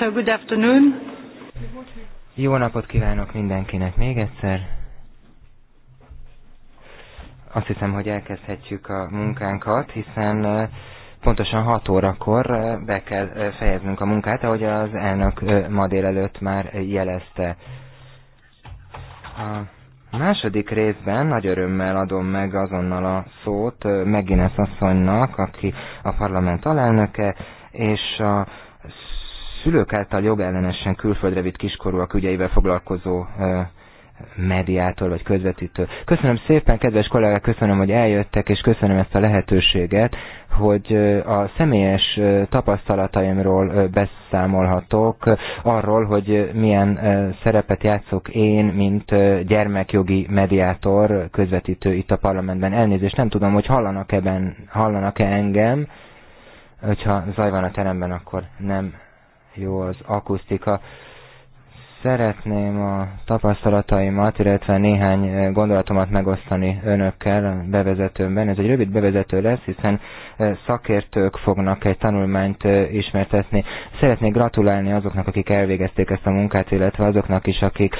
So good afternoon. Jó napot kívánok mindenkinek még egyszer. Azt hiszem, hogy elkezdhetjük a munkánkat, hiszen eh, pontosan 6 órakor eh, be kell eh, fejeznünk a munkát, ahogy az elnök ma délelőtt már jelezte. A második részben nagy örömmel adom meg azonnal a szót Megines asszonynak, aki a parlament alelnöke, és a szülők által jogellenesen külföldre vitt kiskorúak ügyeivel foglalkozó mediátor vagy közvetítő. Köszönöm szépen, kedves kollégák, köszönöm, hogy eljöttek, és köszönöm ezt a lehetőséget, hogy a személyes tapasztalataimról beszámolhatok, arról, hogy milyen szerepet játszok én, mint gyermekjogi mediátor, közvetítő itt a parlamentben. Elnézést, nem tudom, hogy hallanak-e, hallanak-e engem, hogyha zaj van a teremben, akkor nem jó az akusztika. Szeretném a tapasztalataimat, illetve néhány eh, gondolatomat megosztani önökkel a bevezetőmben. Ez egy rövid bevezető lesz, hiszen szakértők fognak egy tanulmányt ismertetni. Szeretnék gratulálni azoknak, akik elvégezték ezt a munkát, illetve azoknak is, akik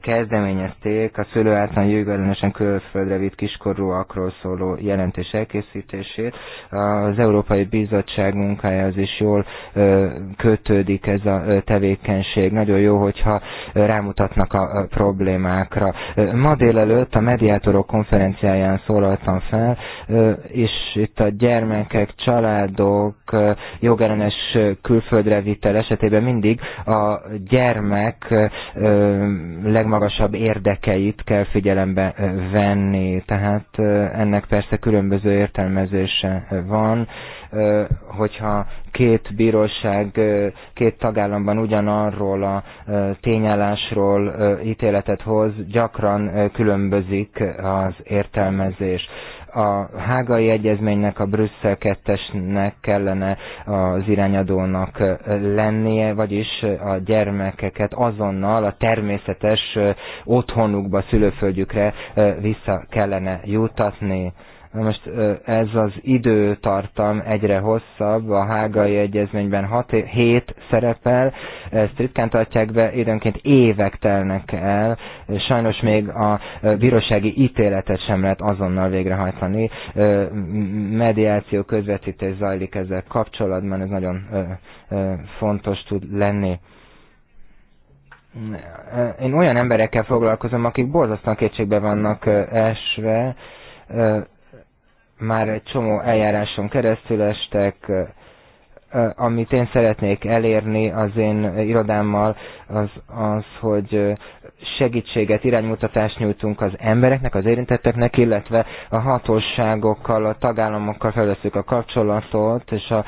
kezdeményezték a szülő által jövőlenesen külföldre vitt kiskorúakról szóló jelentés elkészítését. Az Európai Bizottság munkája az is jól kötődik ez a tevékenység. Nagyon jó, hogyha rámutatnak a problémákra. Ma délelőtt a mediátorok konferenciáján szólaltam fel, és itt a gyermek gyermekek, családok jogellenes külföldre vitel esetében mindig a gyermek legmagasabb érdekeit kell figyelembe venni. Tehát ennek persze különböző értelmezése van hogyha két bíróság, két tagállamban ugyanarról a tényállásról ítéletet hoz, gyakran különbözik az értelmezés a hágai egyezménynek, a Brüsszel kettesnek kellene az irányadónak lennie, vagyis a gyermekeket azonnal a természetes otthonukba, szülőföldjükre vissza kellene jutatni. Na most ez az időtartam egyre hosszabb, a hágai egyezményben 7 szerepel, ezt ritkán tartják be, időnként évek telnek el, sajnos még a bírósági ítéletet sem lehet azonnal végrehajtani, mediáció, közvetítés zajlik ezzel kapcsolatban, ez nagyon fontos tud lenni én olyan emberekkel foglalkozom, akik borzasztóan kétségbe vannak esve, már egy csomó eljáráson keresztül estek, amit én szeretnék elérni az én irodámmal, az, az, hogy segítséget, iránymutatást nyújtunk az embereknek, az érintetteknek, illetve a hatóságokkal, a tagállamokkal felveszünk a kapcsolatot, és a,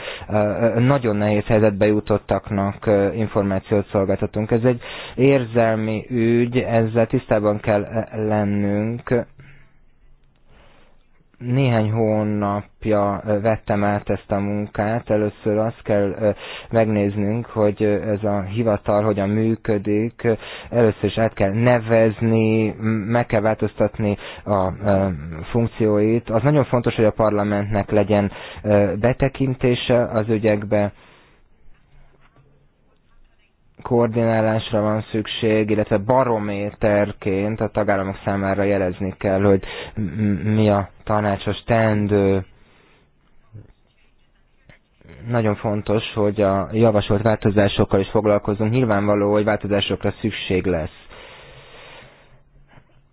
nagyon nehéz helyzetbe jutottaknak információt szolgáltatunk. Ez egy érzelmi ügy, ezzel tisztában kell lennünk, néhány hónapja vettem át ezt a munkát. Először azt kell megnéznünk, hogy ez a hivatal hogyan működik. Először is át kell nevezni, meg kell változtatni a funkcióit. Az nagyon fontos, hogy a parlamentnek legyen betekintése az ügyekbe, koordinálásra van szükség, illetve barométerként a tagállamok számára jelezni kell, hogy mi a tanácsos tendő. Nagyon fontos, hogy a javasolt változásokkal is foglalkozunk. Nyilvánvaló, hogy változásokra szükség lesz.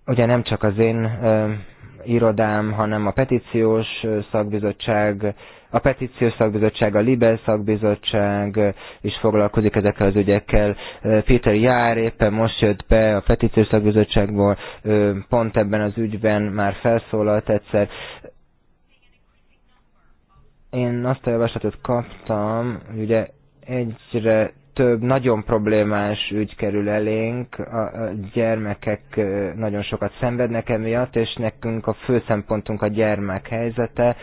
Ugye nem csak az én ö, irodám, hanem a petíciós szakbizottság a petíciós szakbizottság, a Libel szakbizottság is foglalkozik ezekkel az ügyekkel. Péter Jár éppen most jött be a petíciós szakbizottságból, pont ebben az ügyben már felszólalt egyszer. Én azt a javaslatot kaptam, ugye egyre több nagyon problémás ügy kerül elénk, a gyermekek nagyon sokat szenvednek emiatt, és nekünk a fő szempontunk a gyermek helyzete,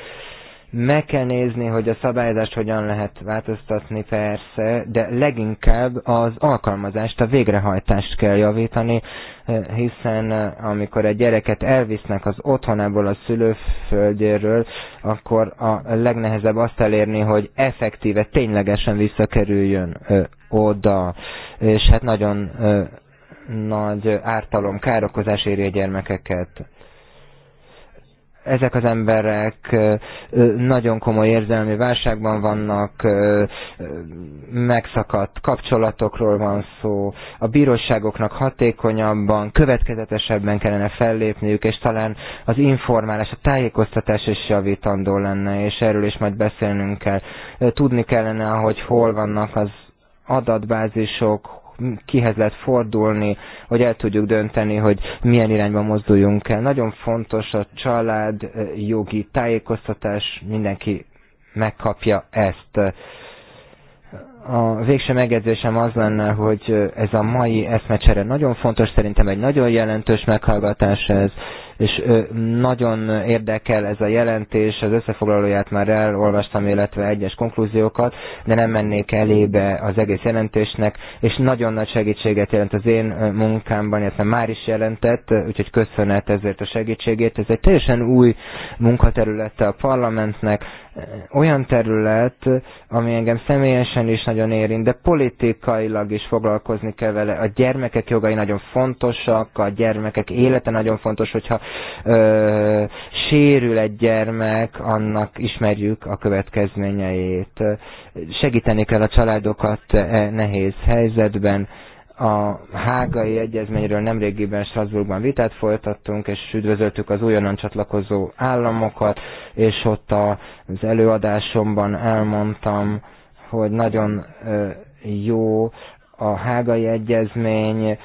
meg kell nézni, hogy a szabályozást hogyan lehet változtatni persze, de leginkább az alkalmazást, a végrehajtást kell javítani, eh, hiszen eh, amikor egy gyereket elvisznek az otthonából a szülőföldjéről, akkor a legnehezebb azt elérni, hogy effektíve, ténylegesen visszakerüljön eh, oda, és hát nagyon nagy ártalom, károkozás éri a gyermekeket ezek az emberek nagyon komoly érzelmi válságban vannak, megszakadt kapcsolatokról van szó, a bíróságoknak hatékonyabban, következetesebben kellene fellépniük, és talán az informálás, a tájékoztatás is javítandó lenne, és erről is majd beszélnünk kell. Tudni kellene, hogy hol vannak az adatbázisok, kihez lehet fordulni, hogy el tudjuk dönteni, hogy milyen irányba mozduljunk el. Nagyon fontos a család eh, jogi tájékoztatás, mindenki megkapja ezt a végső megjegyzésem az lenne, hogy eh, ez a mai eszmecsere nagyon fontos, szerintem egy nagyon jelentős meghallgatás ez, és nagyon érdekel ez a jelentés, az összefoglalóját már elolvastam, illetve egyes konklúziókat, de nem mennék elébe az egész jelentésnek, és nagyon nagy segítséget jelent az én munkámban, illetve már is jelentett, úgyhogy köszönet ezért a segítségét. Ez egy teljesen új munkaterülete a parlamentnek, olyan terület, ami engem személyesen is nagyon érint, de politikailag is foglalkozni kell vele. A gyermekek jogai nagyon fontosak, a gyermekek élete nagyon fontos, hogyha ö, sérül egy gyermek, annak ismerjük a következményeit. Segíteni kell a családokat e nehéz helyzetben a hágai egyezményről nemrégiben Strasbourgban vitát folytattunk, és üdvözöltük az újonnan csatlakozó államokat, és ott az előadásomban elmondtam, hogy nagyon jó a hágai egyezmény,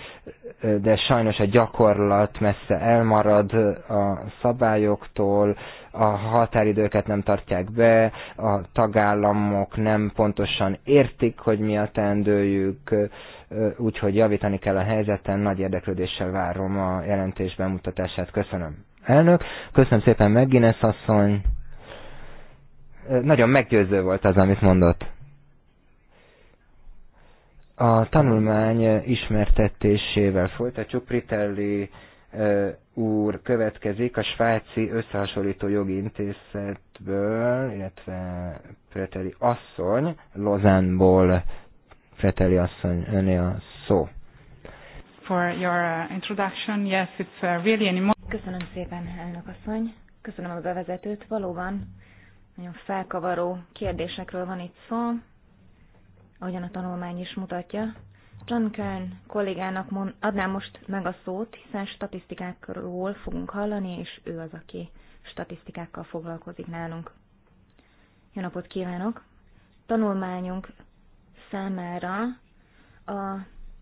de sajnos a gyakorlat messze elmarad a szabályoktól, a határidőket nem tartják be, a tagállamok nem pontosan értik, hogy mi a teendőjük, úgyhogy javítani kell a helyzeten, nagy érdeklődéssel várom a jelentés bemutatását. Köszönöm. Elnök, köszönöm szépen Megines asszony. Nagyon meggyőző volt az, amit mondott. A tanulmány ismertetésével folytatjuk. Pritelli úr következik a svájci összehasonlító jogi intézetből, illetve Pritelli asszony Lozánból Feteli asszony, öné a szó. For your uh, introduction, yes, it's uh, really an Köszönöm szépen, elnök asszony. Köszönöm a bevezetőt. Valóban nagyon felkavaró kérdésekről van itt szó, ahogyan a tanulmány is mutatja. John Kern kollégának mond, adnám most meg a szót, hiszen statisztikákról fogunk hallani, és ő az, aki statisztikákkal foglalkozik nálunk. Jó napot kívánok! Tanulmányunk számára a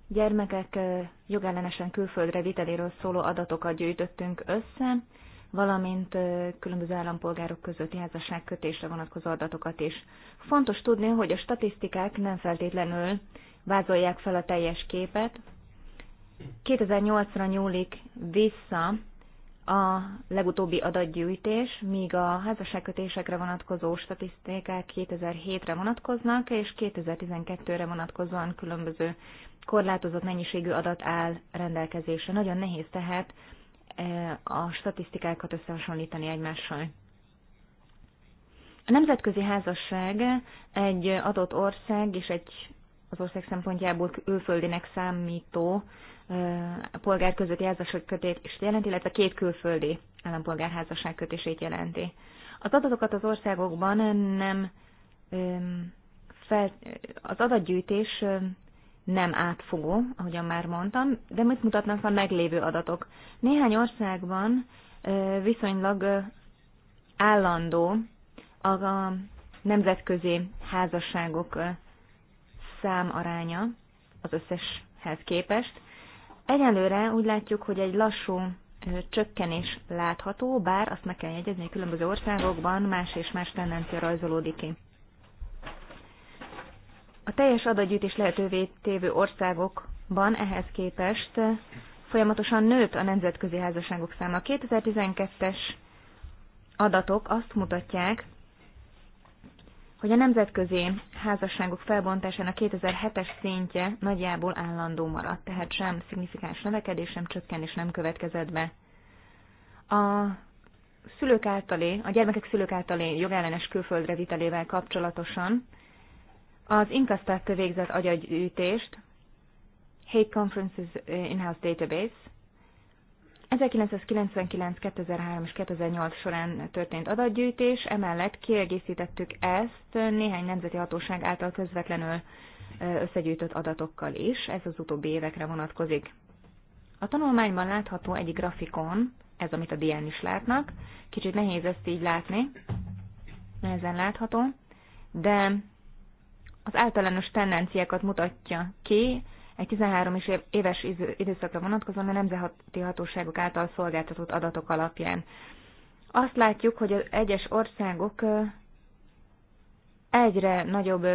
gyermekek jogellenesen külföldre viteléről szóló adatokat gyűjtöttünk össze, valamint különböző állampolgárok közötti házasságkötésre vonatkozó adatokat is. Fontos tudni, hogy a statisztikák nem feltétlenül vázolják fel a teljes képet. 2008-ra nyúlik vissza a legutóbbi adatgyűjtés, míg a házasságkötésekre vonatkozó statisztikák 2007-re vonatkoznak, és 2012-re vonatkozóan különböző korlátozott mennyiségű adat áll rendelkezésre. Nagyon nehéz tehát e, a statisztikákat összehasonlítani egymással. A nemzetközi házasság egy adott ország és egy az ország szempontjából külföldinek számító polgár közötti kötését jelenti, illetve két külföldi állampolgár kötését jelenti. Az adatokat az országokban nem fel, az adatgyűjtés nem átfogó, ahogyan már mondtam, de mit mutatnak a meglévő adatok? Néhány országban viszonylag állandó a nemzetközi házasságok szám aránya az összeshez képest. Egyelőre úgy látjuk, hogy egy lassú csökkenés látható, bár azt meg kell jegyezni, hogy különböző országokban más és más tendencia rajzolódik ki. A teljes adatgyűjtés lehetővé tévő országokban ehhez képest folyamatosan nőtt a nemzetközi házasságok száma. A 2012-es adatok azt mutatják, hogy a nemzetközi házasságok felbontásának 2007-es szintje nagyjából állandó maradt, tehát sem szignifikáns növekedés, sem csökkenés nem következett be. A szülők általé, a gyermekek szülők általé jogellenes külföldre vitelével kapcsolatosan az Inkasztát végzett agyagyűjtést, Hate Conferences In-House Database, 1999, 2003 és 2008 során történt adatgyűjtés, emellett kiegészítettük ezt néhány nemzeti hatóság által közvetlenül összegyűjtött adatokkal is, ez az utóbbi évekre vonatkozik. A tanulmányban látható egy grafikon, ez amit a dián is látnak, kicsit nehéz ezt így látni, nehezen látható, de az általános tendenciákat mutatja ki, egy 13 és éves időszakra vonatkozóan a nemzeti hatóságok által szolgáltatott adatok alapján. Azt látjuk, hogy az egyes országok egyre nagyobb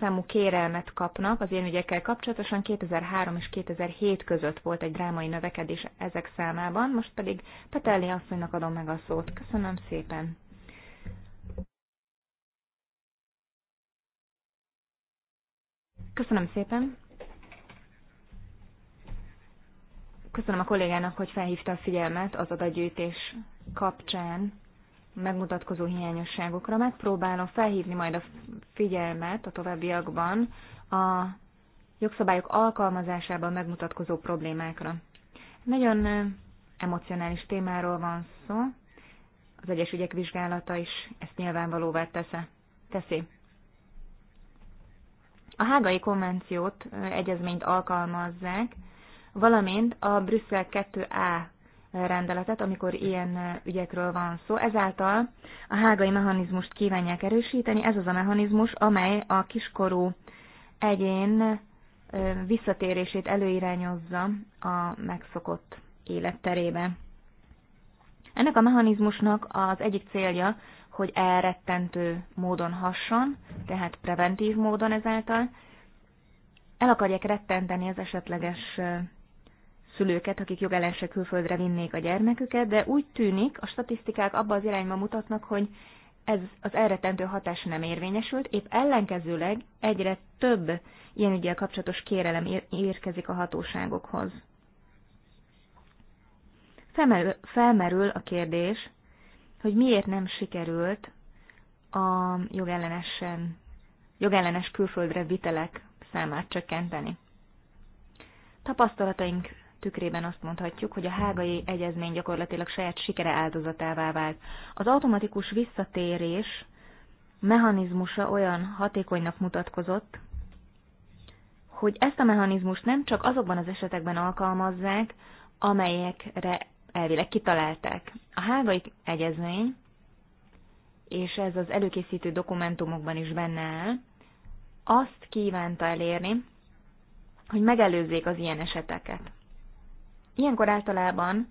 számú kérelmet kapnak az ilyen ügyekkel kapcsolatosan. 2003 és 2007 között volt egy drámai növekedés ezek számában, most pedig Petelli asszonynak adom meg a szót. Köszönöm szépen! Köszönöm szépen! Köszönöm a kollégának, hogy felhívta a figyelmet az adatgyűjtés kapcsán megmutatkozó hiányosságokra. Megpróbálom felhívni majd a figyelmet a továbbiakban a jogszabályok alkalmazásában megmutatkozó problémákra. Nagyon eh, emocionális témáról van szó, az egyes ügyek vizsgálata is ezt nyilvánvalóvá tesze, teszi. A hágai konvenciót, eh, egyezményt alkalmazzák, valamint a Brüsszel 2A rendeletet, amikor ilyen ügyekről van szó. Ezáltal a hágai mechanizmust kívánják erősíteni. Ez az a mechanizmus, amely a kiskorú egyén visszatérését előirányozza a megszokott életterébe. Ennek a mechanizmusnak az egyik célja, hogy elrettentő módon hasson, tehát preventív módon ezáltal, el akarják rettenteni az esetleges szülőket, akik jogellense külföldre vinnék a gyermeküket, de úgy tűnik, a statisztikák abba az irányba mutatnak, hogy ez az elretentő hatás nem érvényesült, épp ellenkezőleg egyre több ilyen ügyel kapcsolatos kérelem érkezik a hatóságokhoz. Felmerül, felmerül a kérdés, hogy miért nem sikerült a jogellenesen, jogellenes külföldre vitelek számát csökkenteni. Tapasztalataink tükrében azt mondhatjuk, hogy a hágai egyezmény gyakorlatilag saját sikere áldozatává vált. Az automatikus visszatérés mechanizmusa olyan hatékonynak mutatkozott, hogy ezt a mechanizmust nem csak azokban az esetekben alkalmazzák, amelyekre elvileg kitalálták. A hágai egyezmény, és ez az előkészítő dokumentumokban is benne áll, azt kívánta elérni, hogy megelőzzék az ilyen eseteket. Ilyenkor általában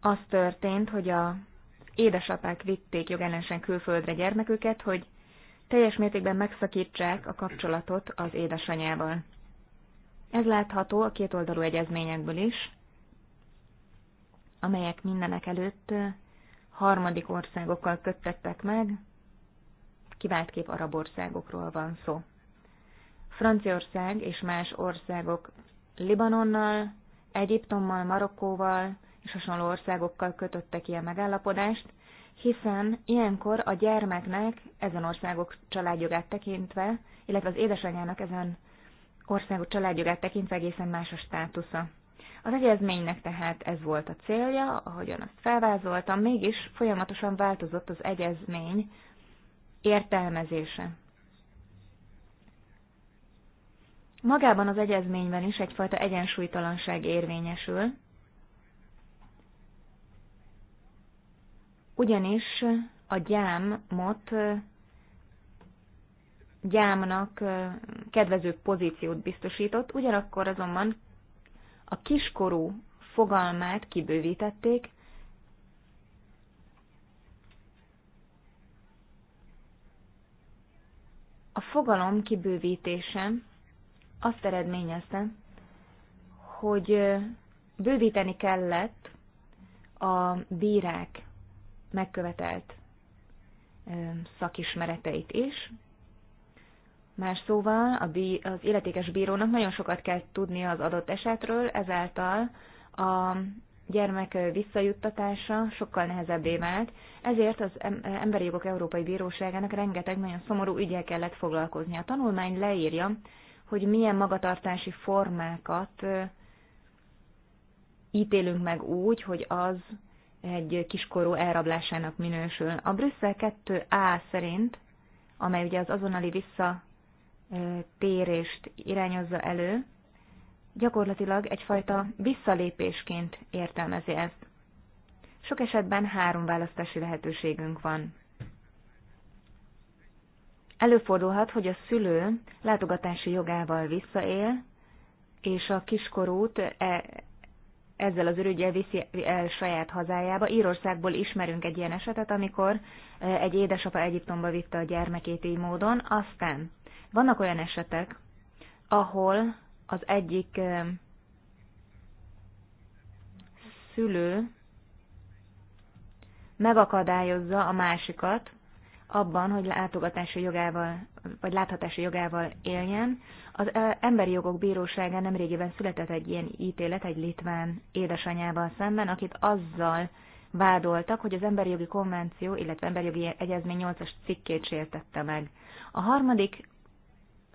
az történt, hogy a édesapák vitték jogellenesen külföldre gyermeküket, hogy teljes mértékben megszakítsák a kapcsolatot az édesanyával. Ez látható a kétoldalú egyezményekből is, amelyek mindenek előtt harmadik országokkal köttettek meg, kiváltképp arab országokról van szó. Franciaország és más országok Libanonnal, Egyiptommal, Marokkóval és hasonló országokkal kötöttek ilyen megállapodást, hiszen ilyenkor a gyermeknek ezen országok családjogát tekintve, illetve az édesanyjának ezen országok családjogát tekintve egészen más a státusza. Az egyezménynek tehát ez volt a célja, ahogyan azt felvázoltam, mégis folyamatosan változott az egyezmény értelmezése. magában az egyezményben is egyfajta egyensúlytalanság érvényesül, ugyanis a gyámot gyámnak kedvező pozíciót biztosított, ugyanakkor azonban a kiskorú fogalmát kibővítették, a fogalom kibővítése azt eredményezte, hogy bővíteni kellett a bírák megkövetelt szakismereteit is. Más szóval az illetékes bírónak nagyon sokat kell tudnia az adott esetről, ezáltal a gyermek visszajuttatása sokkal nehezebbé vált, ezért az Emberi Jogok Európai Bíróságának rengeteg nagyon szomorú ügyel kellett foglalkozni. A tanulmány leírja, hogy milyen magatartási formákat ítélünk meg úgy, hogy az egy kiskorú elrablásának minősül. A Brüsszel 2A szerint, amely ugye az azonnali visszatérést irányozza elő, gyakorlatilag egyfajta visszalépésként értelmezi ezt. Sok esetben három választási lehetőségünk van. Előfordulhat, hogy a szülő látogatási jogával visszaél, és a kiskorút e, ezzel az ürügyel viszi el saját hazájába. Írországból ismerünk egy ilyen esetet, amikor e, egy édesapa Egyiptomba vitte a gyermekét így módon. Aztán vannak olyan esetek, ahol az egyik e, szülő megakadályozza a másikat, abban, hogy látogatási jogával, vagy láthatási jogával éljen. Az Emberi Jogok Bíróságán nemrégiben született egy ilyen ítélet egy litván édesanyával szemben, akit azzal vádoltak, hogy az Emberi Jogi Konvenció, illetve Emberi Jogi Egyezmény 8-as cikkét sértette meg. A harmadik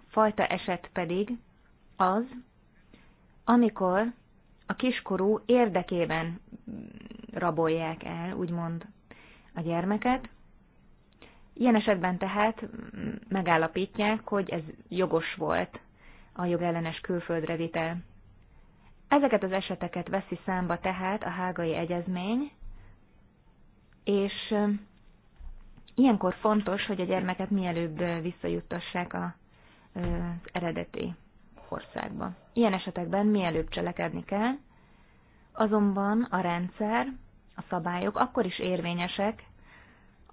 fajta eset pedig az, amikor a kiskorú érdekében rabolják el, úgymond, a gyermeket, Ilyen esetben tehát megállapítják, hogy ez jogos volt a jogellenes külföldre vitel. Ezeket az eseteket veszi számba tehát a hágai egyezmény, és ilyenkor fontos, hogy a gyermeket mielőbb visszajuttassák az eredeti országba. Ilyen esetekben mielőbb cselekedni kell, azonban a rendszer, a szabályok akkor is érvényesek,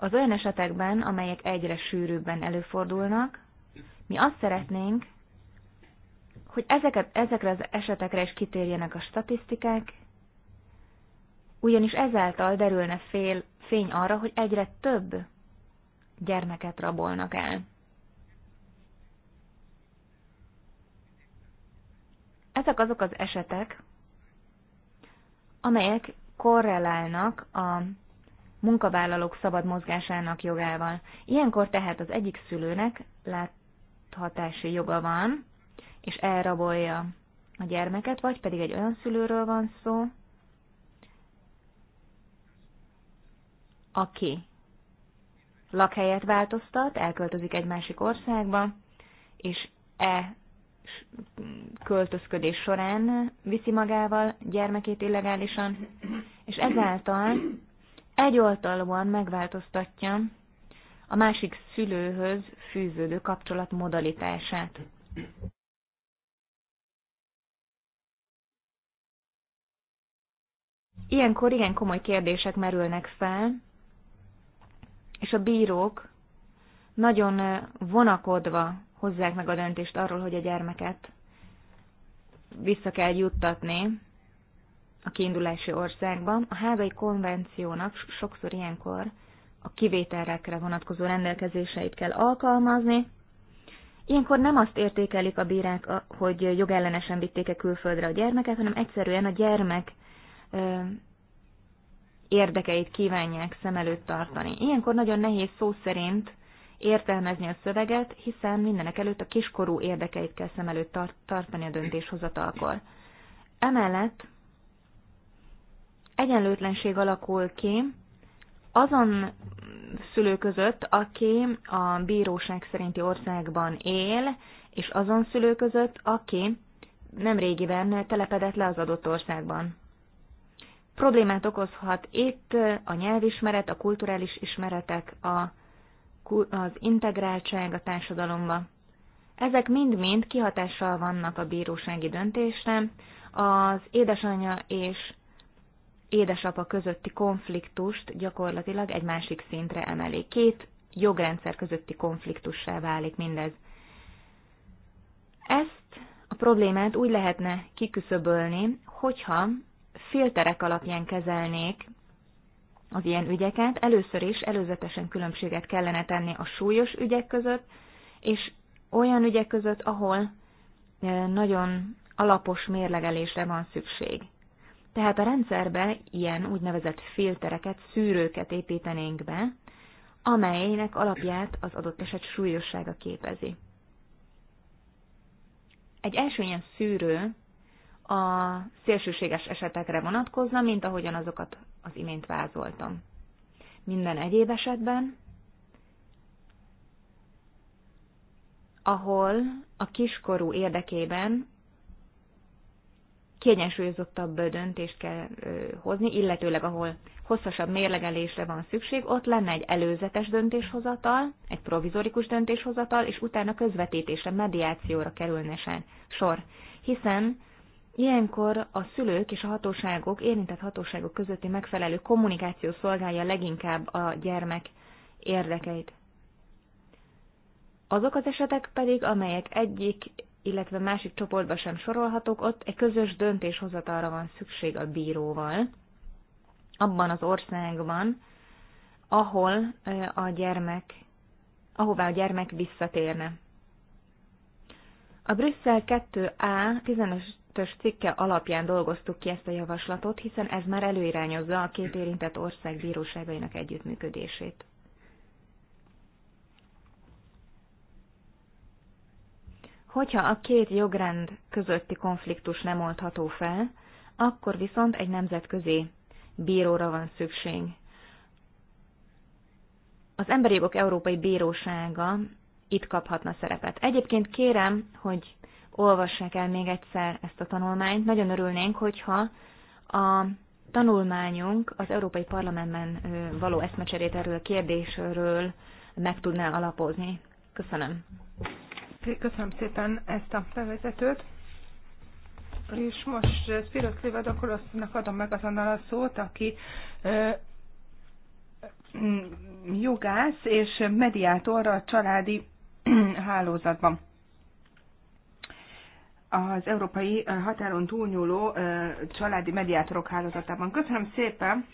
az olyan esetekben, amelyek egyre sűrűbben előfordulnak, mi azt szeretnénk, hogy ezeket, ezekre az esetekre is kitérjenek a statisztikák, ugyanis ezáltal derülne fél, fény arra, hogy egyre több gyermeket rabolnak el. Ezek azok az esetek, amelyek korrelálnak a munkavállalók szabad mozgásának jogával. Ilyenkor tehát az egyik szülőnek láthatási joga van, és elrabolja a gyermeket, vagy pedig egy olyan szülőről van szó, aki lakhelyet változtat, elköltözik egy másik országba, és e költözködés során viszi magával gyermekét illegálisan, és ezáltal egyoltalúan megváltoztatja a másik szülőhöz fűződő kapcsolat modalitását. Ilyenkor igen komoly kérdések merülnek fel, és a bírók nagyon vonakodva hozzák meg a döntést arról, hogy a gyermeket vissza kell juttatni a kiindulási országban. A hágai konvenciónak sokszor ilyenkor a kivételekre vonatkozó rendelkezéseit kell alkalmazni. Ilyenkor nem azt értékelik a bírák, hogy jogellenesen vitték-e külföldre a gyermeket, hanem egyszerűen a gyermek érdekeit kívánják szem előtt tartani. Ilyenkor nagyon nehéz szó szerint értelmezni a szöveget, hiszen mindenek előtt a kiskorú érdekeit kell szem előtt tartani a döntéshozatalkor. Emellett egyenlőtlenség alakul ki azon szülő között, aki a bíróság szerinti országban él, és azon szülő között, aki nem régiben telepedett le az adott országban. Problémát okozhat itt a nyelvismeret, a kulturális ismeretek, a, az integráltság a társadalomba. Ezek mind-mind kihatással vannak a bírósági döntésre, az édesanyja és édesapa közötti konfliktust gyakorlatilag egy másik szintre emeli. Két jogrendszer közötti konfliktussá válik mindez. Ezt a problémát úgy lehetne kiküszöbölni, hogyha filterek alapján kezelnék az ilyen ügyeket, először is előzetesen különbséget kellene tenni a súlyos ügyek között, és olyan ügyek között, ahol eh, nagyon alapos mérlegelésre van szükség. Tehát a rendszerbe ilyen úgynevezett filtereket, szűrőket építenénk be, amelynek alapját az adott eset súlyossága képezi. Egy első ilyen szűrő a szélsőséges esetekre vonatkozna, mint ahogyan azokat az imént vázoltam. Minden egyéb esetben, ahol a kiskorú érdekében kiegyensúlyozottabb döntést kell hozni, illetőleg ahol hosszasabb mérlegelésre van szükség, ott lenne egy előzetes döntéshozatal, egy provizorikus döntéshozatal, és utána közvetítésre, mediációra kerülne sor. Hiszen ilyenkor a szülők és a hatóságok, érintett hatóságok közötti megfelelő kommunikáció szolgálja leginkább a gyermek érdekeit. Azok az esetek pedig, amelyek egyik illetve másik csoportba sem sorolhatók, ott egy közös döntéshozatalra van szükség a bíróval, abban az országban, ahol a gyermek, ahová a gyermek visszatérne. A Brüsszel 2A 15-ös cikke alapján dolgoztuk ki ezt a javaslatot, hiszen ez már előirányozza a két érintett ország bíróságainak együttműködését. Hogyha a két jogrend közötti konfliktus nem oldható fel, akkor viszont egy nemzetközi bíróra van szükség. Az Emberi Jogok Európai Bírósága itt kaphatna szerepet. Egyébként kérem, hogy olvassák el még egyszer ezt a tanulmányt. Nagyon örülnénk, hogyha a tanulmányunk az Európai Parlamentben való eszmecserét erről a kérdésről meg tudná alapozni. Köszönöm. Köszönöm szépen ezt a bevezetőt. És most eh, Spiros Livadokorosznak adom meg azonnal a szót, aki eh, mm, jogász és mediátor a családi hálózatban. Az Európai eh, Határon túlnyúló családi mediátorok hálózatában. Köszönöm szépen!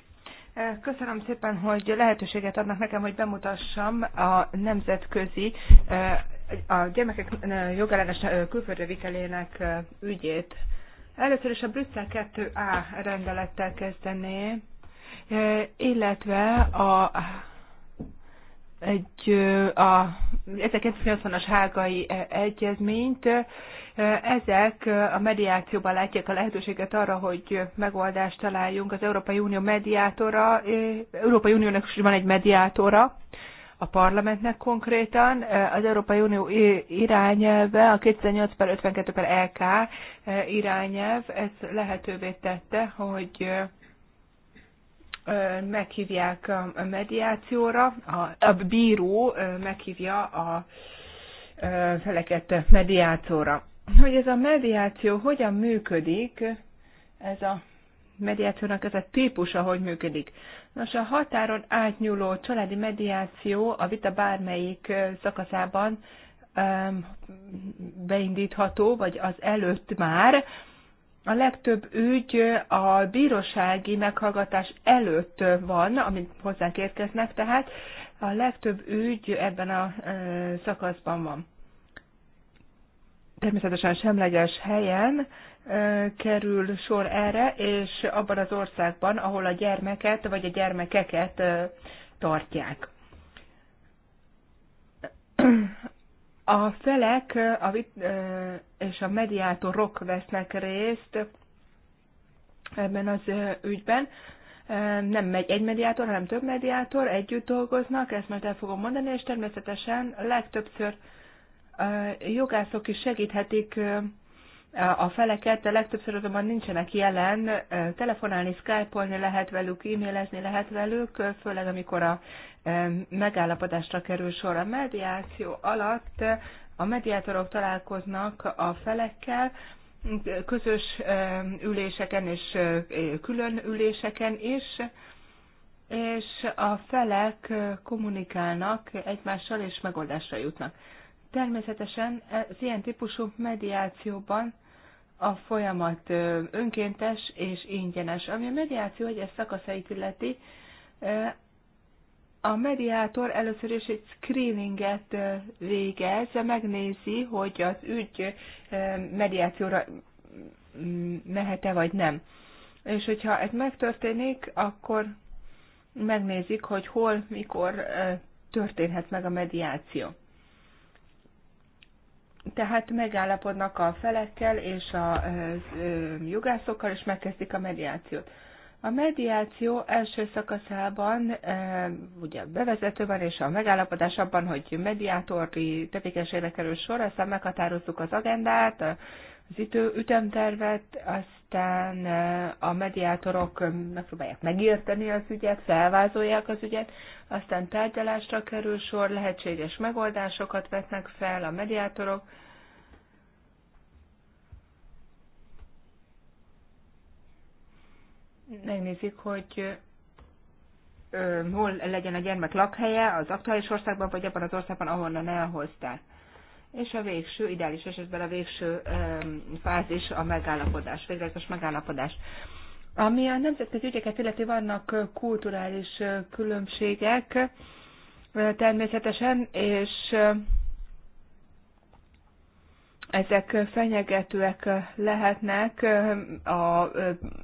Köszönöm szépen, hogy lehetőséget adnak nekem, hogy bemutassam a nemzetközi a gyermekek jogellenes külföldre vitelének ügyét. Először is a Brüsszel 2A rendelettel kezdené, illetve a egy a 1980-as hágai egyezményt. Ezek a mediációban látják a lehetőséget arra, hogy megoldást találjunk. Az Európai Unió mediátora, Európai Uniónak is van egy mediátora, a parlamentnek konkrétan. Az Európai Unió irányelve, a 2008 per 52 per LK e irányelv, ez lehetővé tette, hogy meghívják a mediációra, a, a bíró meghívja a feleket mediációra. Hogy ez a mediáció hogyan működik, ez a mediációnak ez a típusa, hogy működik. Nos, a határon átnyúló családi mediáció a vita bármelyik szakaszában beindítható, vagy az előtt már. A legtöbb ügy a bírósági meghallgatás előtt van, amit hozzánk érkeznek, tehát a legtöbb ügy ebben a szakaszban van természetesen semleges helyen kerül sor erre, és abban az országban, ahol a gyermeket vagy a gyermekeket tartják. A felek a vit- és a mediátorok vesznek részt ebben az ügyben. Nem megy egy mediátor, hanem több mediátor, együtt dolgoznak, ezt majd el fogom mondani, és természetesen legtöbbször jogászok is segíthetik a feleket, de legtöbbször azonban nincsenek jelen. Telefonálni, skype-olni lehet velük, e-mailezni lehet velük, főleg amikor a megállapodásra kerül sor. A mediáció alatt a mediátorok találkoznak a felekkel, közös üléseken és külön üléseken is, és a felek kommunikálnak egymással és megoldásra jutnak. Természetesen az ilyen típusú mediációban a folyamat önkéntes és ingyenes. Ami a mediáció egyes szakaszait illeti, a mediátor először is egy screeninget végez, megnézi, hogy az ügy mediációra mehet-e vagy nem. És hogyha ez megtörténik, akkor megnézik, hogy hol, mikor történhet meg a mediáció. Tehát megállapodnak a felekkel és a jogászokkal, és megkezdik a mediációt. A mediáció első szakaszában ugye bevezető van, és a megállapodás abban, hogy mediátori tevékenységre kerül sor, aztán meghatározzuk az agendát, az idő ütemtervet, aztán a mediátorok megpróbálják megérteni az ügyet, felvázolják az ügyet, aztán tárgyalásra kerül sor, lehetséges megoldásokat vetnek fel a mediátorok, megnézik, hogy hol legyen a gyermek lakhelye, az aktuális országban, vagy abban az országban, ahonnan elhozták és a végső, ideális esetben a végső fázis a megállapodás, végleges megállapodás. Ami a nemzetközi ügyeket illeti, vannak kulturális különbségek természetesen, és ezek fenyegetőek lehetnek a,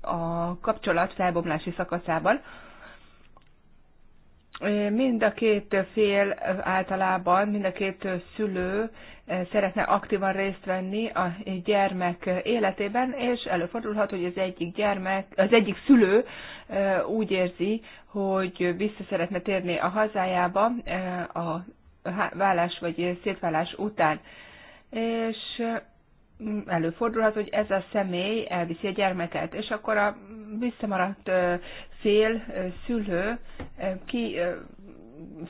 a kapcsolat felbomlási szakaszában. Mind a két fél általában, mind a két szülő szeretne aktívan részt venni a gyermek életében, és előfordulhat, hogy az egyik gyermek, az egyik szülő úgy érzi, hogy vissza szeretne térni a hazájába a vállás vagy szétvállás után. És előfordulhat, hogy ez a személy elviszi a gyermeket, és akkor a visszamaradt fél szülő ki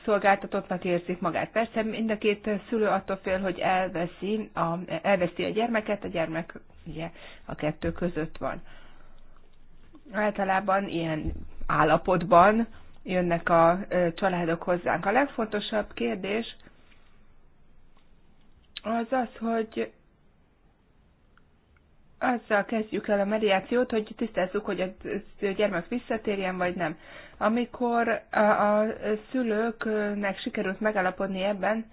szolgáltatottnak érzik magát. Persze mind a két szülő attól fél, hogy elveszi a, elveszi a gyermeket, a gyermek ugye a kettő között van. Általában ilyen állapotban jönnek a családok hozzánk. A legfontosabb kérdés az az, hogy azzal kezdjük el a mediációt, hogy tisztázzuk, hogy a gyermek visszatérjen, vagy nem. Amikor a, a szülőknek sikerült megalapodni ebben,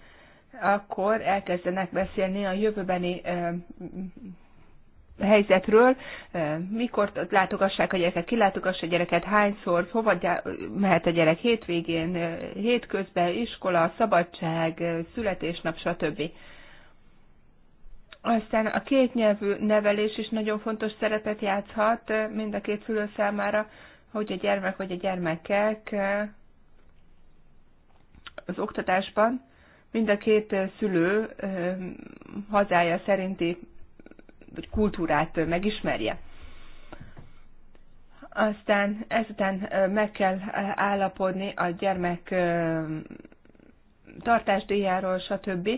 akkor elkezdenek beszélni a jövőbeni ö, helyzetről, ö, mikor látogassák a gyereket, kilátogassa a gyereket, hányszor, hova mehet a gyerek hétvégén, hétközben, iskola, szabadság, születésnap, stb. Aztán a kétnyelvű nevelés is nagyon fontos szerepet játszhat mind a két szülő számára, hogy a gyermek vagy a gyermekek az oktatásban mind a két szülő hazája szerinti vagy kultúrát megismerje. Aztán ezután meg kell állapodni a gyermek tartásdíjáról, stb.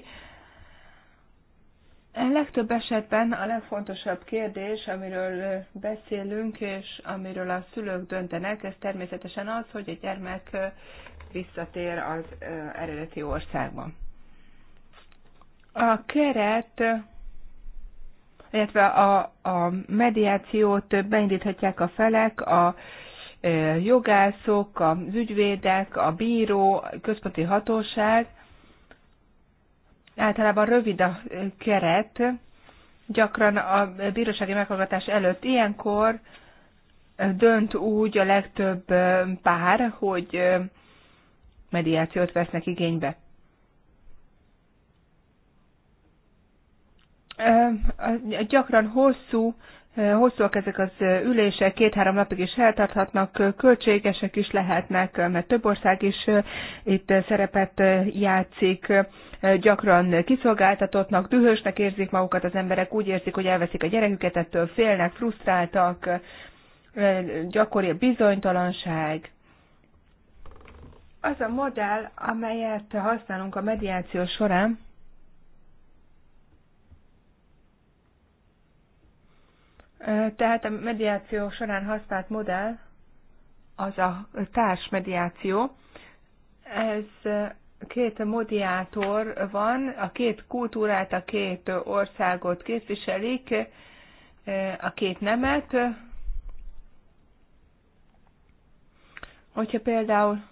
Legtöbb esetben a legfontosabb kérdés, amiről beszélünk, és amiről a szülők döntenek, ez természetesen az, hogy a gyermek visszatér az eredeti országba. A keret, illetve a, a mediációt beindíthatják a felek, a jogászok, az ügyvédek, a bíró, a központi hatóság, általában rövid a keret, gyakran a bírósági meghallgatás előtt. Ilyenkor dönt úgy a legtöbb pár, hogy mediációt vesznek igénybe. Gyakran hosszú Hosszúak ezek az ülések, két-három napig is eltarthatnak, költségesek is lehetnek, mert több ország is itt szerepet játszik. Gyakran kiszolgáltatottnak, dühösnek érzik magukat az emberek, úgy érzik, hogy elveszik a gyereküket, ettől félnek, frusztráltak, gyakori a bizonytalanság. Az a modell, amelyet használunk a mediáció során, Tehát a mediáció során használt modell az a társmediáció. Ez két mediátor van, a két kultúrát, a két országot képviselik, a két nemet. Hogyha például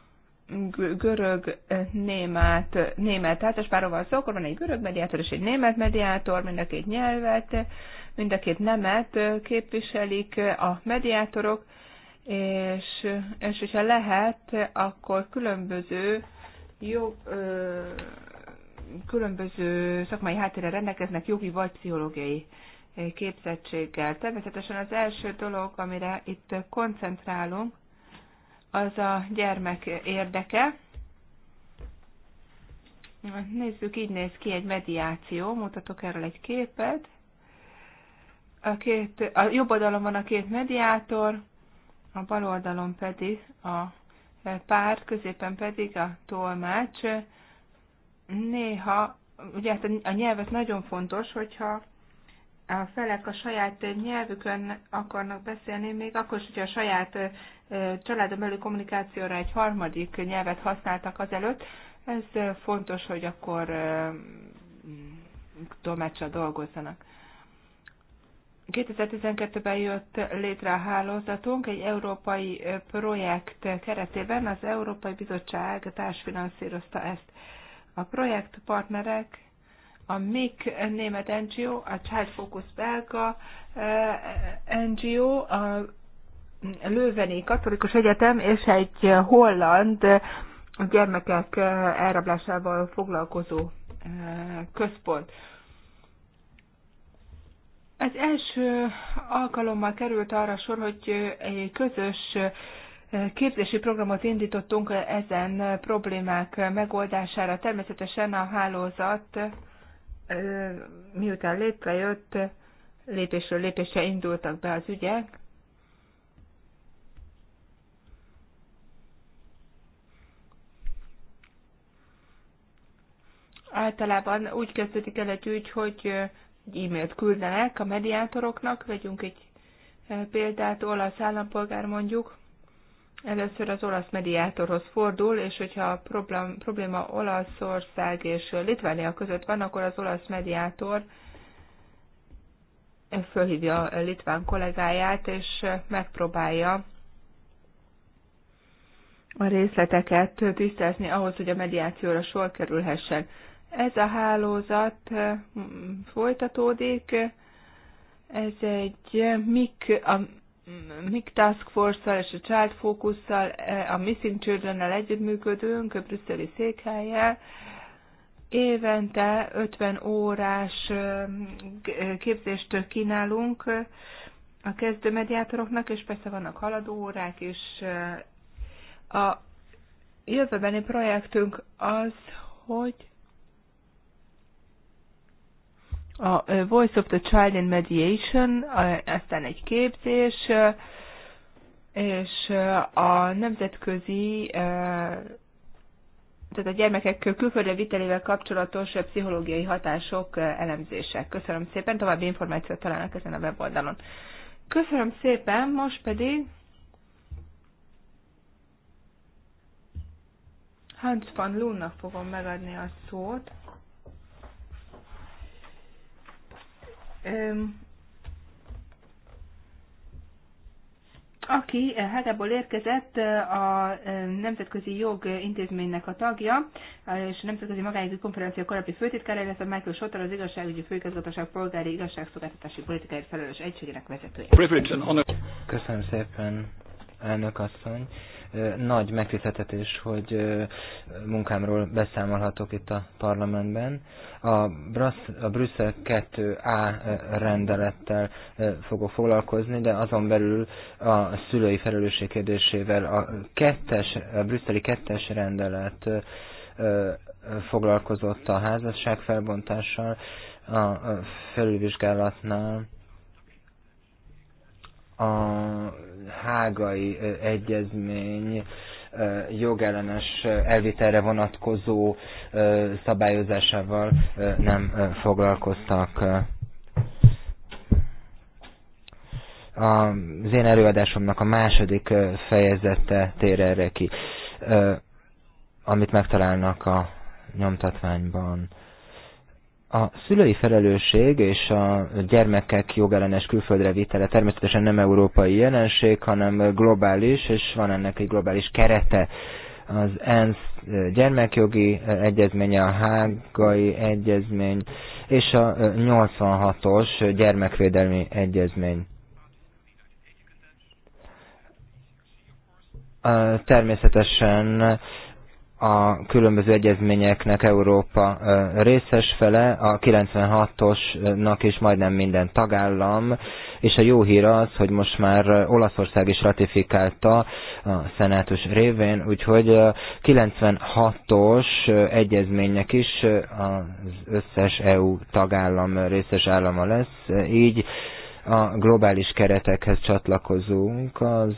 görög német német hát házaspárról van szó, akkor van egy görög mediátor és egy német mediátor, mind a két nyelvet mind a két nemet képviselik a mediátorok, és, és hogyha lehet, akkor különböző jó, különböző szakmai háttérre rendelkeznek jogi vagy pszichológiai képzettséggel. Természetesen az első dolog, amire itt koncentrálunk, az a gyermek érdeke. Nézzük, így néz ki egy mediáció. Mutatok erről egy képet. A, két, a jobb oldalon van a két mediátor, a bal oldalon pedig a pár, középen pedig a tolmács. Néha, ugye hát a nyelvet nagyon fontos, hogyha a felek a saját nyelvükön akarnak beszélni, még akkor is, hogyha a saját családom belül kommunikációra egy harmadik nyelvet használtak azelőtt, ez fontos, hogy akkor tolmácsra dolgozzanak. 2012-ben jött létre a hálózatunk egy európai projekt keretében, az Európai Bizottság társfinanszírozta ezt. A projekt partnerek a MIK német NGO, a Child Focus belga NGO, a Lőveni Katolikus Egyetem és egy holland gyermekek elrablásával foglalkozó központ. Az első alkalommal került arra sor, hogy egy közös képzési programot indítottunk ezen problémák megoldására. Természetesen a hálózat, miután létrejött, lépésről lépésre indultak be az ügyek, általában úgy kezdődik el egy ügy, hogy egy e-mailt küldenek a mediátoroknak, vegyünk egy e, példát, olasz állampolgár mondjuk, először az olasz mediátorhoz fordul, és hogyha a probléma Olaszország és Litvánia között van, akkor az olasz mediátor fölhívja a litván kollégáját, és megpróbálja a részleteket tisztázni ahhoz, hogy a mediációra sor kerülhessen. Ez a hálózat folytatódik, ez egy MIC, a MIC Task Force-szal és a Child Focus-szal, a Missing Children-nel együttműködünk, a brüsszeli székhelyjel. Évente 50 órás képzést kínálunk a kezdő mediátoroknak, és persze vannak haladó órák is. A jövőbeni projektünk az, hogy a Voice of the Child in Mediation, aztán egy képzés, és a nemzetközi, tehát a gyermekek külföldre vitelével kapcsolatos pszichológiai hatások elemzése. Köszönöm szépen, további információt találnak ezen a weboldalon. Köszönöm szépen, most pedig Hans van Lunnak fogom megadni a szót. aki eh, Hágából érkezett, eh, a eh, Nemzetközi Jog Intézménynek a tagja, és a Nemzetközi Magányi Konferencia korábbi főtitkára, illetve Michael Sotter az igazságügyi főigazgatóság polgári igazságszolgáltatási politikai felelős egységének vezetője. Köszönöm szépen, elnök asszony. Nagy megtiszteltetés, hogy munkámról beszámolhatok itt a parlamentben. A, Brass, a Brüsszel 2A rendelettel fogok foglalkozni, de azon belül a szülői felelősség kérdésével a, kettes, a brüsszeli kettes rendelet foglalkozott a házasság felbontással a felülvizsgálatnál a hágai egyezmény jogellenes elvitelre vonatkozó szabályozásával nem foglalkoztak. Az én előadásomnak a második fejezete tér erre ki, amit megtalálnak a nyomtatványban. A szülői felelősség és a gyermekek jogellenes külföldre vitele természetesen nem európai jelenség, hanem globális, és van ennek egy globális kerete. Az ENSZ gyermekjogi egyezménye, a hágai egyezmény és a 86-os gyermekvédelmi egyezmény. Természetesen a különböző egyezményeknek Európa részes fele, a 96-osnak is majdnem minden tagállam, és a jó hír az, hogy most már Olaszország is ratifikálta a szenátus révén, úgyhogy a 96-os egyezménynek is az összes EU tagállam részes állama lesz, így a globális keretekhez csatlakozunk. Az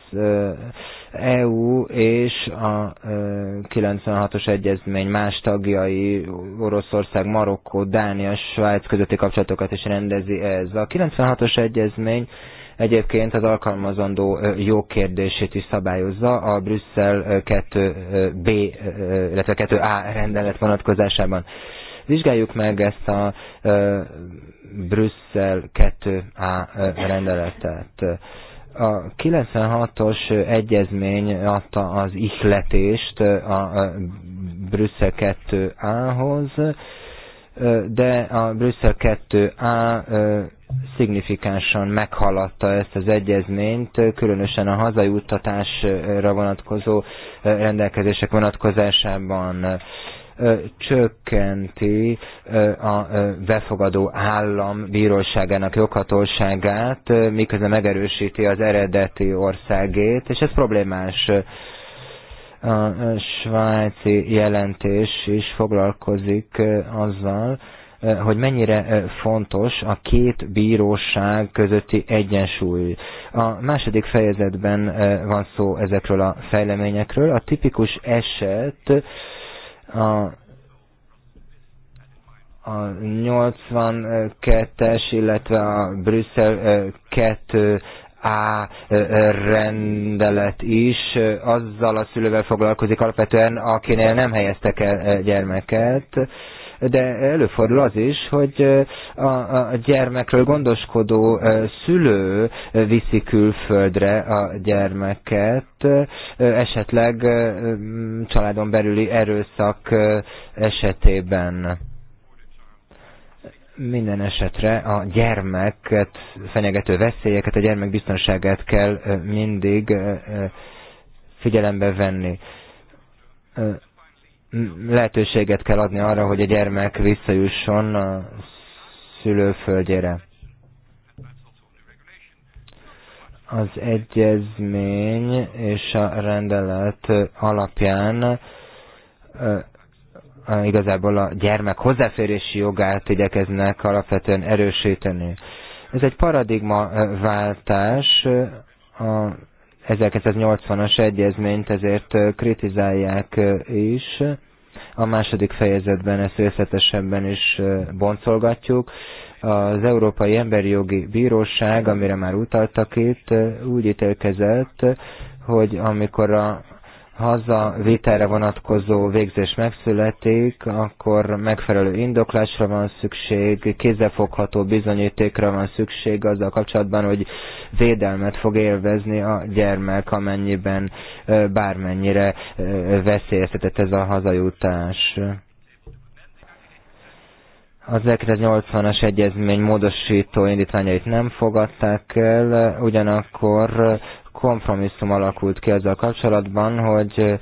EU és a 96-os egyezmény más tagjai, Oroszország, Marokkó, Dánia, Svájc közötti kapcsolatokat is rendezi ez. A 96-os egyezmény egyébként az alkalmazandó jogkérdését is szabályozza a Brüsszel 2B, illetve 2A rendelet vonatkozásában. Vizsgáljuk meg ezt a Brüsszel 2A rendeletet. A 96-os egyezmény adta az ihletést a Brüsszel 2A-hoz, de a Brüsszel 2A szignifikánsan meghaladta ezt az egyezményt, különösen a hazai utatásra vonatkozó rendelkezések vonatkozásában csökkenti a befogadó állam bíróságának joghatóságát, miközben megerősíti az eredeti országét, és ez problémás a svájci jelentés is foglalkozik azzal, hogy mennyire fontos a két bíróság közötti egyensúly. A második fejezetben van szó ezekről a fejleményekről. A tipikus eset a a 82-es, illetve a Brüsszel 2 A rendelet is azzal a szülővel foglalkozik alapvetően, akinél nem helyeztek el gyermeket de előfordul az is, hogy a, a gyermekről gondoskodó szülő viszi külföldre a gyermeket, esetleg családon belüli erőszak esetében minden esetre a gyermeket fenyegető veszélyeket, a gyermek biztonságát kell mindig figyelembe venni lehetőséget kell adni arra, hogy a gyermek visszajusson a szülőföldjére. Az egyezmény és a rendelet alapján igazából a gyermek hozzáférési jogát igyekeznek alapvetően erősíteni. Ez egy paradigmaváltás a 1980-as egyezményt ezért kritizálják is. A második fejezetben ezt részletesebben is boncolgatjuk. Az Európai Emberi Jogi Bíróság, amire már utaltak itt, úgy ítélkezett, hogy amikor a hazavitelre vonatkozó végzés megszületik, akkor megfelelő indoklásra van szükség, kézzelfogható bizonyítékra van szükség azzal kapcsolatban, hogy védelmet fog élvezni a gyermek, amennyiben bármennyire veszélyeztetett ez a hazajutás az 1980-as egyezmény módosító indítványait nem fogadták el, ugyanakkor kompromisszum alakult ki ezzel kapcsolatban, hogy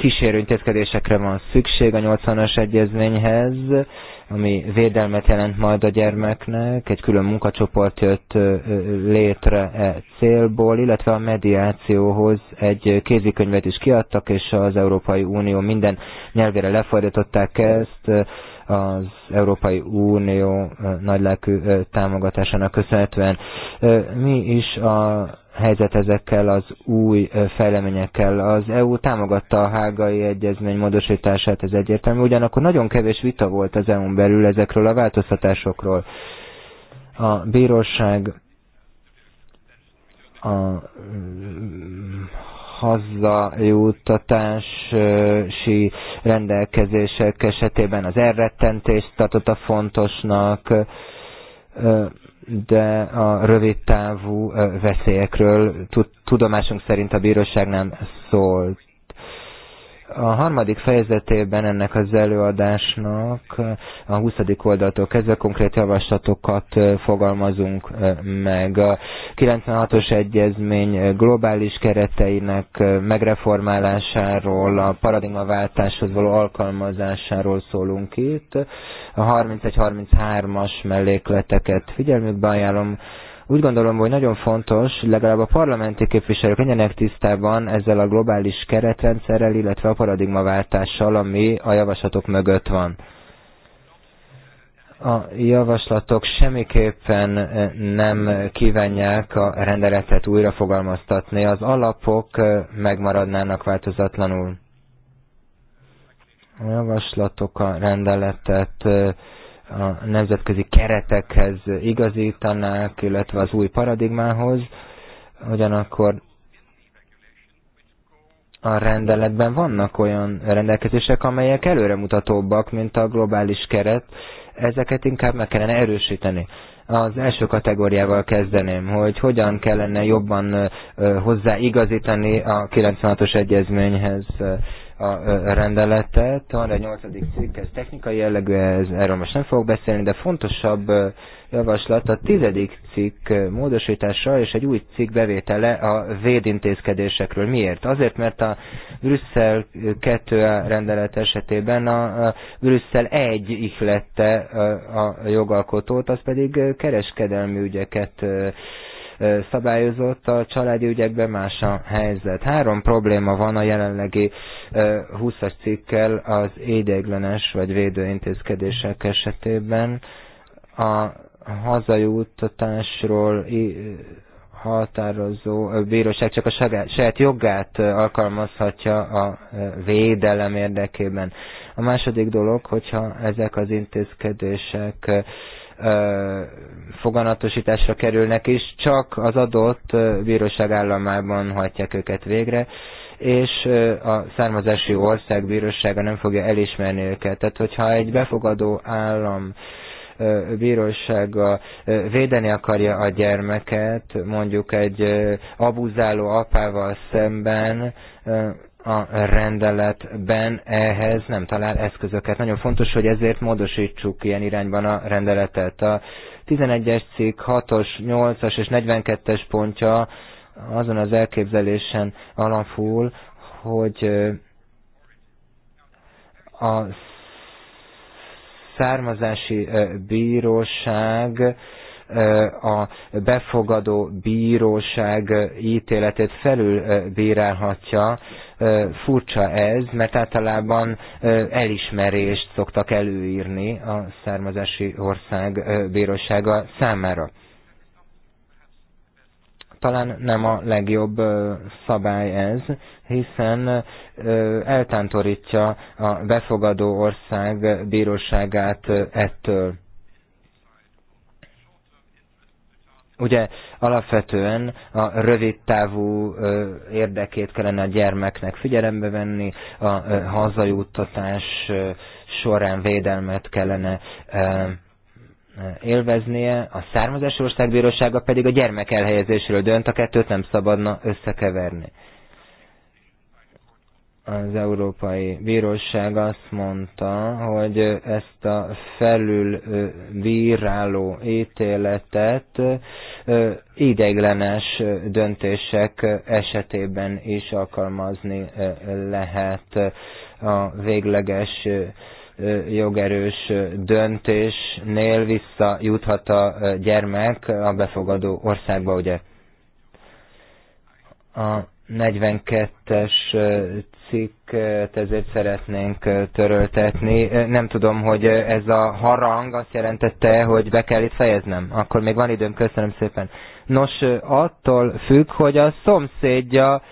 kísérő intézkedésekre van szükség a 80-as egyezményhez, ami védelmet jelent majd a gyermeknek, egy külön munkacsoport jött létre e célból, illetve a mediációhoz egy kézikönyvet is kiadtak, és az Európai Unió minden nyelvére lefordították ezt, az Európai Unió nagylelkű támogatásának köszönhetően. Mi is a helyzet ezekkel az új fejleményekkel. Az EU támogatta a hágai egyezmény módosítását, ez egyértelmű, ugyanakkor nagyon kevés vita volt az EU-n belül ezekről a változtatásokról. A bíróság a mm, hazajuttatási rendelkezések esetében az elrettentést tartotta fontosnak, de a rövid távú veszélyekről tudomásunk szerint a bíróság nem szólt. A harmadik fejezetében ennek az előadásnak a 20. oldaltól kezdve konkrét javaslatokat fogalmazunk meg. A 96-os egyezmény globális kereteinek megreformálásáról, a paradigmaváltáshoz való alkalmazásáról szólunk itt. A 31-33-as mellékleteket figyelmükbe ajánlom, úgy gondolom, hogy nagyon fontos, legalább a parlamenti képviselők legyenek tisztában ezzel a globális keretrendszerrel, illetve a paradigmaváltással, ami a javaslatok mögött van a javaslatok semmiképpen eh, nem kívánják a rendeletet újrafogalmaztatni, az alapok eh, megmaradnának változatlanul. A javaslatok a rendeletet eh, a nemzetközi keretekhez igazítanák, illetve az új paradigmához, ugyanakkor a rendeletben vannak olyan rendelkezések, amelyek előremutatóbbak, mint a globális keret, ezeket inkább meg kellene erősíteni. Az első kategóriával kezdeném, hogy hogyan kellene jobban hozzáigazítani a 96-os egyezményhez a rendeletet. Van egy nyolcadik cikk, ez technikai jellegű, ez, erről most nem fogok beszélni, de fontosabb javaslat a tizedik cikk módosítása és egy új cikk bevétele a védintézkedésekről. Miért? Azért, mert a Brüsszel 2 rendelet esetében a Brüsszel 1 ihlette a jogalkotót, az pedig kereskedelmi ügyeket szabályozott, a családi ügyekben más a helyzet. Három probléma van a jelenlegi 20-as cikkel az édeglenes vagy védőintézkedések esetében. A hazajutatásról határozó bíróság csak a saját jogát alkalmazhatja a védelem érdekében. A második dolog, hogyha ezek az intézkedések foganatosításra kerülnek is, csak az adott bíróság államában hajtják őket végre, és a származási ország bírósága nem fogja elismerni őket. Tehát, hogyha egy befogadó állam bírósága védeni akarja a gyermeket, mondjuk egy abuzáló apával szemben, a rendeletben ehhez nem talál eszközöket. Nagyon fontos, hogy ezért módosítsuk ilyen irányban a rendeletet. A 11-es cikk 6-os, 8-as és 42-es pontja azon az elképzelésen alapul, hogy a származási bíróság a befogadó bíróság ítéletét felülbírálhatja Furcsa ez, mert általában elismerést szoktak előírni a származási ország bírósága számára. Talán nem a legjobb szabály ez, hiszen eltántorítja a befogadó ország bíróságát ettől. Ugye Alapvetően a rövidtávú érdekét kellene a gyermeknek figyelembe venni, a hazajuttatás során védelmet kellene élveznie, a származási országbírósága pedig a gyermek elhelyezésről dönt, a kettőt nem szabadna összekeverni az Európai Bíróság azt mondta, hogy ezt a felülbíráló ítéletet ideiglenes döntések esetében is alkalmazni lehet a végleges jogerős döntésnél visszajuthat a gyermek a befogadó országba, ugye? A 42-es cikket ezért szeretnénk töröltetni. Nem tudom, hogy ez a harang azt jelentette, hogy be kell itt fejeznem. Akkor még van időm, köszönöm szépen. Nos, attól függ, hogy a szomszédja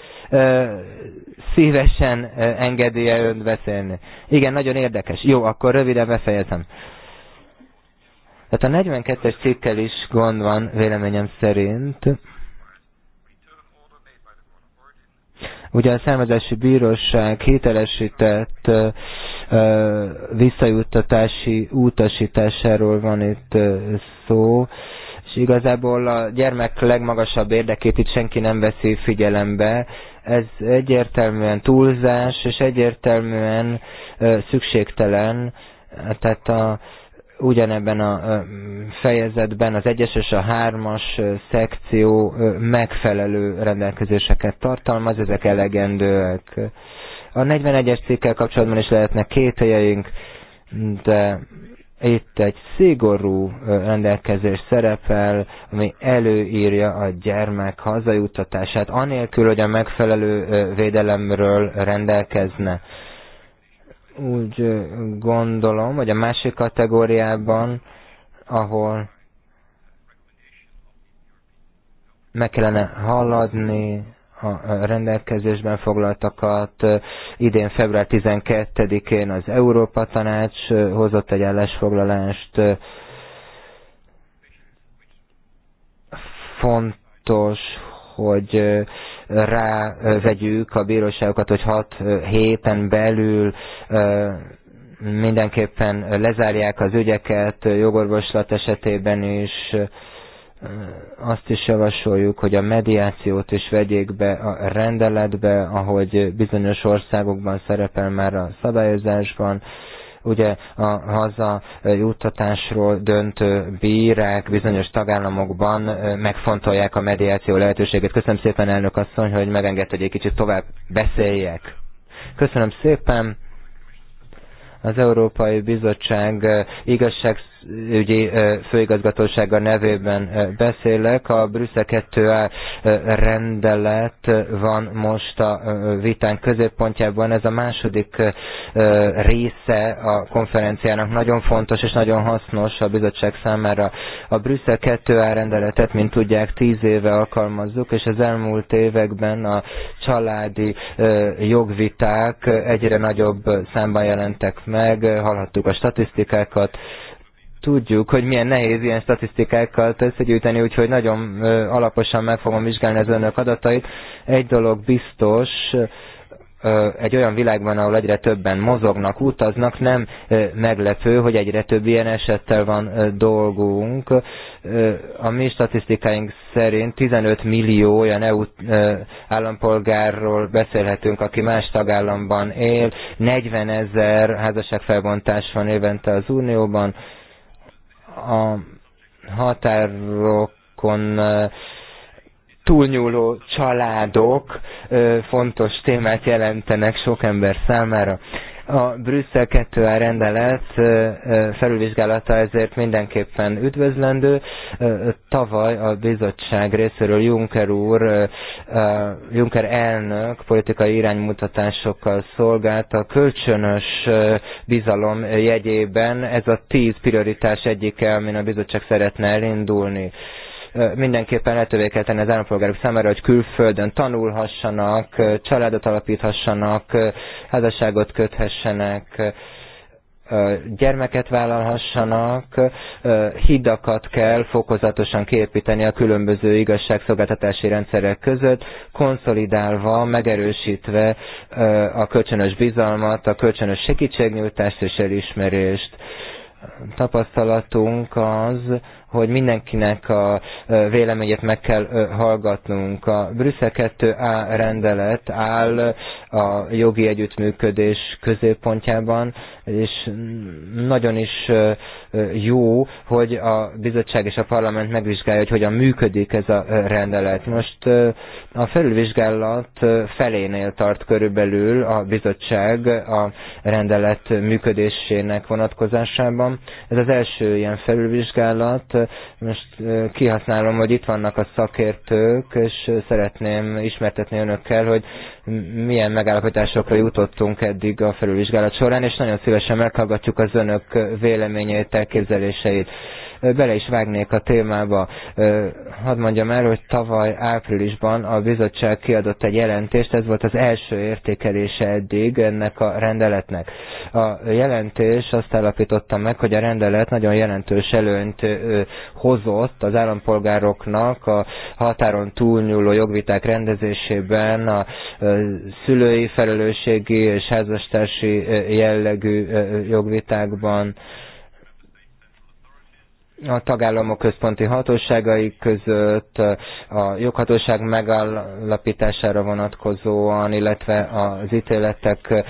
szívesen engedélye önt beszélni. Igen, nagyon érdekes. Jó, akkor röviden befejezem. Tehát a 42-es cikkel is gond van, véleményem szerint. Ugye a számítási bíróság hitelesített visszajuttatási utasításáról van itt szó, és igazából a gyermek legmagasabb érdekét itt senki nem veszi figyelembe. Ez egyértelműen túlzás, és egyértelműen szükségtelen, tehát a ugyanebben a fejezetben az egyes és a hármas szekció megfelelő rendelkezéseket tartalmaz, ezek elegendőek. A 41-es cikkel kapcsolatban is lehetnek kételjeink, de itt egy szigorú rendelkezés szerepel, ami előírja a gyermek hazajutatását, anélkül, hogy a megfelelő védelemről rendelkezne úgy gondolom, hogy a másik kategóriában, ahol meg kellene haladni a rendelkezésben foglaltakat. Idén február 12-én az Európa Tanács hozott egy állásfoglalást. Fontos, hogy rávegyük a bíróságokat, hogy hat héten belül mindenképpen lezárják az ügyeket, jogorvoslat esetében is azt is javasoljuk, hogy a mediációt is vegyék be a rendeletbe, ahogy bizonyos országokban szerepel már a szabályozásban, Ugye a haza juttatásról döntő bírák bizonyos tagállamokban megfontolják a mediáció lehetőségét. Köszönöm szépen, elnök asszony, hogy megengedte, hogy egy kicsit tovább beszéljek. Köszönöm szépen az Európai Bizottság igazság ügyi főigazgatósága nevében beszélek. A Brüsszel 2A rendelet van most a vitán középpontjában. Ez a második része a konferenciának nagyon fontos és nagyon hasznos a bizottság számára. A Brüsszel 2A rendeletet, mint tudják, tíz éve alkalmazzuk, és az elmúlt években a családi jogviták egyre nagyobb számban jelentek meg, hallhattuk a statisztikákat, tudjuk, hogy milyen nehéz ilyen statisztikákkal összegyűjteni, úgyhogy nagyon alaposan meg fogom vizsgálni az önök adatait. Egy dolog biztos, egy olyan világban, ahol egyre többen mozognak, utaznak, nem meglepő, hogy egyre több ilyen esettel van dolgunk. A mi statisztikáink szerint 15 millió olyan EU állampolgárról beszélhetünk, aki más tagállamban él, 40 ezer házasságfelbontás van évente az Unióban, a határokon túlnyúló családok fontos témát jelentenek sok ember számára. A Brüsszel 2 rendelet felülvizsgálata ezért mindenképpen üdvözlendő. Tavaly a bizottság részéről Juncker úr, Juncker elnök politikai iránymutatásokkal szolgált a kölcsönös bizalom jegyében. Ez a tíz prioritás egyike, amin a bizottság szeretne elindulni mindenképpen lehetővé kell tenni az állampolgárok számára, hogy külföldön tanulhassanak, családot alapíthassanak, házasságot köthessenek, gyermeket vállalhassanak, hidakat kell fokozatosan képíteni a különböző igazságszolgáltatási rendszerek között, konszolidálva, megerősítve a kölcsönös bizalmat, a kölcsönös segítségnyújtást és elismerést. Tapasztalatunk az, hogy mindenkinek a véleményét meg kell hallgatnunk. A Brüsszel 2A rendelet áll a jogi együttműködés középpontjában, és nagyon is jó, hogy a bizottság és a parlament megvizsgálja, hogy hogyan működik ez a rendelet. Most a felülvizsgálat felénél tart körülbelül a bizottság a rendelet működésének vonatkozásában. Ez az első ilyen felülvizsgálat, most kihasználom, hogy itt vannak a szakértők, és szeretném ismertetni önökkel, hogy milyen megállapításokra jutottunk eddig a felülvizsgálat során, és nagyon szívesen meghallgatjuk az önök véleményét, elképzeléseit bele is vágnék a témába. Hadd mondjam el, hogy tavaly áprilisban a bizottság kiadott egy jelentést, ez volt az első értékelése eddig ennek a rendeletnek. A jelentés azt állapította meg, hogy a rendelet nagyon jelentős előnyt hozott az állampolgároknak a határon túlnyúló jogviták rendezésében a szülői felelősségi és házastársi jellegű jogvitákban, a tagállamok központi hatóságai között, a joghatóság megállapítására vonatkozóan, illetve az ítéletek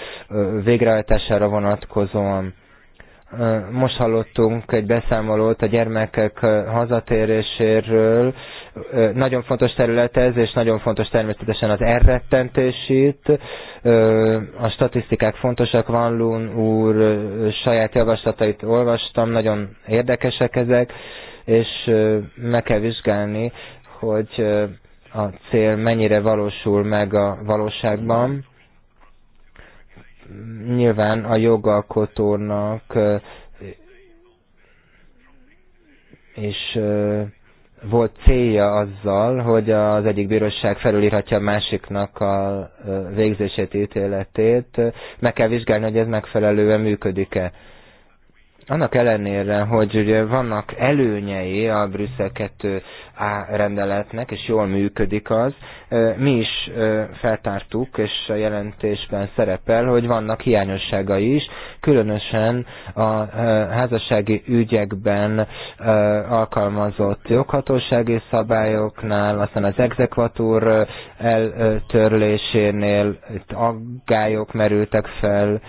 végrehajtására vonatkozóan. Most hallottunk egy beszámolót a gyermekek hazatéréséről, nagyon fontos terület ez, és nagyon fontos természetesen az elrettentés itt. A statisztikák fontosak, Van Loon úr saját javaslatait olvastam, nagyon érdekesek ezek, és meg kell vizsgálni, hogy a cél mennyire valósul meg a valóságban. Nyilván a jogalkotónak és volt célja azzal, hogy az egyik bíróság felülírhatja a másiknak a végzését, ítéletét. Meg kell vizsgálni, hogy ez megfelelően működik-e annak ellenére, hogy ugye vannak előnyei a Brüsszel 2A rendeletnek, és jól működik az, mi is feltártuk, és a jelentésben szerepel, hogy vannak hiányosságai is, különösen a házassági ügyekben alkalmazott joghatósági szabályoknál, aztán az exekvatúr eltörlésénél aggályok merültek fel,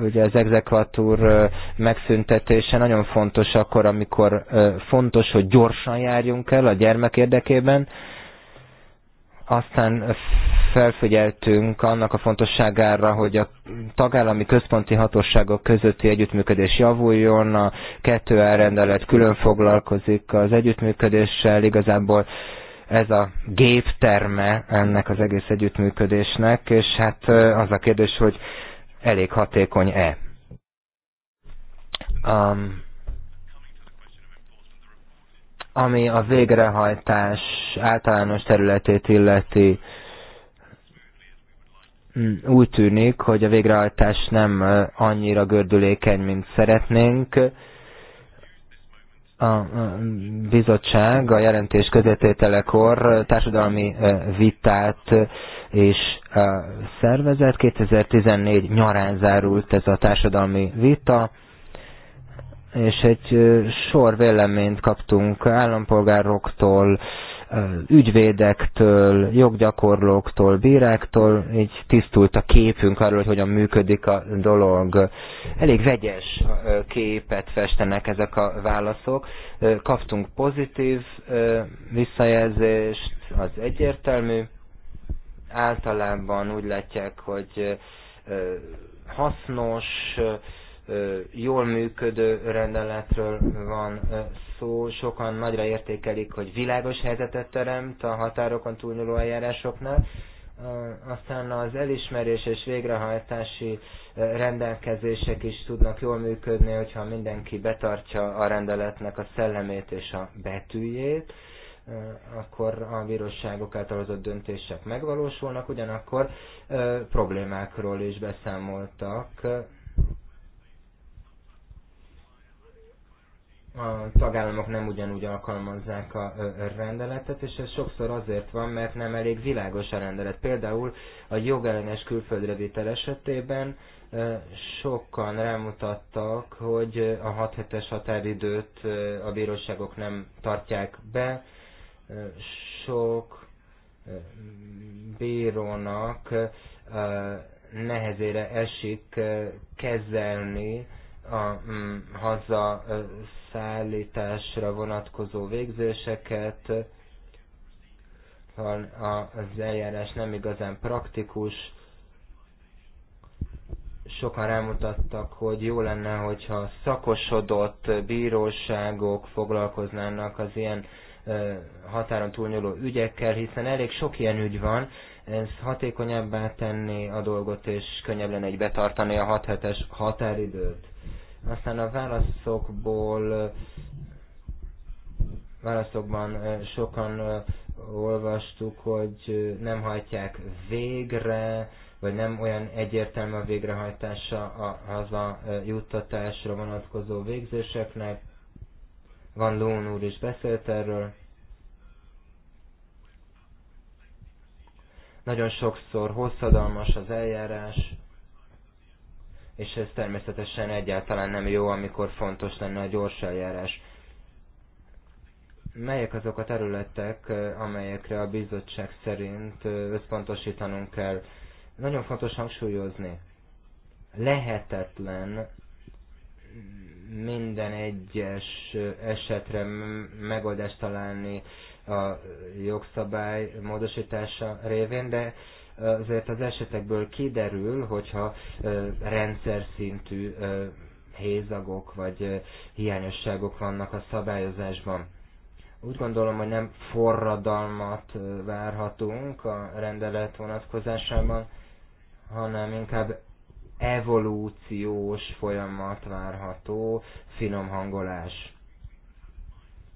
ugye az exekvatúr megszüntetése nagyon fontos akkor, amikor fontos, hogy gyorsan járjunk el a gyermek érdekében, aztán felfigyeltünk annak a fontosságára, hogy a tagállami központi hatóságok közötti együttműködés javuljon, a kettő elrendelet külön foglalkozik az együttműködéssel, igazából ez a gépterme ennek az egész együttműködésnek, és hát az a kérdés, hogy elég hatékony-e. Um, ami a végrehajtás általános területét illeti, mm, úgy tűnik, hogy a végrehajtás nem annyira gördülékeny, mint szeretnénk. A bizottság a jelentés közétételekor társadalmi vitát és szervezet. 2014 nyarán zárult ez a társadalmi vita, és egy sor véleményt kaptunk állampolgároktól, ügyvédektől, joggyakorlóktól, bíráktól, így tisztult a képünk arról, hogy hogyan működik a dolog. Elég vegyes képet festenek ezek a válaszok. Kaptunk pozitív visszajelzést, az egyértelmű, általában úgy látják, hogy hasznos, jól működő rendeletről van szó. Sokan nagyra értékelik, hogy világos helyzetet teremt a határokon túlnyúló eljárásoknál. Aztán az elismerés és végrehajtási rendelkezések is tudnak jól működni, hogyha mindenki betartja a rendeletnek a szellemét és a betűjét akkor a bíróságok által hozott döntések megvalósulnak, ugyanakkor problémákról is beszámoltak. a tagállamok nem ugyanúgy alkalmazzák a rendeletet, és ez sokszor azért van, mert nem elég világos a rendelet. Például a jogellenes külföldre vitel esetében sokan rámutattak, hogy a 6 es határidőt a bíróságok nem tartják be, sok bírónak nehezére esik kezelni a mm, haza szállításra vonatkozó végzéseket, az eljárás nem igazán praktikus, sokan rámutattak, hogy jó lenne, hogyha szakosodott bíróságok foglalkoznának az ilyen határon túlnyúló ügyekkel, hiszen elég sok ilyen ügy van, ez hatékonyabbá tenni a dolgot, és könnyebb lenne egy betartani a 6 hetes határidőt. Aztán a válaszokból válaszokban sokan olvastuk, hogy nem hajtják végre, vagy nem olyan egyértelmű a végrehajtása a haza juttatásra vonatkozó végzéseknek. Van Lón úr is beszélt erről. Nagyon sokszor hosszadalmas az eljárás, és ez természetesen egyáltalán nem jó, amikor fontos lenne a gyors eljárás. Melyek azok a területek, amelyekre a bizottság szerint összpontosítanunk kell? Nagyon fontos hangsúlyozni. Lehetetlen minden egyes esetre megoldást találni a jogszabály módosítása révén, de azért az esetekből kiderül, hogyha rendszer szintű hézagok vagy hiányosságok vannak a szabályozásban. Úgy gondolom, hogy nem forradalmat várhatunk a rendelet vonatkozásában, hanem inkább evolúciós folyamat várható, finom hangolás.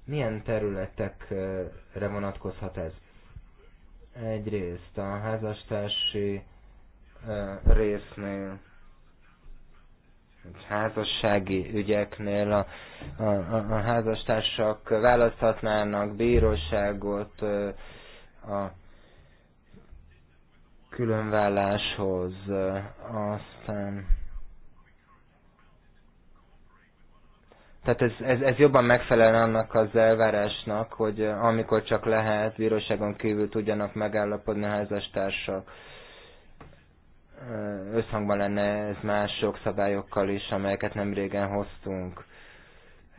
Milyen területekre vonatkozhat ez? Egyrészt a házastársi résznél, házassági ügyeknél a, a, a házastársak választhatnának bíróságot a különválláshoz, aztán Tehát ez, ez, ez jobban megfelel annak az elvárásnak, hogy eh, amikor csak lehet, bíróságon kívül tudjanak megállapodni a házastársak. Eh, összhangban lenne ez mások szabályokkal is, amelyeket nem régen hoztunk.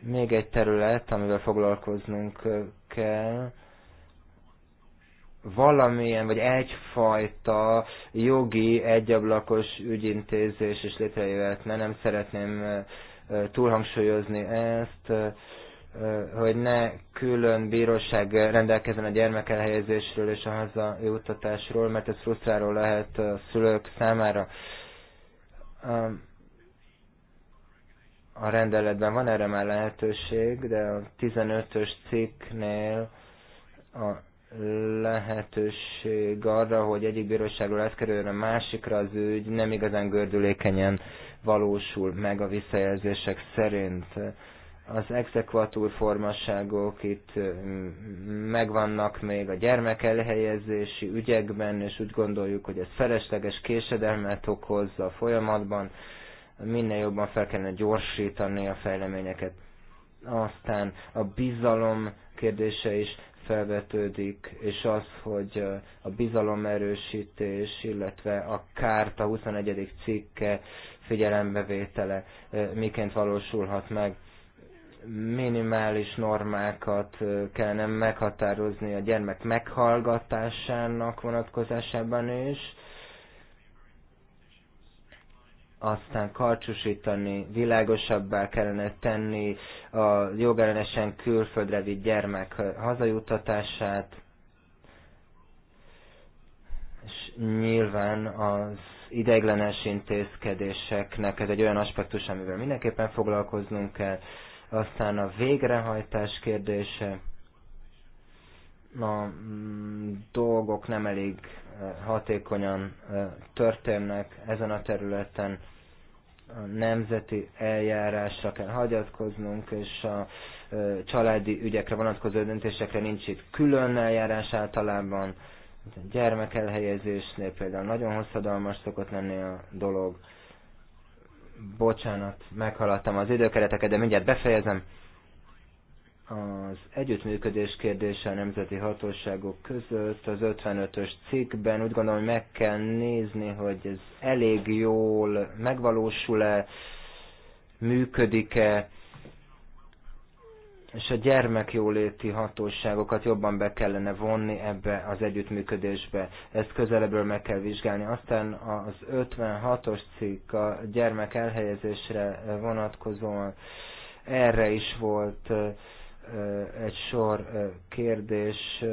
Még egy terület, amivel foglalkoznunk eh, kell, valamilyen vagy egyfajta jogi egyablakos ügyintézés is létrejöhetne. Nem szeretném túlhangsúlyozni ezt, hogy ne külön bíróság rendelkezzen a gyermek elhelyezésről és a hazajutatásról, mert ez frusztráló lehet a szülők számára. A rendeletben van erre már lehetőség, de a 15-ös cikknél a lehetőség arra, hogy egyik bíróságról kerüljön a másikra az ügy nem igazán gördülékenyen valósul meg a visszajelzések szerint. Az exekvatúr formasságok itt megvannak még a gyermek elhelyezési ügyekben, és úgy gondoljuk, hogy ez felesleges késedelmet okoz a folyamatban, minél jobban fel kellene gyorsítani a fejleményeket. Aztán a bizalom kérdése is felvetődik, és az, hogy a bizalomerősítés, illetve a kárta 21. cikke figyelembevétele miként valósulhat meg. Minimális normákat kellene meghatározni a gyermek meghallgatásának vonatkozásában is, aztán karcsúsítani, világosabbá kellene tenni a jogellenesen külföldre vitt gyermek hazajutatását, és nyilván az ideiglenes intézkedéseknek ez egy olyan aspektus, amivel mindenképpen foglalkoznunk kell. Aztán a végrehajtás kérdése, a mm, dolgok nem elég eh, hatékonyan eh, történnek ezen a területen, a nemzeti eljárásra kell hagyatkoznunk, és a eh, családi ügyekre vonatkozó döntésekre nincs itt külön eljárás általában, gyermekelhelyezésnél például nagyon hosszadalmas szokott lenni a dolog. Bocsánat, meghaladtam az időkereteket, de mindjárt befejezem. Az együttműködés kérdése a nemzeti hatóságok között az 55-ös cikkben úgy gondolom, hogy meg kell nézni, hogy ez elég jól megvalósul-e, működik-e, és a gyermekjóléti hatóságokat jobban be kellene vonni ebbe az együttműködésbe. Ezt közelebbről meg kell vizsgálni. Aztán az 56-os cikk a gyermek elhelyezésre vonatkozóan erre is volt egy sor kérdés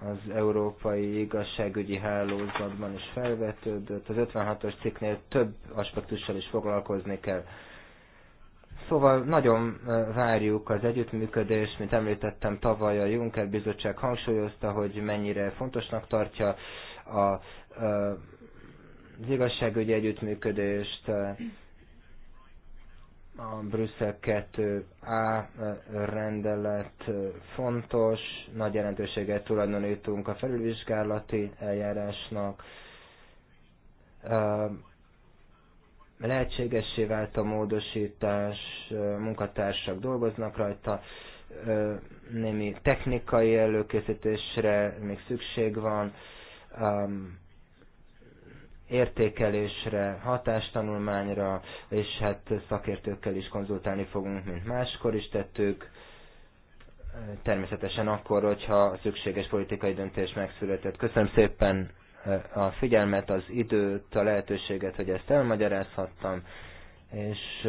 az európai igazságügyi hálózatban is felvetődött. Az 56-os cikknél több aspektussal is foglalkozni kell. Szóval nagyon várjuk az együttműködést, mint említettem, tavaly a Juncker Bizottság hangsúlyozta, hogy mennyire fontosnak tartja a, a, az igazságügyi együttműködést, a Brüsszel 2A rendelet fontos, nagy jelentőséget tulajdonítunk a felülvizsgálati eljárásnak lehetségessé vált a módosítás, munkatársak dolgoznak rajta, némi technikai előkészítésre még szükség van, értékelésre, hatástanulmányra, és hát szakértőkkel is konzultálni fogunk, mint máskor is tettük, természetesen akkor, hogyha szükséges politikai döntés megszületett. Köszönöm szépen a figyelmet, az időt, a lehetőséget, hogy ezt elmagyarázhattam, és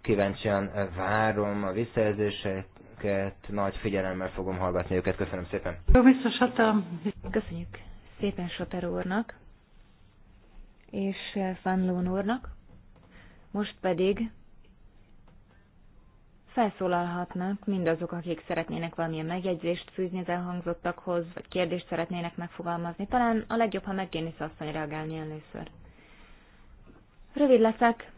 kíváncsian várom a visszajelzéseket, nagy figyelemmel fogom hallgatni őket. Köszönöm szépen. Köszönjük szépen Soter úrnak és Fanlón úrnak. Most pedig felszólalhatnak mindazok, akik szeretnének valamilyen megjegyzést fűzni az elhangzottakhoz, vagy kérdést szeretnének megfogalmazni. Talán a legjobb, ha megkérni szasszony reagálni először. Rövid leszek,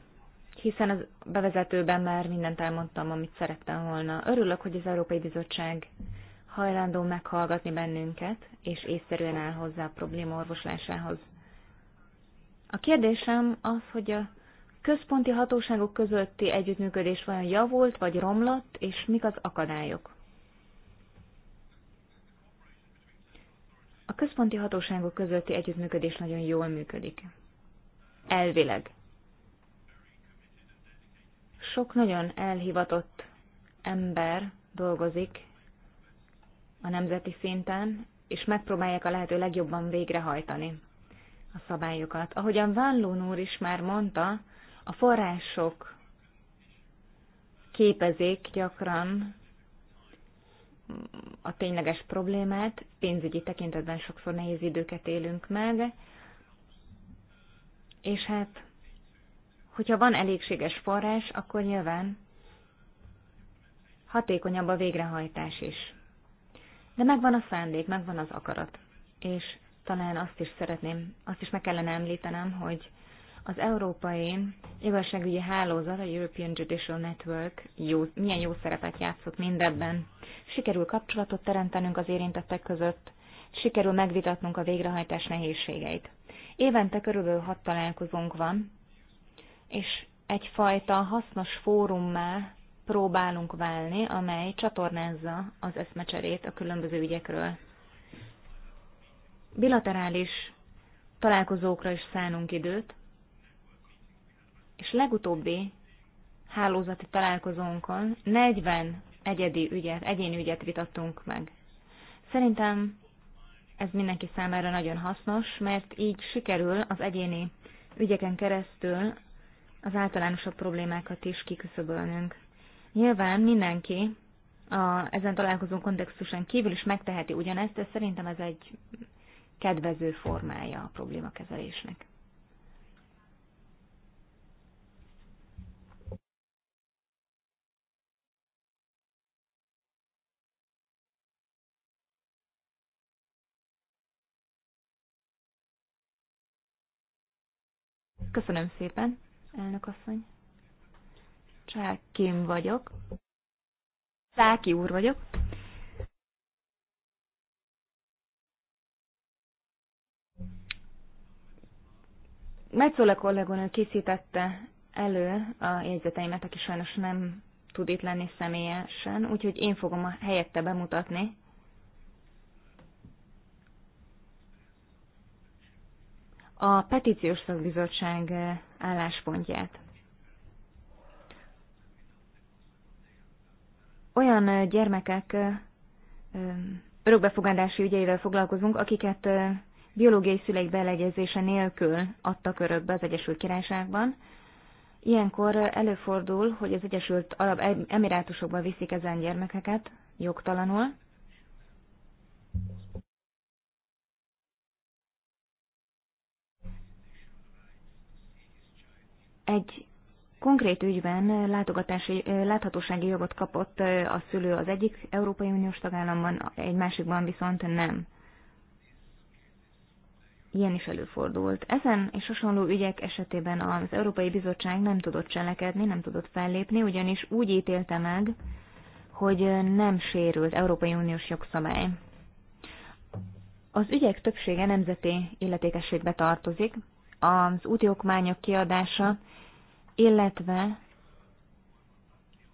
hiszen az bevezetőben már mindent elmondtam, amit szerettem volna. Örülök, hogy az Európai Bizottság hajlandó meghallgatni bennünket, és észszerűen áll hozzá a probléma orvoslásához. A kérdésem az, hogy a központi hatóságok közötti együttműködés vajon javult vagy romlott, és mik az akadályok? A központi hatóságok közötti együttműködés nagyon jól működik. Elvileg. Sok nagyon elhivatott ember dolgozik a nemzeti szinten, és megpróbálják a lehető legjobban végrehajtani a szabályokat. Ahogyan Van Lón úr is már mondta, a források képezik gyakran a tényleges problémát, pénzügyi tekintetben sokszor nehéz időket élünk meg, és hát, hogyha van elégséges forrás, akkor nyilván hatékonyabb a végrehajtás is. De megvan a szándék, megvan az akarat. És talán azt is szeretném, azt is meg kellene említenem, hogy az európai igazságügyi hálózat, a European Judicial Network jó, milyen jó szerepet játszott mindebben. Sikerül kapcsolatot teremtenünk az érintettek között, sikerül megvitatnunk a végrehajtás nehézségeit. Évente körülbelül hat találkozónk van, és egyfajta hasznos fórummá próbálunk válni, amely csatornázza az eszmecserét a különböző ügyekről. Bilaterális találkozókra is szánunk időt, és legutóbbi hálózati találkozónkon 40 egyedi ügyet, egyéni ügyet vitattunk meg. Szerintem ez mindenki számára nagyon hasznos, mert így sikerül az egyéni ügyeken keresztül az általánosabb problémákat is kiküszöbölnünk. Nyilván mindenki a, ezen találkozón kontextusan kívül is megteheti ugyanezt, de szerintem ez egy kedvező formája a problémakezelésnek. Köszönöm szépen, elnök asszony. Csákém vagyok. Száki úr vagyok. Metzola kolléganő készítette elő a jegyzeteimet, aki sajnos nem tud itt lenni személyesen, úgyhogy én fogom a helyette bemutatni a petíciós szakbizottság eh, álláspontját. Olyan eh, gyermekek eh, örökbefogadási ügyeivel foglalkozunk, akiket biológiai szüleik beleegyezése nélkül adtak örökbe az Egyesült Királyságban. Ilyenkor előfordul, hogy az Egyesült Arab Emirátusokba viszik ezen gyermekeket jogtalanul, Egy konkrét ügyben látogatási, láthatósági jogot kapott a szülő az egyik Európai Uniós tagállamban, egy másikban viszont nem. Ilyen is előfordult. Ezen és hasonló ügyek esetében az Európai Bizottság nem tudott cselekedni, nem tudott fellépni, ugyanis úgy ítélte meg, hogy nem sérült Európai Uniós jogszabály. Az ügyek többsége nemzeti illetékességbe tartozik, az úti okmányok kiadása, illetve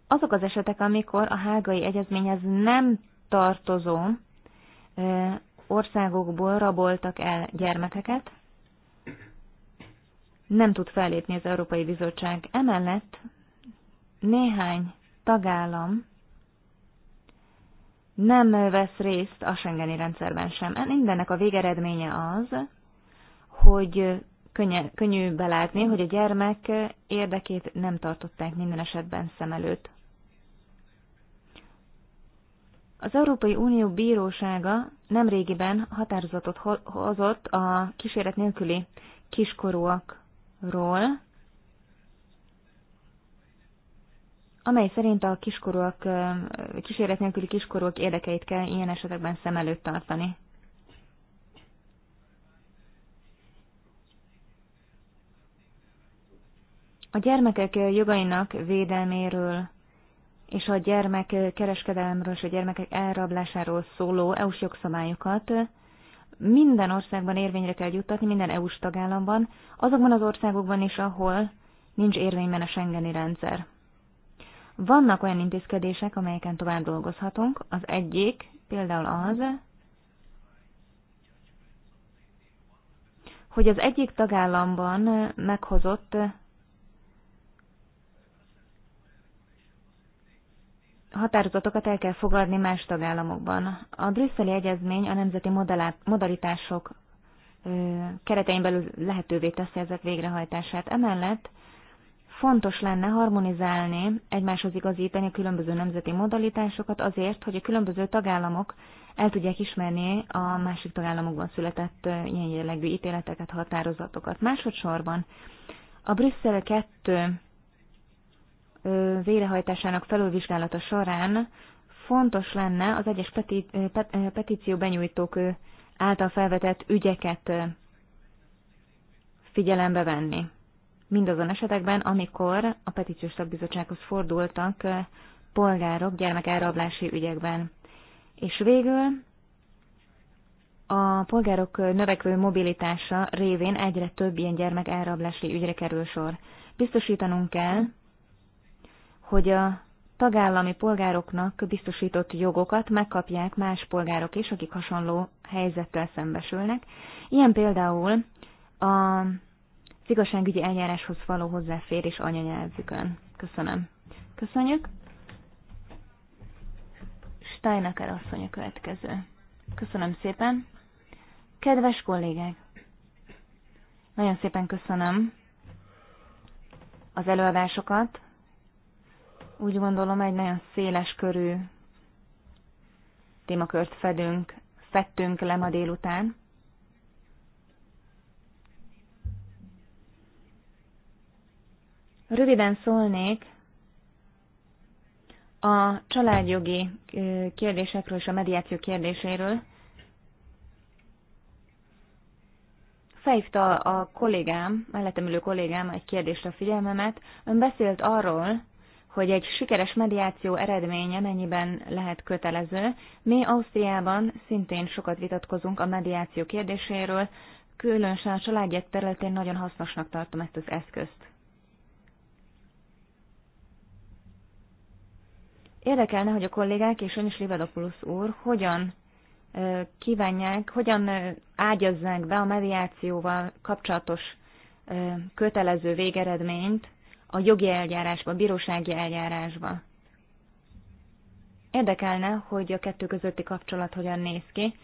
azok az esetek, amikor a hágai egyezményhez nem tartozó országokból raboltak el gyermekeket, nem tud fellépni az Európai Bizottság. Emellett néhány tagállam nem vesz részt a Schengeni rendszerben sem. Mindennek a végeredménye az, hogy könnye, könnyű belátni, hogy a gyermek érdekét nem tartották minden esetben szem előtt. Az Európai Unió bírósága nemrégiben határozatot hozott a kíséret nélküli kiskorúakról, amely szerint a kiskorúak, kíséret nélküli kiskorúak érdekeit kell ilyen esetekben szem előtt tartani. A gyermekek jogainak védelméről és a gyermek kereskedelemről és a gyermekek elrablásáról szóló EU-s jogszabályokat minden országban érvényre kell juttatni, minden EU-s tagállamban, azokban az országokban is, ahol nincs érvényben a Schengeni rendszer. Vannak olyan intézkedések, amelyeken tovább dolgozhatunk. Az egyik például az, hogy az egyik tagállamban meghozott határozatokat el kell fogadni más tagállamokban. A brüsszeli egyezmény a nemzeti modalát, modalitások keretein belül lehetővé teszi ezek végrehajtását. Emellett fontos lenne harmonizálni, egymáshoz igazítani a különböző nemzeti modalitásokat azért, hogy a különböző tagállamok el tudják ismerni a másik tagállamokban született ilyen jellegű ítéleteket, határozatokat. Másodszorban a Brüsszel 2 végrehajtásának felülvizsgálata során fontos lenne az egyes peti, pet, petíció benyújtók által felvetett ügyeket figyelembe venni. Mindazon esetekben, amikor a petíciós szakbizottsághoz fordultak polgárok gyermekárablási ügyekben. És végül a polgárok növekvő mobilitása révén egyre több ilyen gyermekárablási elrablási ügyre kerül sor. Biztosítanunk kell, hogy a tagállami polgároknak biztosított jogokat megkapják más polgárok is, akik hasonló helyzettel szembesülnek. Ilyen például a igazságügyi eljáráshoz való hozzáférés anyanyelvükön. Köszönöm. Köszönjük. Steinaker asszony a következő. Köszönöm szépen. Kedves kollégák! Nagyon szépen köszönöm az előadásokat, úgy gondolom egy nagyon széles körű témakört fedünk, fettünk le ma délután. Röviden szólnék a családjogi kérdésekről és a mediáció kérdéséről. Felhívta a kollégám, mellettem ülő kollégám egy kérdésre a figyelmemet. Ön beszélt arról, hogy egy sikeres mediáció eredménye mennyiben lehet kötelező. Mi Ausztriában szintén sokat vitatkozunk a mediáció kérdéséről, különösen a családját területén nagyon hasznosnak tartom ezt az eszközt. Érdekelne, hogy a kollégák és ön is Livadopoulos úr hogyan kívánják, hogyan ágyazzák be a mediációval kapcsolatos kötelező végeredményt a jogi eljárásba, a bírósági eljárásba. Érdekelne, hogy a kettő közötti kapcsolat hogyan néz ki.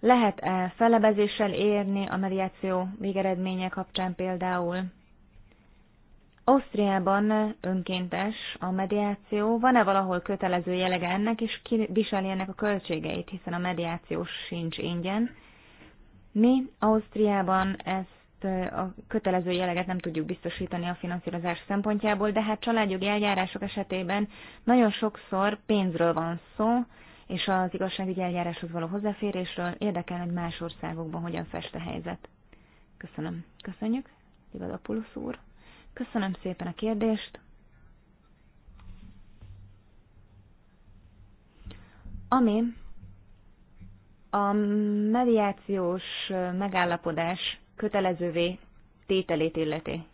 Lehet-e felebezéssel érni a mediáció végeredménye kapcsán például? Ausztriában önkéntes a mediáció, van-e valahol kötelező jelege ennek, és ki viseli ennek a költségeit, hiszen a mediáció sincs ingyen. Mi Ausztriában ezt a kötelező jelleget nem tudjuk biztosítani a finanszírozás szempontjából, de hát családjogi eljárások esetében nagyon sokszor pénzről van szó, és az igazságügyi eljáráshoz való hozzáférésről érdekel, hogy más országokban hogyan fest a helyzet. Köszönöm. Köszönjük, Ivadapulusz úr. Köszönöm szépen a kérdést. Ami a mediációs megállapodás kötelezővé tételét illeti.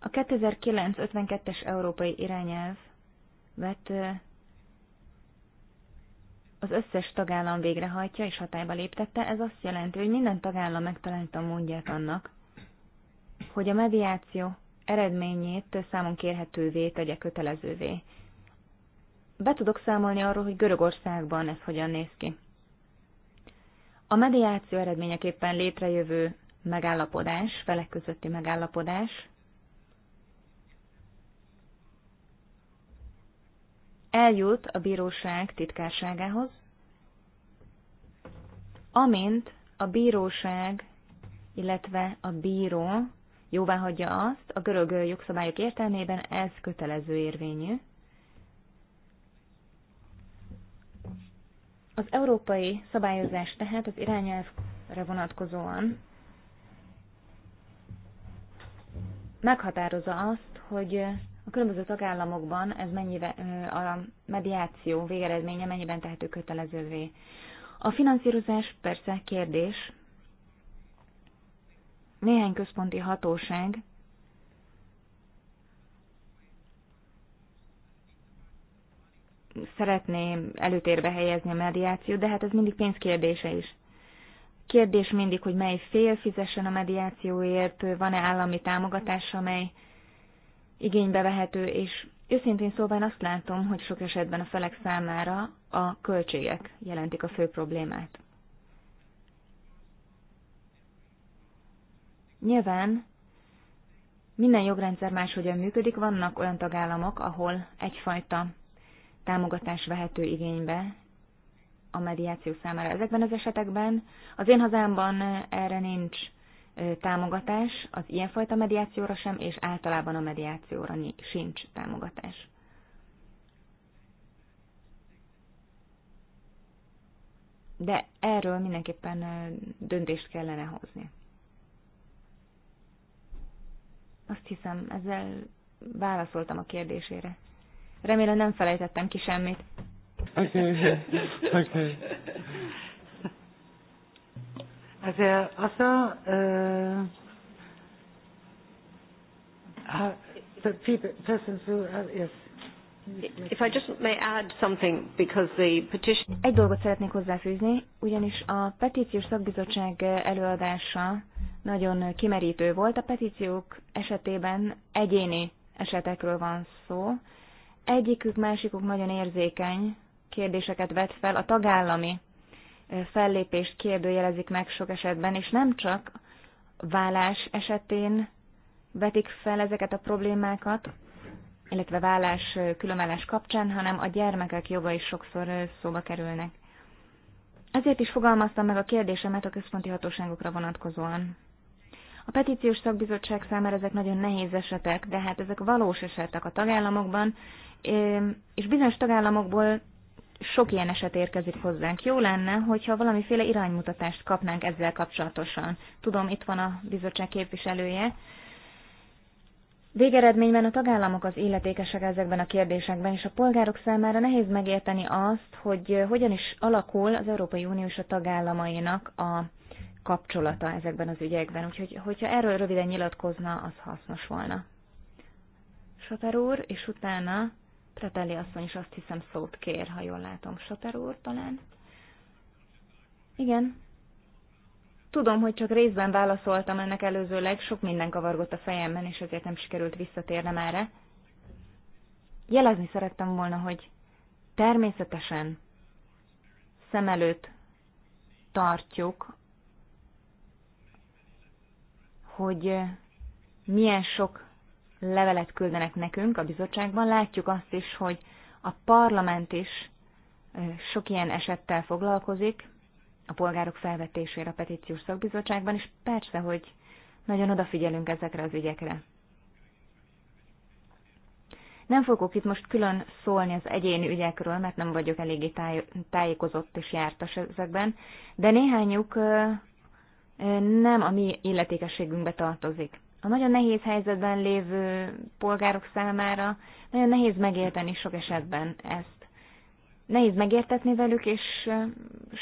A 2009-52-es európai irányelv vett az összes tagállam végrehajtja és hatályba léptette, ez azt jelenti, hogy minden tagállam megtalálta a módját annak, hogy a mediáció eredményét számon kérhetővé tegye kötelezővé be tudok számolni arról, hogy Görögországban ez hogyan néz ki. A mediáció eredményeképpen létrejövő megállapodás, felek közötti megállapodás, eljut a bíróság titkárságához, amint a bíróság, illetve a bíró jóváhagyja azt, a görög jogszabályok értelmében ez kötelező érvényű, Az európai szabályozás tehát az irányelvre vonatkozóan meghatározza azt, hogy a különböző tagállamokban ez mennyivel, a mediáció végeredménye mennyiben tehető kötelezővé. A finanszírozás persze kérdés. Néhány központi hatóság szeretné előtérbe helyezni a mediációt, de hát ez mindig pénz kérdése is. Kérdés mindig, hogy mely fél fizessen a mediációért, van-e állami támogatás, amely igénybe vehető, és őszintén szóval azt látom, hogy sok esetben a felek számára a költségek jelentik a fő problémát. Nyilván minden jogrendszer máshogyan működik, vannak olyan tagállamok, ahol egyfajta támogatás vehető igénybe a mediáció számára. Ezekben az esetekben az én hazámban eh, erre nincs eh, támogatás, az ilyenfajta mediációra sem, és általában a mediációra sincs támogatás. De erről mindenképpen eh, döntést kellene hozni. Azt hiszem, ezzel válaszoltam a kérdésére. Remélem nem felejtettem ki semmit. Oké, okay, oké. Okay. Also, hát, az a, hát, uh, the who yes. If I just may add something, because the petition... Egy dolgot szeretnék hozzáfűzni, ugyanis a petíciós szakbizottság előadása nagyon kimerítő volt. A petíciók esetében egyéni esetekről van szó, egyikük, másikuk nagyon érzékeny kérdéseket vet fel, a tagállami fellépést kérdőjelezik meg sok esetben, és nem csak vállás esetén vetik fel ezeket a problémákat, illetve vállás, különállás kapcsán, hanem a gyermekek joga is sokszor szóba kerülnek. Ezért is fogalmaztam meg a kérdésemet a központi hatóságokra vonatkozóan. A petíciós szakbizottság számára ezek nagyon nehéz esetek, de hát ezek valós esetek a tagállamokban, és bizonyos tagállamokból sok ilyen eset érkezik hozzánk. Jó lenne, hogyha valamiféle iránymutatást kapnánk ezzel kapcsolatosan. Tudom, itt van a bizottság képviselője. Végeredményben a tagállamok az illetékesek ezekben a kérdésekben, és a polgárok számára nehéz megérteni azt, hogy eh, hogyan is alakul az Európai Unió és a tagállamainak a kapcsolata ezekben az ügyekben. Úgyhogy, hogyha erről röviden nyilatkozna, az hasznos volna. Sotar úr, és utána Kratelli asszony is azt hiszem szót kér, ha jól látom, Soter úr talán. Igen. Tudom, hogy csak részben válaszoltam ennek előzőleg, sok minden kavargott a fejemben, és ezért nem sikerült visszatérnem erre. Jelezni szerettem volna, hogy természetesen szem előtt tartjuk, hogy milyen sok levelet küldenek nekünk a bizottságban, látjuk azt is, hogy a parlament is sok ilyen esettel foglalkozik, a polgárok felvetésére a petíciós szakbizottságban, és persze, hogy nagyon odafigyelünk ezekre az ügyekre. Nem fogok itt most külön szólni az egyéni ügyekről, mert nem vagyok eléggé táj- tájékozott és jártas ezekben, de néhányuk nem a mi illetékességünkbe tartozik a nagyon nehéz helyzetben lévő polgárok számára nagyon nehéz megérteni sok esetben ezt. Nehéz megértetni velük, és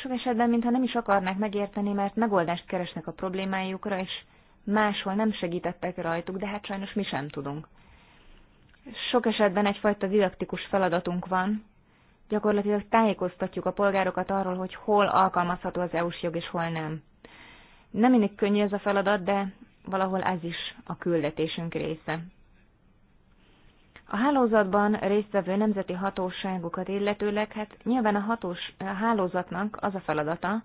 sok esetben, mintha nem is akarnák megérteni, mert megoldást keresnek a problémájukra, és máshol nem segítettek rajtuk, de hát sajnos mi sem tudunk. Sok esetben egyfajta didaktikus feladatunk van, gyakorlatilag tájékoztatjuk a polgárokat arról, hogy hol alkalmazható az EU-s jog és hol nem. Nem mindig könnyű ez a feladat, de valahol ez is a küldetésünk része. A hálózatban résztvevő nemzeti hatóságokat illetőleg, hát nyilván a, hatós, a hálózatnak az a feladata,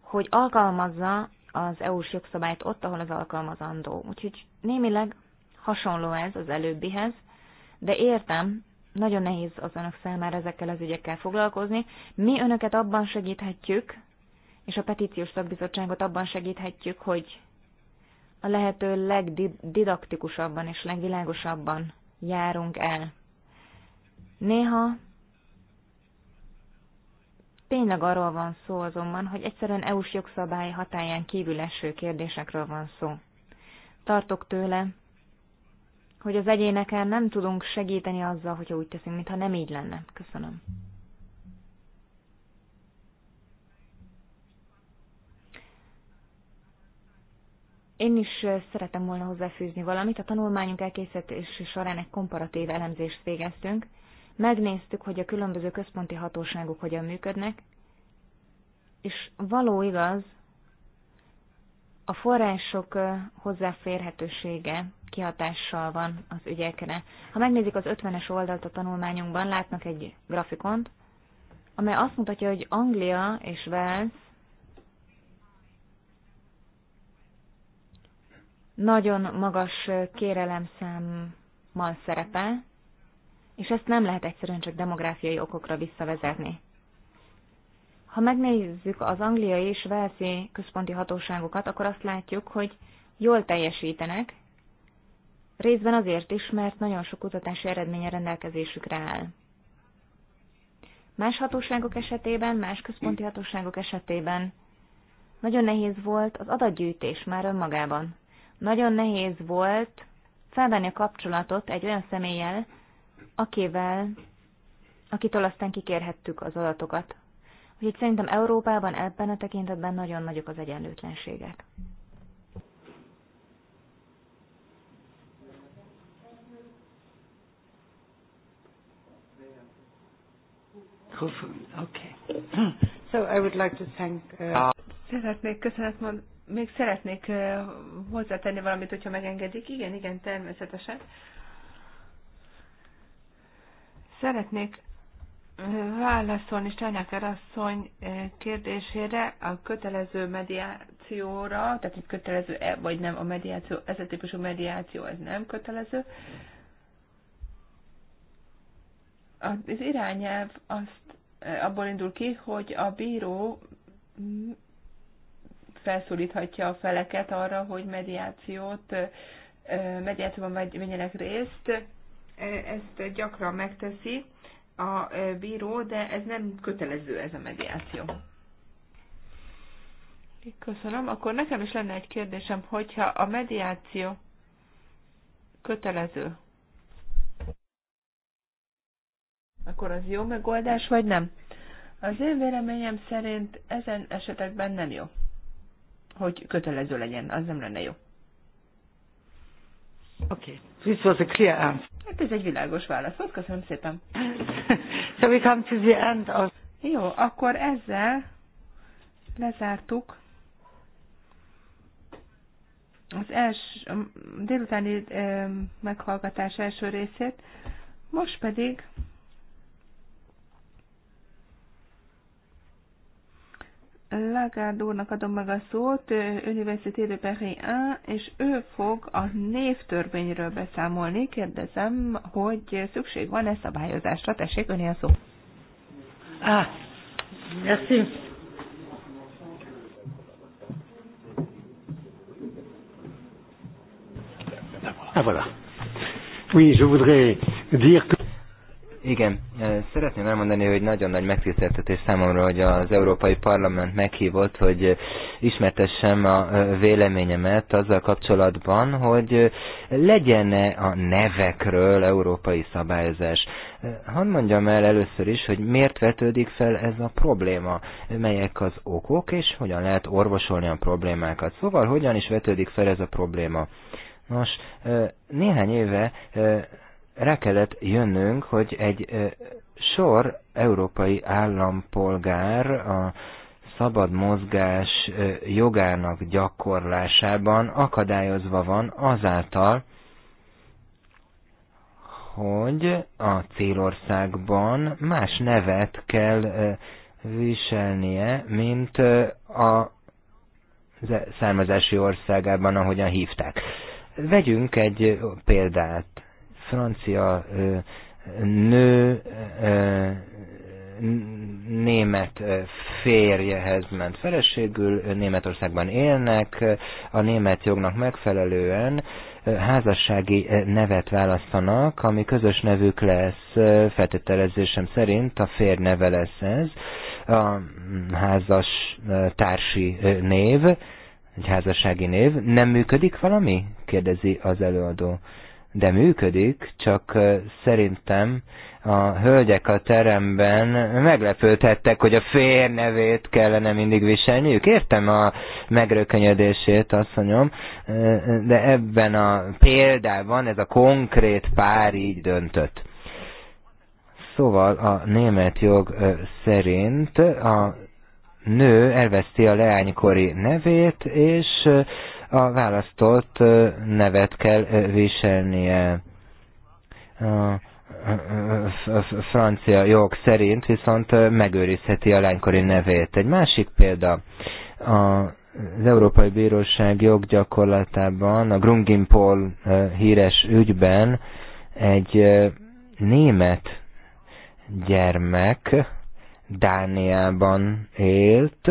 hogy alkalmazza az EU-s jogszabályt ott, ahol az alkalmazandó. Úgyhogy némileg hasonló ez az előbbihez, de értem, nagyon nehéz az önök számára ezekkel az ügyekkel foglalkozni. Mi önöket abban segíthetjük, és a petíciós szakbizottságot abban segíthetjük, hogy a lehető legdidaktikusabban és legvilágosabban járunk el. Néha tényleg arról van szó azonban, hogy egyszerűen EU-s jogszabály hatáján kívül eső kérdésekről van szó. Tartok tőle, hogy az egyéneken nem tudunk segíteni azzal, hogyha úgy teszünk, mintha nem így lenne. Köszönöm. Én is szeretem volna hozzáfűzni valamit. A tanulmányunk elkészítési során egy komparatív elemzést végeztünk. Megnéztük, hogy a különböző központi hatóságok hogyan működnek, és való igaz, a források hozzáférhetősége kihatással van az ügyekre. Ha megnézik az 50-es oldalt a tanulmányunkban, látnak egy grafikont, amely azt mutatja, hogy Anglia és Wales nagyon magas kérelemszámmal szerepel, és ezt nem lehet egyszerűen csak demográfiai okokra visszavezetni. Ha megnézzük az angliai és velszi központi hatóságokat, akkor azt látjuk, hogy jól teljesítenek, részben azért is, mert nagyon sok kutatási eredménye rendelkezésükre áll. Más hatóságok esetében, más központi hatóságok esetében nagyon nehéz volt az adatgyűjtés már önmagában. Nagyon nehéz volt felvenni a kapcsolatot egy olyan személlyel, akivel, akitől aztán kikérhettük az adatokat. Úgyhogy szerintem Európában ebben a tekintetben nagyon nagyok az egyenlőtlenségek. Okay. So I would like to thank. Uh... Szeretnék köszönet még szeretnék hozzátenni valamit, hogyha megengedik. Igen, igen, természetesen. Szeretnék válaszolni Steinecker asszony kérdésére a kötelező mediációra, tehát egy kötelező -e, vagy nem a mediáció, ez a típusú mediáció, ez nem kötelező. Az irányelv azt abból indul ki, hogy a bíró felszólíthatja a feleket arra, hogy mediációt, mediációban menjenek részt. Ezt gyakran megteszi a bíró, de ez nem kötelező ez a mediáció. Köszönöm. Akkor nekem is lenne egy kérdésem, hogyha a mediáció kötelező, akkor az jó megoldás, vagy nem? Az én véleményem szerint ezen esetekben nem jó hogy kötelező legyen, az nem lenne jó. Oké, okay. this was a clear answer. Hát ez egy világos válasz volt, köszönöm szépen. so we come to the end of... Jó, akkor ezzel lezártuk az első délutáni meghallgatás első részét, most pedig Lagarde úrnak adom meg a szót, Université de Paris 1, és ő fog a névtörvényről beszámolni. Kérdezem, hogy szükség van-e szabályozásra? Tessék, öné a szó. Ah, merci. Ah, voilà. Oui, je voudrais dire que igen, eh, szeretném elmondani, hogy nagyon nagy megtiszteltetés számomra, hogy az Európai Parlament meghívott, hogy eh, ismertessem a eh, véleményemet azzal kapcsolatban, hogy legyen-e a nevekről európai szabályozás. Hadd mondjam el először is, hogy miért vetődik fel ez a probléma, melyek az okok, és hogyan lehet orvosolni a problémákat. Szóval hogyan is vetődik fel ez a probléma. Nos, néhány éve rá kellett jönnünk, hogy egy sor európai állampolgár a szabad mozgás jogának gyakorlásában akadályozva van azáltal, hogy a célországban más nevet kell viselnie, mint a származási országában, ahogyan hívták. Vegyünk egy példát francia nő német férjehez ment feleségül, Németországban élnek, a német jognak megfelelően házassági nevet választanak, ami közös nevük lesz, feltételezésem szerint a férj neve lesz ez, a mm, házas társi név, egy házassági név. Nem működik valami? kérdezi az előadó de működik, csak szerintem a hölgyek a teremben meglepődhettek, hogy a fér nevét kellene mindig viselniük. Értem a megrökönyödését, asszonyom, de ebben a példában ez a konkrét pár így döntött. Szóval a német jog szerint a nő elveszti a leánykori nevét, és a választott nevet kell viselnie. A francia jog szerint viszont megőrizheti a lánykori nevét. Egy másik példa, a az Európai Bíróság joggyakorlatában, a Grungimpol híres ügyben egy német gyermek Dániában élt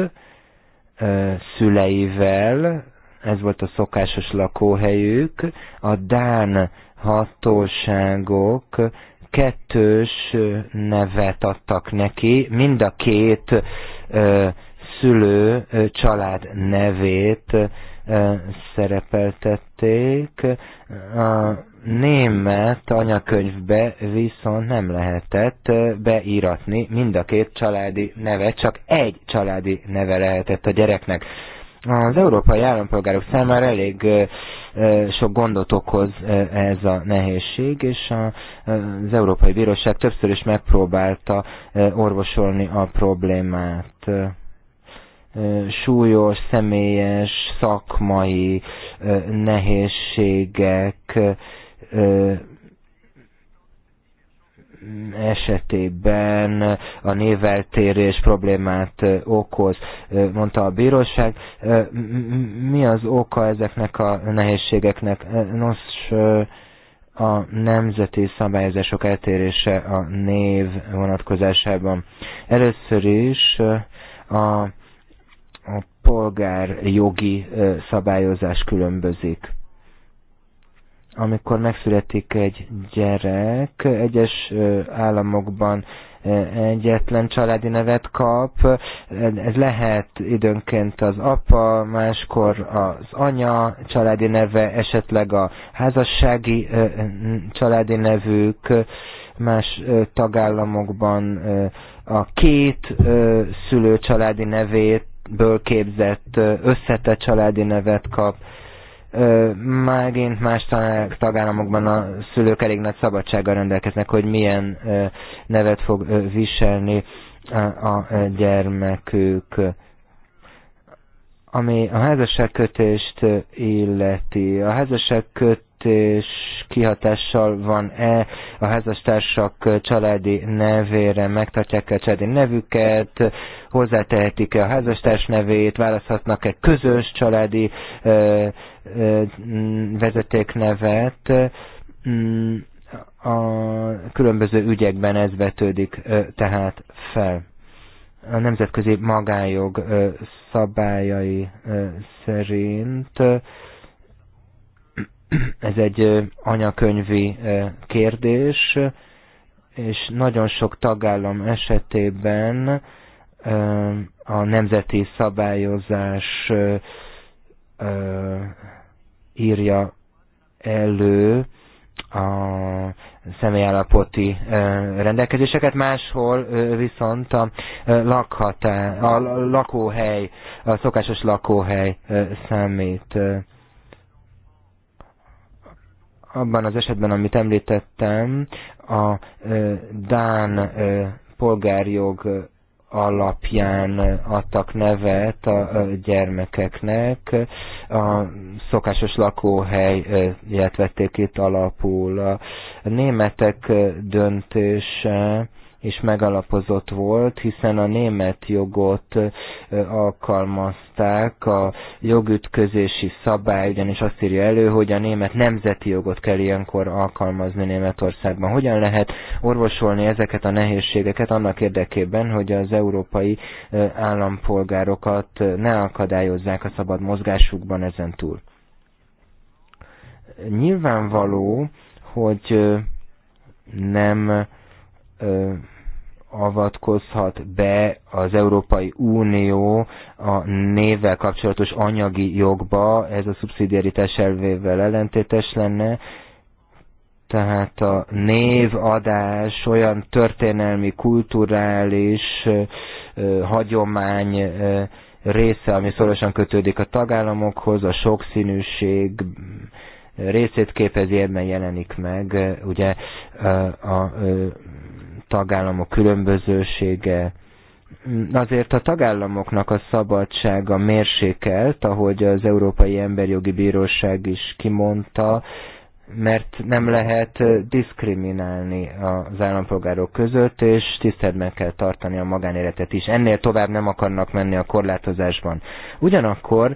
szüleivel, ez volt a szokásos lakóhelyük, a Dán hatóságok kettős nevet adtak neki, mind a két ö, szülő ö, család nevét ö, szerepeltették. A német anyakönyvbe viszont nem lehetett beíratni mind a két családi neve, csak egy családi neve lehetett a gyereknek. Az európai állampolgárok számára elég sok gondot okoz ez a nehézség, és az Európai Bíróság többször is megpróbálta orvosolni a problémát súlyos, személyes, szakmai nehézségek esetében a néveltérés problémát okoz, mondta a bíróság. Mi az oka ezeknek a nehézségeknek? Nos, a nemzeti szabályozások eltérése a név vonatkozásában. Először is a, a polgárjogi szabályozás különbözik amikor megszületik egy gyerek, egyes államokban egyetlen családi nevet kap, ez lehet időnként az apa, máskor az anya családi neve, esetleg a házassági családi nevük, más tagállamokban a két szülő családi nevét ből képzett összetett családi nevet kap, én más tagállamokban a szülők elég nagy szabadsággal rendelkeznek, hogy milyen nevet fog viselni a gyermekük. Ami a házasságkötést illeti. A házasságkötés kihatással van-e a házastársak családi nevére, megtartják-e a családi nevüket, hozzátehetik-e a házastárs nevét, választhatnak-e közös családi ö, vezetéknevet, mm, a különböző ügyekben ez vetődik tehát fel. A nemzetközi magánjog szabályai szerint ez egy anyakönyvi kérdés, és nagyon sok tagállam esetében a nemzeti szabályozás írja elő a személyállapoti rendelkezéseket, máshol viszont a, lakhatá, a lakóhely, a szokásos lakóhely számít. Abban az esetben, amit említettem, a Dán polgárjog alapján adtak nevet a gyermekeknek. A szokásos lakóhelyet e, vették itt alapul. A németek e, döntése és megalapozott volt, hiszen a német jogot alkalmazták, a jogütközési szabály ugyanis azt írja elő, hogy a német nemzeti jogot kell ilyenkor alkalmazni Németországban. Hogyan lehet orvosolni ezeket a nehézségeket annak érdekében, hogy az európai állampolgárokat ne akadályozzák a szabad mozgásukban ezen túl? Nyilvánvaló, hogy nem avatkozhat be az Európai Unió a névvel kapcsolatos anyagi jogba, ez a szubszidiaritás elvével ellentétes lenne, tehát a névadás olyan történelmi, kulturális hagyomány része, ami szorosan kötődik a tagállamokhoz, a sokszínűség részét képezi, ebben jelenik meg ugye a tagállamok különbözősége, azért a tagállamoknak a szabadsága mérsékelt, ahogy az Európai Emberjogi Bíróság is kimondta, mert nem lehet diszkriminálni az állampolgárok között, és tiszteletben kell tartani a magánéletet is. Ennél tovább nem akarnak menni a korlátozásban. Ugyanakkor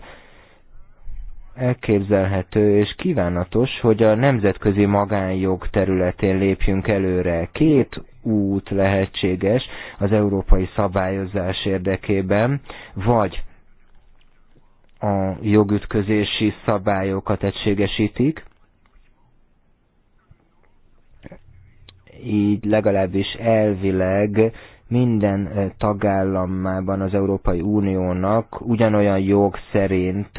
elképzelhető és kívánatos, hogy a nemzetközi magánjog területén lépjünk előre. Két út lehetséges az európai szabályozás érdekében, vagy a jogütközési szabályokat egységesítik, így legalábbis elvileg minden tagállamában az Európai Uniónak ugyanolyan jog szerint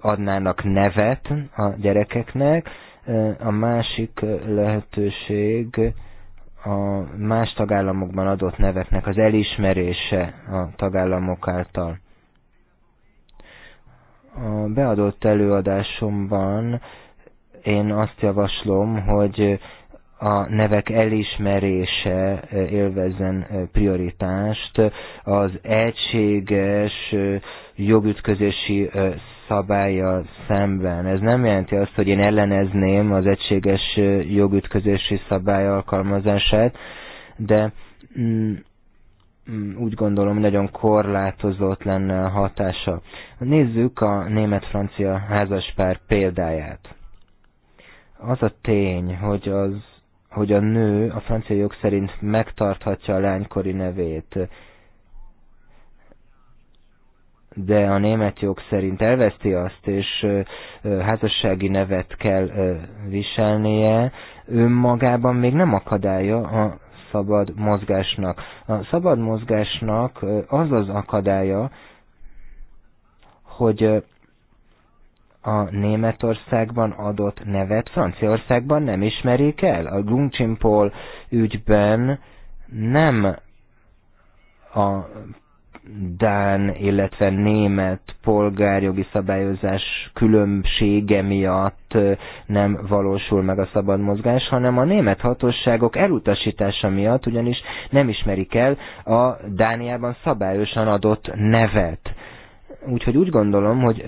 adnának nevet a gyerekeknek. A másik lehetőség a más tagállamokban adott neveknek az elismerése a tagállamok által. A beadott előadásomban én azt javaslom, hogy a nevek elismerése e, élvezzen e, prioritást, az egységes e, jogütközési szabálya szemben. Ez nem jelenti azt, hogy én ellenezném az egységes jogütközési szabály alkalmazását, de mm, mm, úgy gondolom nagyon korlátozott lenne a hatása. Nézzük a német-francia házaspár példáját. Az a tény, hogy az hogy a nő a francia jog szerint megtarthatja a lánykori nevét, de a német jog szerint elveszti azt, és házassági nevet kell viselnie, önmagában még nem akadálya a szabad mozgásnak. A szabad mozgásnak az az akadálya, hogy a Németországban adott nevet Franciaországban nem ismerik el. A Glumcsimpol ügyben nem a Dán, illetve német polgárjogi szabályozás különbsége miatt nem valósul meg a szabad mozgás, hanem a német hatóságok elutasítása miatt, ugyanis nem ismerik el a Dániában szabályosan adott nevet. Úgyhogy úgy gondolom, hogy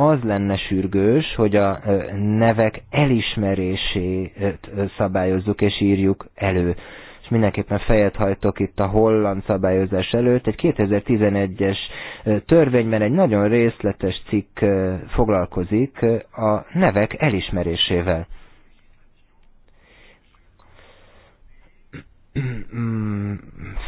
az lenne sürgős, hogy a nevek elismerését szabályozzuk és írjuk elő. És mindenképpen fejet hajtok itt a holland szabályozás előtt. Egy 2011-es törvényben egy nagyon részletes cikk foglalkozik a nevek elismerésével.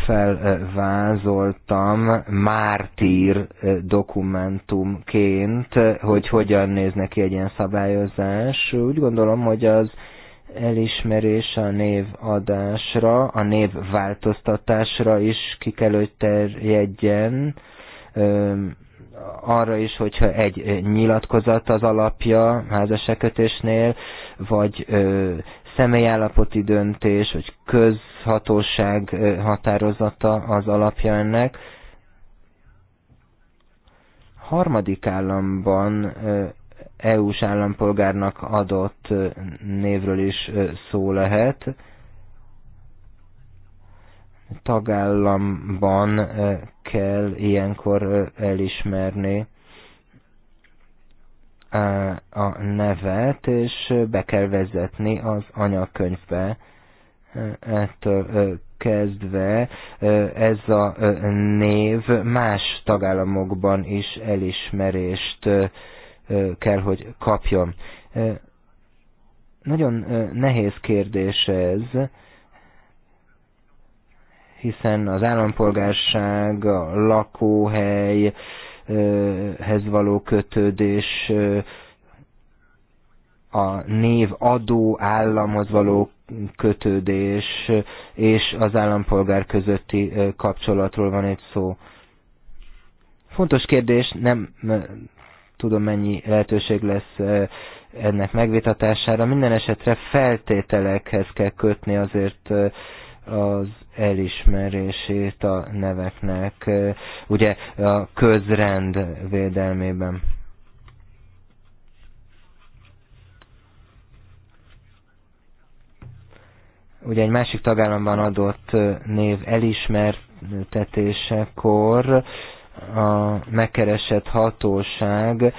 felvázoltam mártír eh, dokumentumként, eh, hogy hogyan néz neki egy ilyen szabályozás. Úgy gondolom, hogy az elismerés a névadásra, a névváltoztatásra is ki kell, hogy terjedjen, arra is, hogyha egy nyilatkozat az alapja házasekötésnél, vagy személyállapoti döntés, vagy közhatóság határozata az alapja ennek. Harmadik államban EU-s állampolgárnak adott névről is szó lehet. Tagállamban kell ilyenkor elismerni a nevet, és be kell vezetni az anyakönyvbe. Ettől kezdve ez a név más tagállamokban is elismerést kell, hogy kapjon. Nagyon nehéz kérdés ez, hiszen az állampolgárság, a lakóhely, hez való kötődés, a név adó államhoz való kötődés és az állampolgár közötti kapcsolatról van egy szó. Fontos kérdés, nem tudom mennyi lehetőség lesz ennek megvitatására. Minden esetre feltételekhez kell kötni azért az elismerését a neveknek, ugye a közrend védelmében. Ugye egy másik tagállamban adott név elismertetésekor a megkeresett hatóság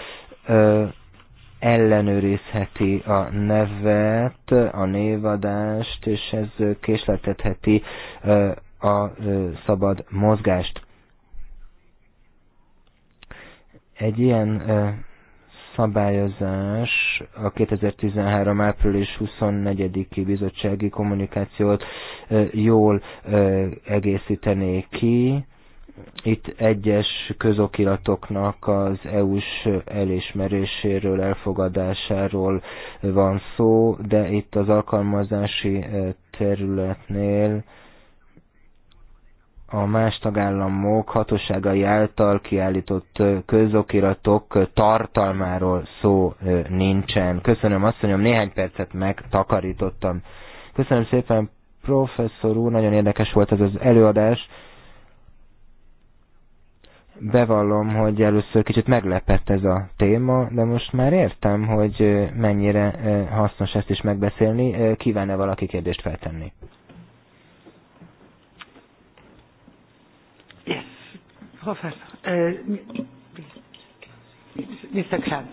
ellenőrizheti a nevet, a névadást, és ez késletetheti a szabad mozgást. Egy ilyen szabályozás a 2013. április 24-i bizottsági kommunikációt jól egészítené ki, itt egyes közokiratoknak az EU-s elismeréséről, elfogadásáról van szó, de itt az alkalmazási eh, területnél a más tagállamok hatóságai által kiállított eh, közokiratok eh, tartalmáról szó nincsen. Köszönöm, azt, mondjam, néhány percet megtakarítottam. Köszönöm szépen, professzor úr, nagyon érdekes volt ez az előadás bevallom, hogy először kicsit meglepett ez a téma, de most már értem, hogy mennyire hasznos ezt is megbeszélni. Kívánne valaki kérdést feltenni? Yes, Hofer. Uh, Mr. Kranz.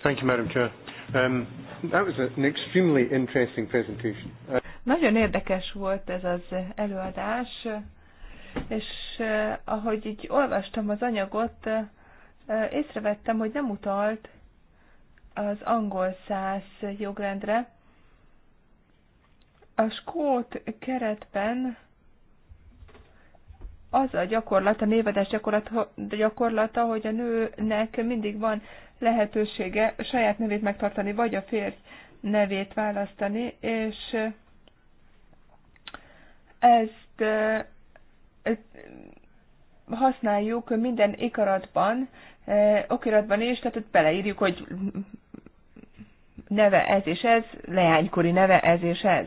Thank you, Madam Chair. Um, that was an extremely interesting presentation. Uh... Nagyon érdekes volt ez az előadás és eh, ahogy így olvastam az anyagot, eh, észrevettem, hogy nem utalt az angol száz jogrendre. A skót keretben az a gyakorlat, a névedes gyakorlat, gyakorlata, hogy a nőnek mindig van lehetősége saját nevét megtartani, vagy a férj nevét választani, és eh, ezt használjuk minden ikaratban, eh, okiratban is, tehát ott beleírjuk, hogy neve ez és ez, leánykori neve ez és ez.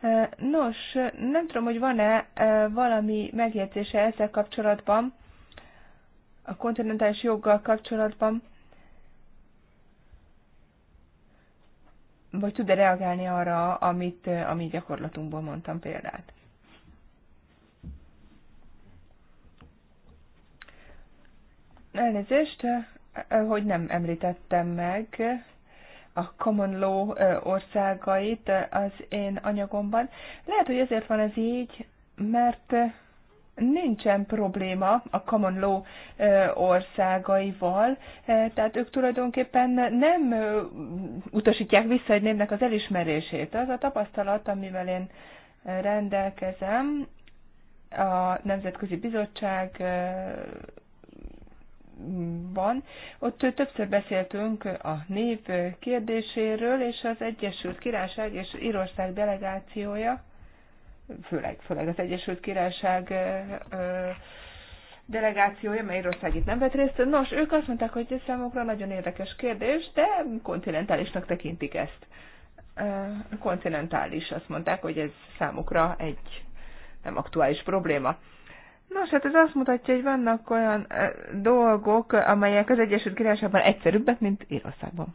Eh, nos, nem tudom, hogy van-e eh, valami megjegyzése ezzel kapcsolatban, a kontinentális joggal kapcsolatban, vagy tud-e reagálni arra, amit a mi gyakorlatunkból mondtam példát. Elnézést, hogy nem említettem meg a common law országait az én anyagomban. Lehet, hogy ezért van ez így, mert nincsen probléma a common law országaival, tehát ők tulajdonképpen nem utasítják vissza egy névnek az elismerését. Az a tapasztalat, amivel én rendelkezem, a Nemzetközi Bizottság van. Ott többször beszéltünk a név kérdéséről, és az Egyesült Királyság és Írország delegációja, főleg, főleg az Egyesült Királyság delegációja, mert Írország itt nem vett részt. Nos, ők azt mondták, hogy ez számukra nagyon érdekes kérdés, de kontinentálisnak tekintik ezt. Kontinentális, azt mondták, hogy ez számukra egy nem aktuális probléma. Nos, hát ez azt mutatja, hogy vannak olyan dolgok, amelyek az Egyesült Királyságban egyszerűbbek, mint Írországban.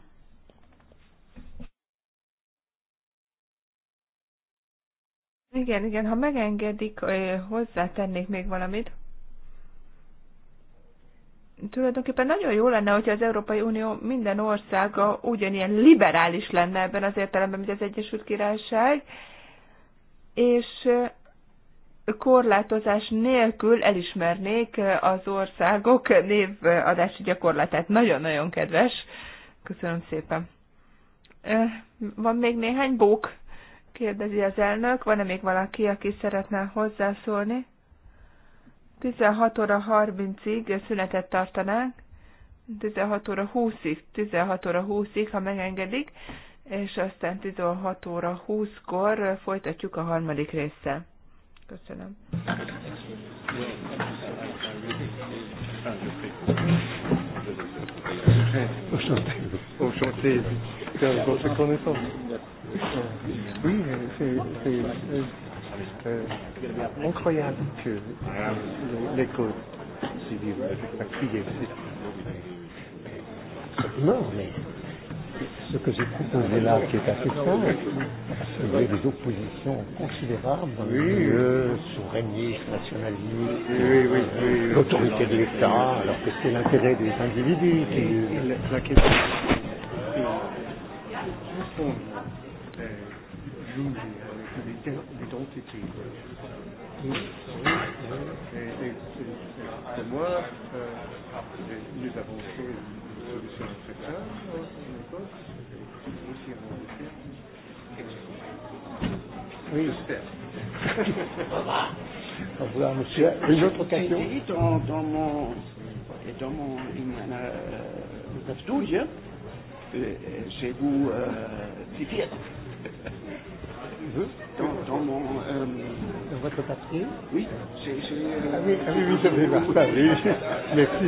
Igen, igen, ha megengedik, hozzátennék még valamit. Tulajdonképpen nagyon jó lenne, hogyha az Európai Unió minden országa ugyanilyen liberális lenne ebben az értelemben, mint az Egyesült Királyság, és korlátozás nélkül elismernék az országok névadási gyakorlatát. Nagyon-nagyon kedves. Köszönöm szépen. Van még néhány bók? Kérdezi az elnök. Van-e még valaki, aki szeretne hozzászólni? 16 óra 30-ig szünetet tartanánk. 16 óra 20-ig, 16 óra 20-ig, ha megengedik, és aztán 16 óra 20-kor folytatjuk a harmadik résszel. Köszönöm. Enchanté. incroyable que l'école civile a crié. Non, mais ce que j'ai proposé là, qui est assez simple, qu'il y a des oppositions considérables dans le milieu souverainiste, nationaliste, oui, oui, oui, oui, l'autorité de l'État, alors que c'est l'intérêt des individus. Qui... la question. Euh, L'identité. Euh, euh, pour moi, nous avons fait Oui. Au revoir, monsieur. Une autre question dans, dans mon, dans mon euh, studio, chez vous, euh, dans, dans mon... Euh, dans votre papier Oui. J'ai, j'ai, euh, ah oui, ah oui, oui, c'est vrai. Merci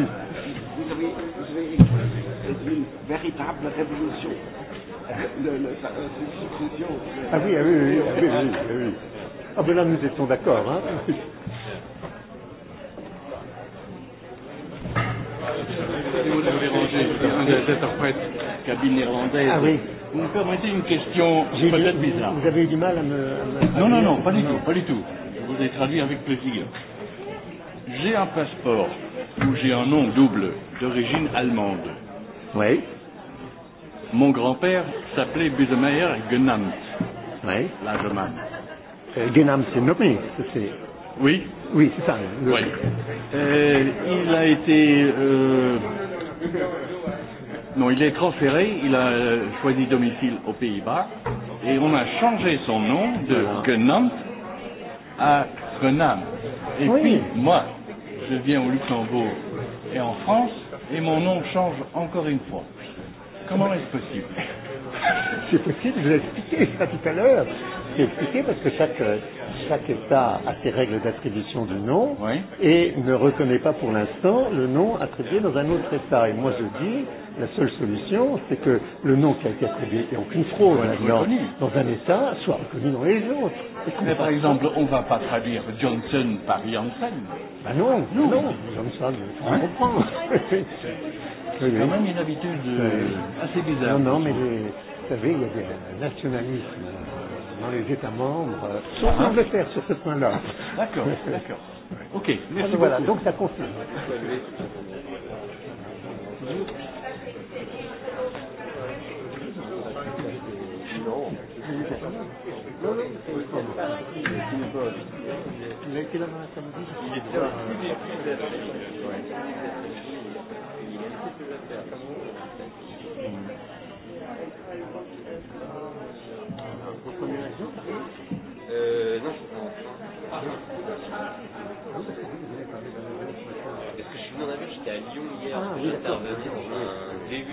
vous avez, vous avez écrit une véritable révolution de la succession. Ah oui, ah oui, oui, ah oui, oui, oui. Ah ben ah, là, nous étions d'accord. Hein. des cabine irlandaise. Ah oui. Vous me permettez une question peut-être bizarre. Vous avez eu du mal à me. À me non, non, non, pas du non. tout, pas du tout. Je vous ai traduit avec plaisir. J'ai un passeport où j'ai un nom double, d'origine allemande. Oui. Mon grand-père s'appelait Bismayer Genamt. Oui. L'Allemagne. Euh, Genamt, c'est nommé. C'est... Oui. Oui, c'est ça. Le... Oui. Euh, il a été. Euh... Non, il est transféré. Il a choisi domicile aux Pays-Bas et on a changé son nom de voilà. Genamt à Renam. Et oui. puis moi, je viens au Luxembourg et en France, et mon nom change encore une fois. Comment est-ce possible C'est possible, je vous ai expliqué ça tout à l'heure. C'est expliqué parce que chaque, chaque État a ses règles d'attribution du nom oui. et ne reconnaît pas pour l'instant le nom attribué dans un autre État. Et moi je dis, La seule solution, c'est que le nom qui a été attribué, et aucune fraude ouais, dans, dans un État, soit reconnu dans les autres. Mais par exemple, on ne va pas traduire Johnson par Janssen. Ben non, non, non. Johnson, on hein? comprend. c'est quand même une habitude euh, assez bizarre. Non, non, mais les, vous savez, il y a des nationalismes dans les États membres, sauf ah, l'Angleterre hein? sur ce point-là. D'accord, d'accord. Ok, merci. Alors, voilà, donc ça confirme. no. est ce que je suis venu en avion J'étais à Lyon hier, ah, oui, intervenu dans un début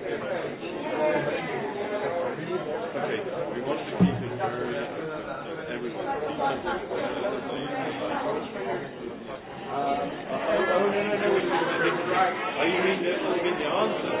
Are you mean the, you mean the answer?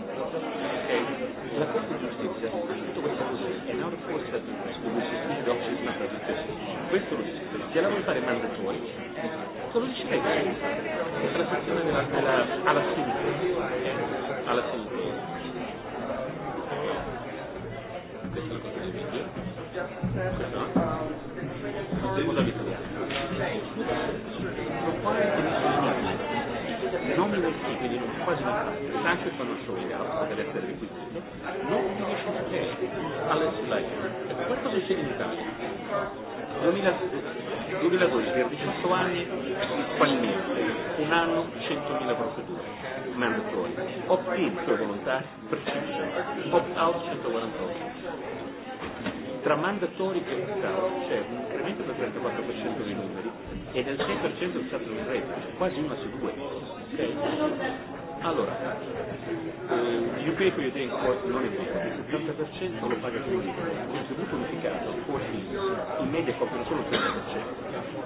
La Cour de giustizia questa posizione ha una forza di soluzione di oggi una Questo lo dice, sia la volontà dei mandatori, solo dice che è transazione della, della, alla sintesi. Alla sintesi. Questa è la cosa che succede. Questa no? Scusa l'italiano. Non fare non minuscoli, quindi non quasi niente, anche quando sono in gara per essere requisito, non finiscono bene all'esplosione. E questo succede in Italia. 2012, per 18 anni, fallimento, un anno, 100.000 procedure, mandatori, opt-in per volontà, precision, opt-out 148. Tra mandatori e opt-out c'è un incremento del 34% dei numeri e nel 6% è usato un 3, quasi una su due. Okay. Allora, pay for your drink, for, non è vero, il 70% lo paga tu, il contributo unificato, forse in media coprono solo il 30%.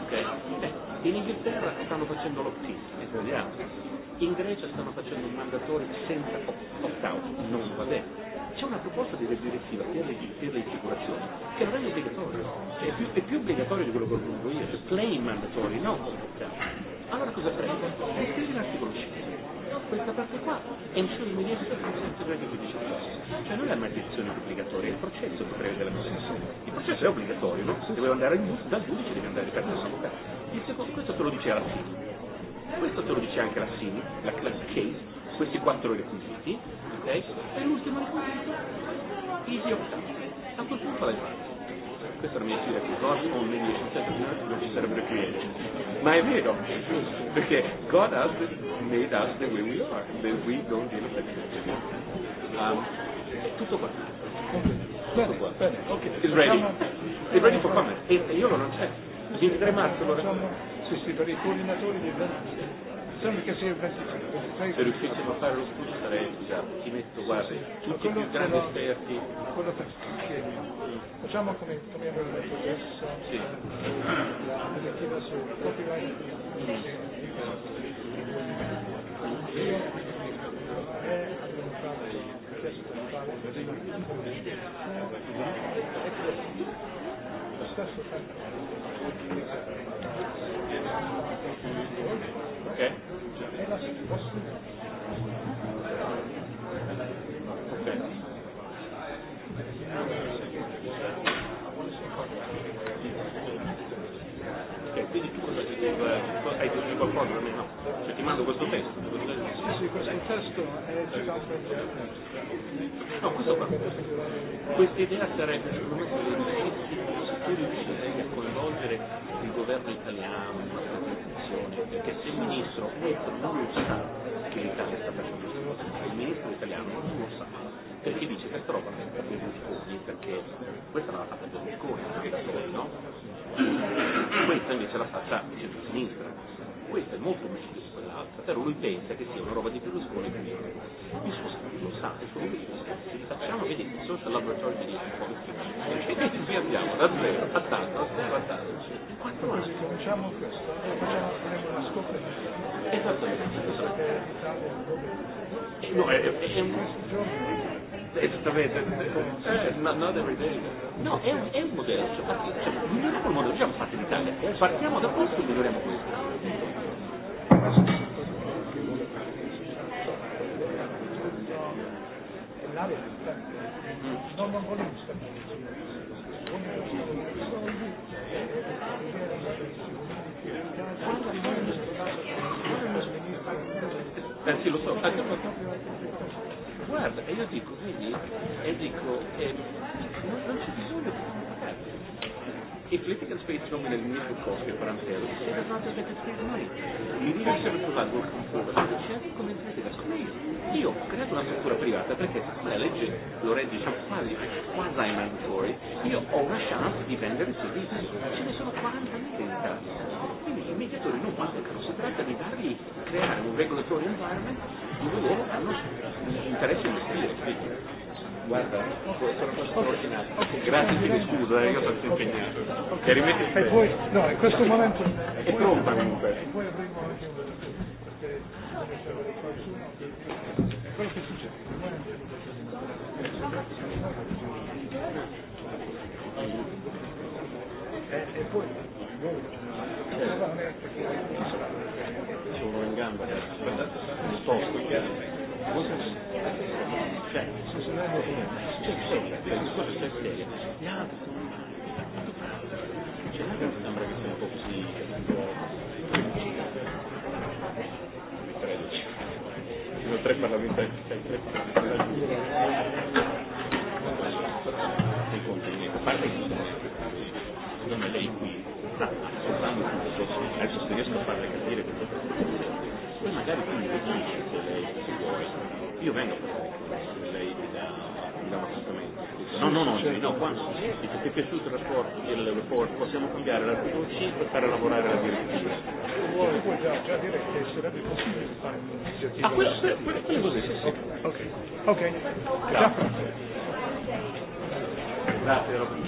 Okay? Eh, in Inghilterra stanno facendo l'opt-in, è sbagliato. In Grecia stanno facendo un mandatore senza opt-out, non va bene c'è una proposta di direttiva per le, per le assicurazioni che non è obbligatorio, cioè è più, è più obbligatorio di quello che ho voluto io, cioè claim mandatory, no Allora cosa prendo? Riscrivi l'articolo 5. Questa parte qua è un solo immediato per il processo di disciplina. Cioè non è la maledizione obbligatoria, è il processo che prevede la maledizione. Il processo è obbligatorio, no? Se devo andare in, dal giudice devi andare per salute. Il secondo, questo te lo dice la fine, Questo te lo dice anche la SIMI, la, la case, questi quattro requisiti, 6 è l'ultimo di questo. Easy 8. A quel punto l'hai fatto. Questa è la mia figlia che God only gli scienziati non ci sarebbero creati. Ma è vero, perché God has made us the way we are, the we don't deal with um, Tutto qua. Tutto qua. Bene. Okay. It's ready. It's ready for comment. E io lo non c'è. Il 3 marzo lo Sì, sì, per coordinatori del 26 posizione che si è Per riuscire a fare lo scudo sarei già, ti metto, guardi, tutti i più grandi esperti. Quello per Facciamo come, hogy abbiamo detto adesso, sì. la direttiva sul copyright. Mm. Io E idea sarebbe secondo me lei se riuscirei a coinvolgere il governo italiano in questa discussione, perché se il ministro non lo sa che l'Italia sta facendo queste cose, cioè il ministro italiano non lo sa, perché dice questa roba l'ha fatta Berlusconi, perché questa l'ha fatta Berlusconi, no? Questa invece la faccia centro-sinistra, questa è molto meglio però lui pensa che sia una roba di Berlusconi più nero. Io lo sa, è solo lui. Facciamo vedere il social laboratory di Berlusconi. Qui andiamo da zero a tanto, a zero a tanto. Quanto noi facciamo questo? Eh, facciamo una scoperta. Esattamente. Eh, no, è, è, è un... Esattamente, eh, not, every day. No, è un, è un modello, cioè, cioè, miglioriamo il modello, diciamo fatto in Italia, partiamo da questo e miglioriamo questo. Eh sì, lo so, guarda, io dico, vedi, e dico, eh, non, c'è bisogno Η political space των ελληνικού κόσμου παραμένει. Είναι ένα από τα κατασκευασμένα. Η leadership του Βαγκού Κομφόρα a ha commentato da solo. Io ho creato una struttura privata perché siccome la legge lo rende diciamo, quasi, quasi mandatory, io ho una chance di vendere servizi. Ce ne sono 40.000 in Italia. Quindi i mediatori non mancano, si tratta di dargli, creare un regulatory environment dove loro hanno interessi industriali. Guarda, sono passato ordinato. Grazie, ti scusa, eh, io sono impegnato. E rimetti E poi, no, in questo momento... È pronta comunque. E poi avremo anche una perché qualcuno... È quello che succede. Eh, e poi, sono in gamba, guardate, sposto, chiaro. Fleckmacher mit Fleck. Non è lei qui, soltanto adesso se riesco a farle capire poi magari tu mi dici se lei se vuoi, io vengo a parlare con lei da un appartamento. No, no, no, no, quando dico ti è piaciuto il rapporto il report possiamo cambiare l'articolo 5 per lavorare la direttiva vuole già, già dire che sarebbe possibile fare un'iniziativa ah questo è così sì, sì. ok ok grazie grazie Robin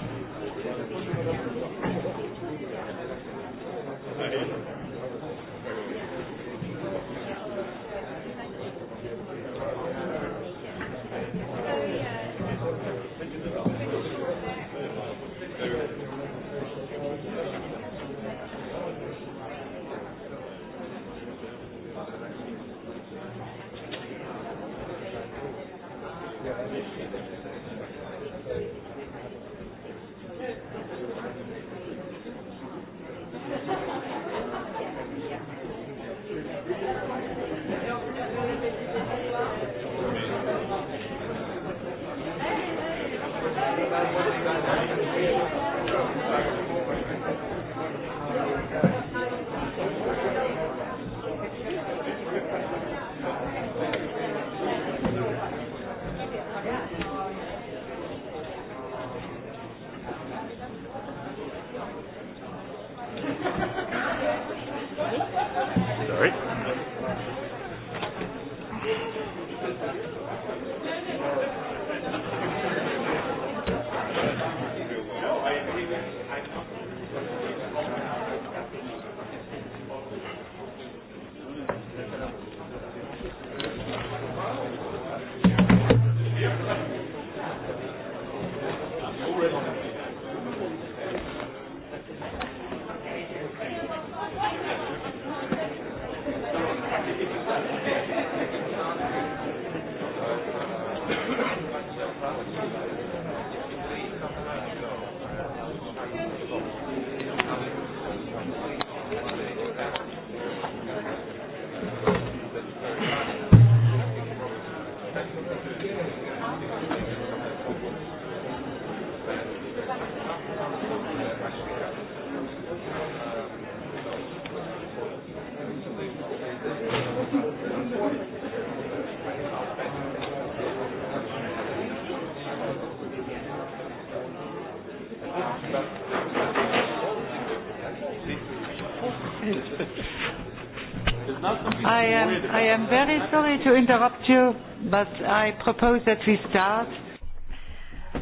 I am very sorry to interrupt you, but I propose that we start.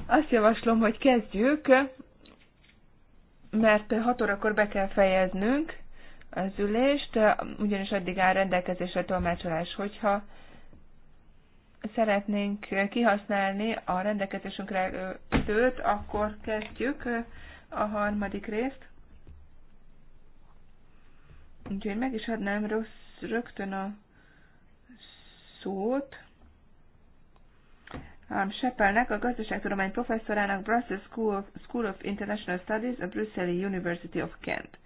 Azt javaslom, hogy kezdjük, mert 6 órakor be kell fejeznünk az ülést, ugyanis addig áll rendelkezésre tolmácsolás, hogyha szeretnénk kihasználni a rendelkezésünkre időt, akkor kezdjük a harmadik részt. Úgyhogy meg is adnám rossz rögtön a szót Um, Seppelnek, a gazdaságtudomány professzorának Brussels School of, School of International Studies, a Brüsszeli University of Kent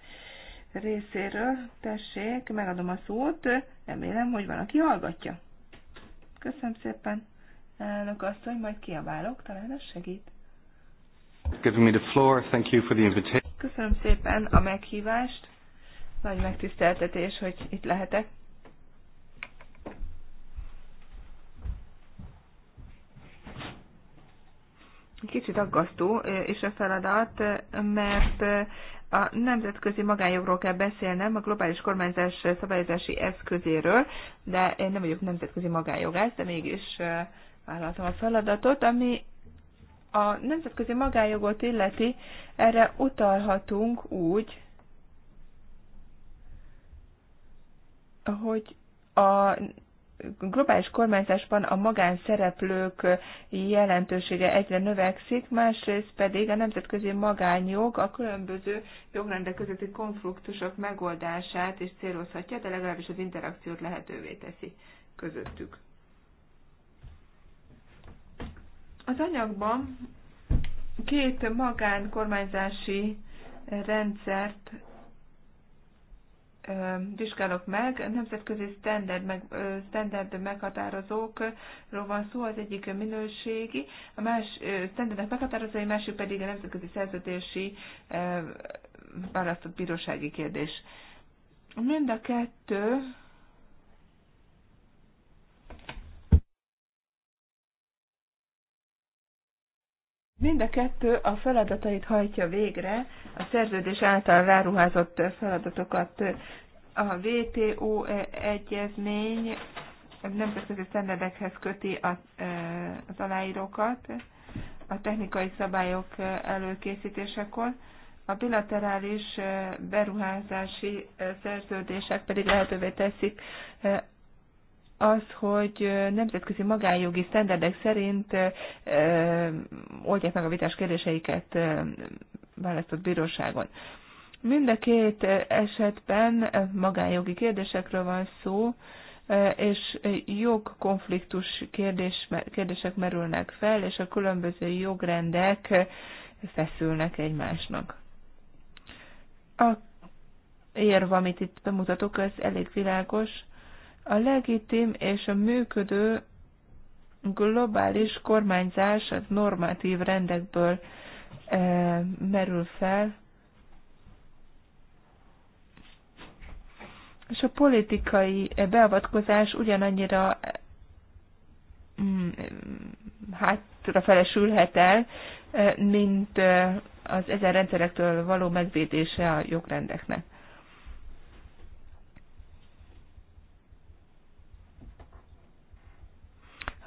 részéről. Tessék, megadom a szót, remélem, hogy van, aki hallgatja. Köszönöm szépen, elnök asszony, majd kiabálok, talán ez segít. Giving me the floor, thank you for the invitation. Köszönöm szépen a meghívást, nagy megtiszteltetés, hogy itt lehetek. Kicsit aggasztó és a feladat, mert a nemzetközi magánjogról kell beszélnem, a globális kormányzás szabályozási eszközéről, de én nem vagyok nemzetközi magánjogász, de mégis vállaltam a feladatot, ami a nemzetközi magánjogot illeti, erre utalhatunk úgy, hogy a globális kormányzásban a magánszereplők jelentősége egyre növekszik, másrészt pedig a nemzetközi magányjog a különböző jogrendek közötti konfliktusok megoldását is célozhatja, de legalábbis az interakciót lehetővé teszi közöttük. Az anyagban két magánkormányzási rendszert vizsgálok meg. Nemzetközi standard, meg, standard meghatározókról van szó, az egyik minőségi, a más standardnek meghatározói, másik pedig a nemzetközi szerződési választott bírósági kérdés. Mind a kettő Mind a kettő a feladatait hajtja végre, a szerződés által ráruházott feladatokat. A WTO egyezmény nemzetközi szenvedekhez köti e, az aláírókat a technikai szabályok előkészítésekor. A bilaterális e, beruházási e, szerződések pedig lehetővé teszik az, hogy nemzetközi magánjogi sztenderdek szerint oldják meg a vitás kérdéseiket választott bíróságon. Mind a két esetben magánjogi kérdésekről van szó, és jogkonfliktus kérdés, kérdések merülnek fel, és a különböző jogrendek feszülnek egymásnak. A érv, amit itt bemutatok, az elég világos. A legitim és a működő globális kormányzás az normatív rendekből e, merül fel, és a politikai e, beavatkozás ugyanannyira mm, hátra felesülhet el, e, mint e, az ezen rendszerektől való megvédése a jogrendeknek.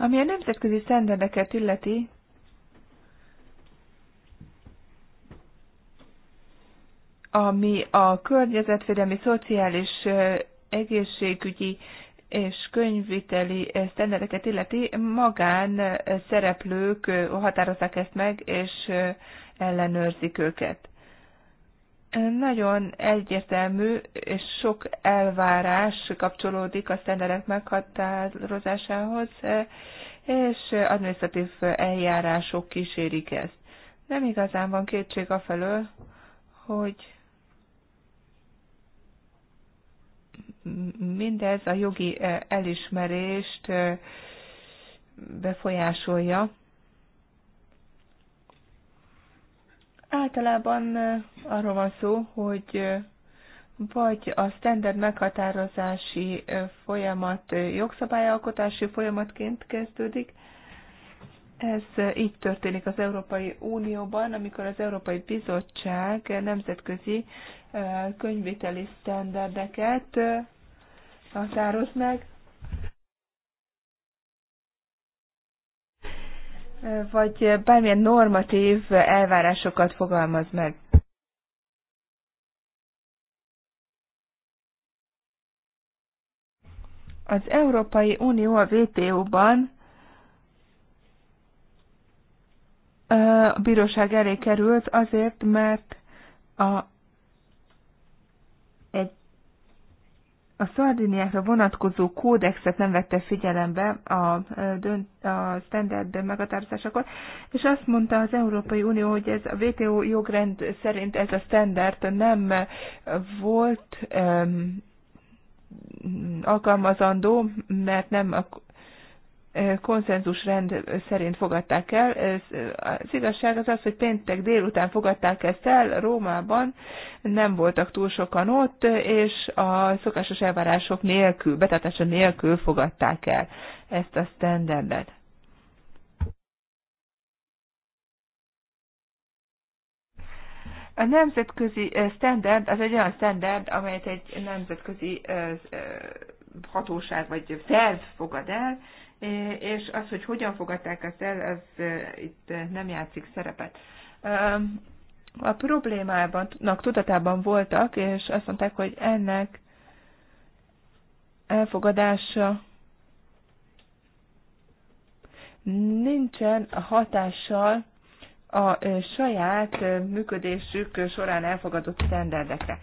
Ami a nemzetközi sztenderdeket illeti, ami a környezetvédelmi, szociális, egészségügyi és könyvviteli sztenderdeket illeti, magán szereplők határozzák ezt meg, és ellenőrzik őket. Nagyon egyértelmű és sok elvárás kapcsolódik a szenderek meghatározásához, és administratív eljárások kísérik ezt. Nem igazán van kétség afelől, hogy mindez a jogi elismerést befolyásolja. Általában arról van szó, hogy vagy a standard meghatározási folyamat jogszabályalkotási folyamatként kezdődik. Ez így történik az Európai Unióban, amikor az Európai Bizottság nemzetközi könyviteli standardeket határoz meg, vagy bármilyen normatív elvárásokat fogalmaz meg. Az Európai Unió a WTO-ban a bíróság elé került azért, mert a, egy a szardiniákra vonatkozó kódexet nem vette figyelembe a, dönt, a standard meghatározásakor, és azt mondta az Európai Unió, hogy ez a WTO jogrend szerint ez a standard nem volt um, alkalmazandó, mert nem a konszenzusrend szerint fogadták el. Ez, az igazság az az, hogy péntek délután fogadták ezt el Rómában, nem voltak túl sokan ott, és a szokásos elvárások nélkül, betartása nélkül fogadták el ezt a standardet. A nemzetközi standard az egy olyan standard, amelyet egy nemzetközi hatóság vagy szerv fogad el, és az, hogy hogyan fogadták ezt el, ez itt nem játszik szerepet. A problémában, tudatában voltak, és azt mondták, hogy ennek elfogadása nincsen hatással a saját működésük során elfogadott sztenderdekre.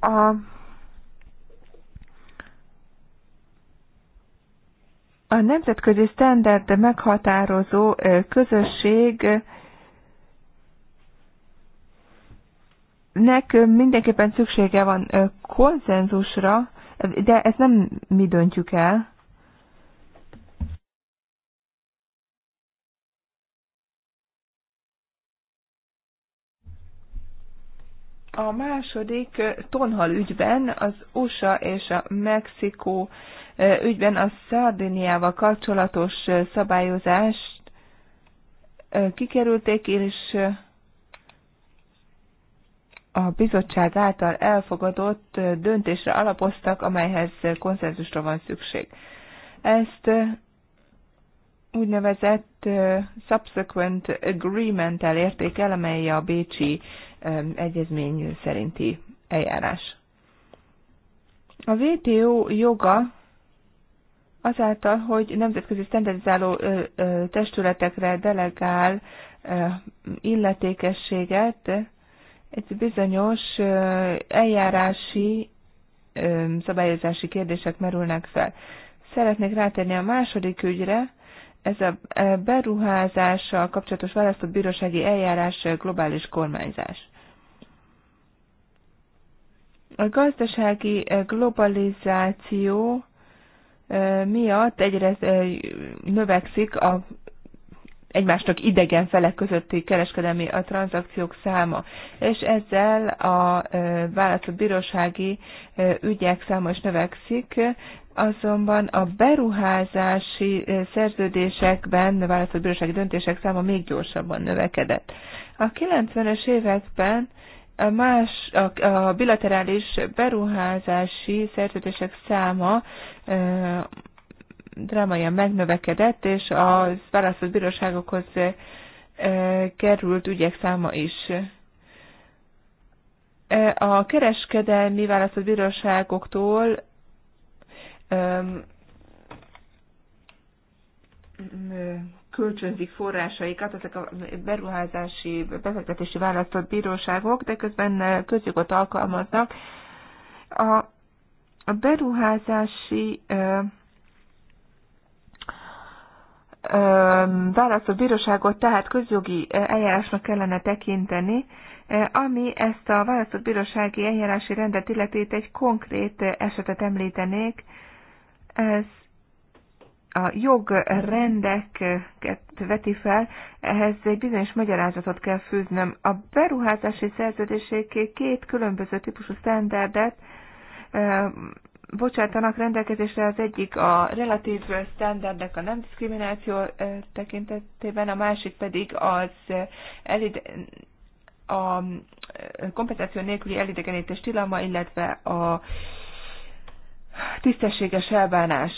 A A nemzetközi standard meghatározó közösség nek mindenképpen szüksége van konszenzusra, de ezt nem mi döntjük el. A második tonhal ügyben az USA és a Mexikó ügyben a Szardiniával kapcsolatos szabályozást kikerülték, és a bizottság által elfogadott döntésre alapoztak, amelyhez konszenzusra van szükség. Ezt úgynevezett subsequent agreement-tel érték el, amely a Bécsi egyezmény szerinti eljárás. A WTO joga azáltal, hogy nemzetközi standardizáló testületekre delegál illetékességet, egy bizonyos eljárási szabályozási kérdések merülnek fel. Szeretnék rátérni a második ügyre, ez a beruházással kapcsolatos választott bírósági eljárás globális kormányzás. A gazdasági globalizáció miatt egyre növekszik a egymásnak idegen felek közötti kereskedelmi a tranzakciók száma, és ezzel a választott bírósági ügyek száma is növekszik, azonban a beruházási szerződésekben a választott bírósági döntések száma még gyorsabban növekedett. A 90-es években más, a, a bilaterális beruházási szerződések száma e, drámaian megnövekedett, és a választott bíróságokhoz e, került ügyek száma is. A kereskedelmi választott bíróságoktól e, kölcsönzik forrásaikat, ezek a beruházási, befektetési választott bíróságok, de közben közjogot alkalmaznak. A, a beruházási ö, ö, választott bíróságot tehát közjogi eljárásnak kellene tekinteni, ami ezt a választott bírósági eljárási rendet illetét egy konkrét esetet említenék, ez a jogrendeket veti fel, ehhez egy bizonyos magyarázatot kell fűznöm. A beruházási szerződéséké két különböző típusú standardet bocsátanak rendelkezésre, az egyik a relatív standardek a nem diszkrimináció tekintetében, a másik pedig az elide, a kompenzáció nélküli elidegenítés tilalma, illetve a tisztességes elbánás.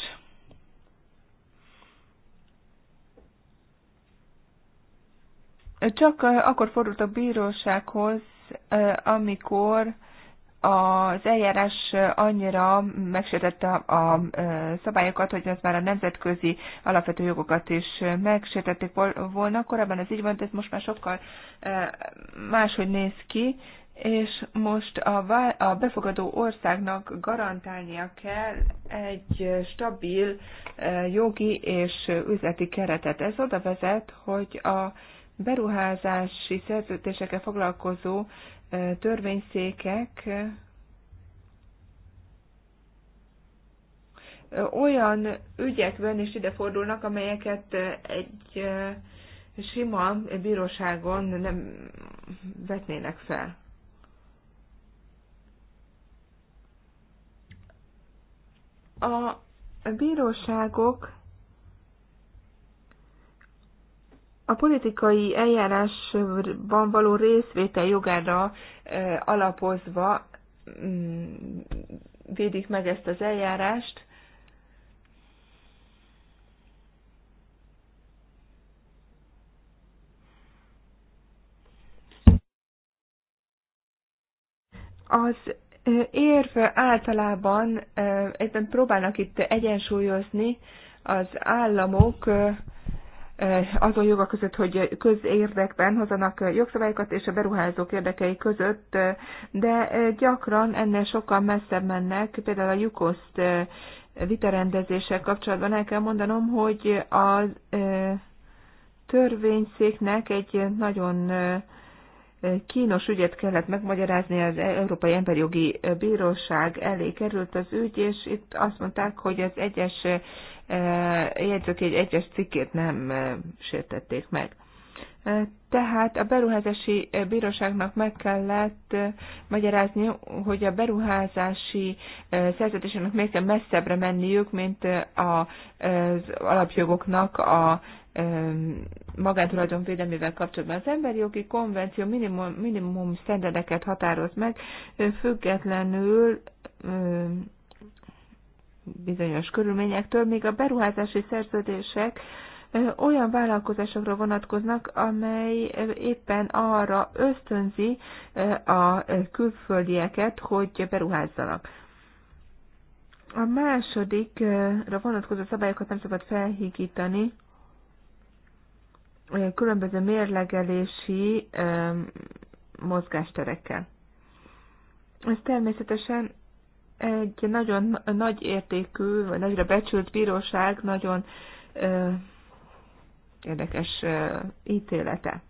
Csak akkor fordult a bírósághoz, amikor az eljárás annyira megsértette a szabályokat, hogy az már a nemzetközi alapvető jogokat is megsértették volna. Korábban ez így volt, ez most már sokkal máshogy néz ki, és most a befogadó országnak garantálnia kell egy stabil jogi és üzleti keretet. Ez oda vezet, hogy a beruházási szerződésekkel foglalkozó törvényszékek olyan ügyekben is ide fordulnak, amelyeket egy sima bíróságon nem vetnének fel. A bíróságok a politikai eljárásban való részvétel jogára alapozva mm, védik meg ezt az eljárást. Az érv általában egyben próbálnak itt egyensúlyozni az államok azon jogak között, hogy közérdekben hozanak jogszabályokat, és a beruházók érdekei között, de gyakran ennél sokkal messzebb mennek, például a Jukoszt vitarendezéssel kapcsolatban el kell mondanom, hogy a e, törvényszéknek egy nagyon e, kínos ügyet kellett megmagyarázni, az Európai Emberjogi Bíróság elé került az ügy, és itt azt mondták, hogy az egyes egy egyes cikkét nem sértették meg. Tehát a beruházási bíróságnak meg kellett magyarázni, hogy a beruházási szerződésének még kell messzebbre menniük, mint az alapjogoknak a magántulajdon védelmével kapcsolatban. Az emberi jogi konvenció minimum, minimum szendedeket határoz meg, függetlenül bizonyos körülményektől, még a beruházási szerződések olyan vállalkozásokra vonatkoznak, amely éppen arra ösztönzi a külföldieket, hogy beruházzanak. A másodikra vonatkozó szabályokat nem szabad felhígítani, különböző mérlegelési mozgásterekkel. Ez természetesen egy nagyon nagy értékű, vagy nagyra becsült bíróság nagyon ö, érdekes ö, ítélete.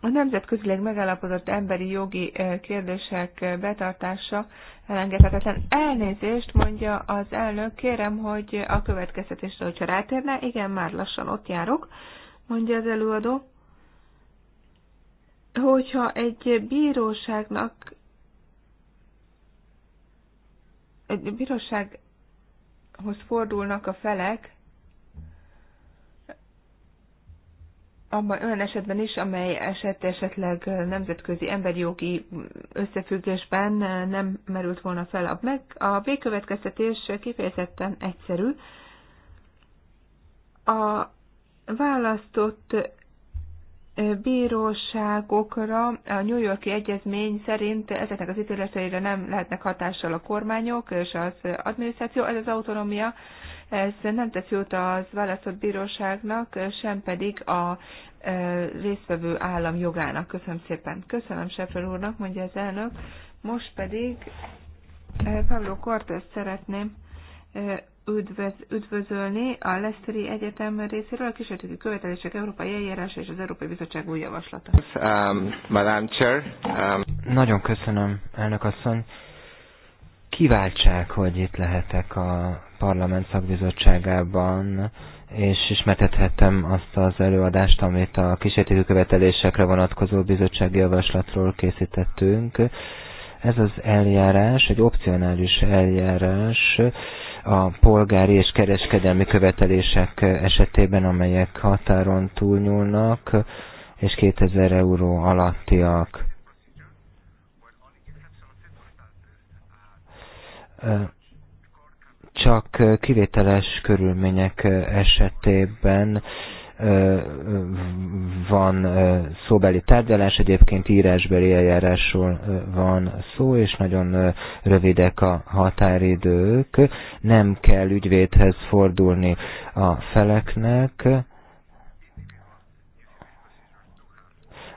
A nemzetközileg megállapodott emberi jogi kérdések betartása elengedhetetlen. Elnézést, mondja az elnök, kérem, hogy a következtetésre, hogyha rátérne, igen, már lassan ott járok, mondja az előadó hogyha egy bíróságnak egy bírósághoz fordulnak a felek, abban olyan esetben is, amely eset esetleg nemzetközi emberi jogi összefüggésben nem merült volna fel. A, meg, a végkövetkeztetés kifejezetten egyszerű. A választott bíróságokra a New Yorki egyezmény szerint ezeknek az ítéleteire nem lehetnek hatással a kormányok és az adminisztráció. Ez az autonómia, ez nem tesz jót az választott bíróságnak, sem pedig a résztvevő állam jogának. Köszönöm szépen. Köszönöm Sefer úrnak, mondja az elnök. Most pedig Pablo Cortez szeretném üdvöz, üdvözölni a Leszteri Egyetem részéről a kísérleti követelések Európai Eljárása és az Európai Bizottság új javaslata. Um, Chair, um... Nagyon köszönöm, elnök asszony. Kiváltság, hogy itt lehetek a parlament szakbizottságában, és ismertethettem azt az előadást, amit a kísértékű követelésekre vonatkozó bizottsági javaslatról készítettünk. Ez az eljárás, egy opcionális eljárás, a polgári és kereskedelmi követelések esetében, amelyek határon túlnyúlnak, és 2000 euró alattiak. Csak kivételes körülmények esetében van szóbeli tárgyalás, egyébként írásbeli eljárásról van szó, és nagyon rövidek a határidők. Nem kell ügyvédhez fordulni a feleknek,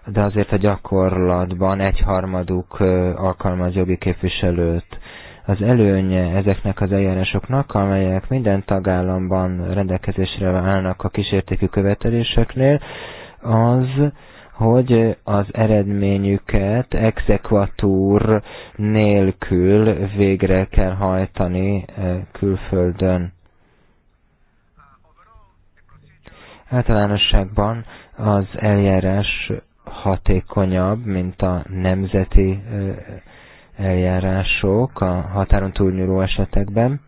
de azért a gyakorlatban egyharmaduk alkalmaz jogi képviselőt az előnye ezeknek az eljárásoknak, amelyek minden tagállamban rendelkezésre állnak a kísértékű követeléseknél, az, hogy az eredményüket exekvatúr nélkül végre kell hajtani eh, külföldön. Általánosságban az eljárás hatékonyabb, mint a nemzeti eh, eljárások a határon túlnyúló esetekben,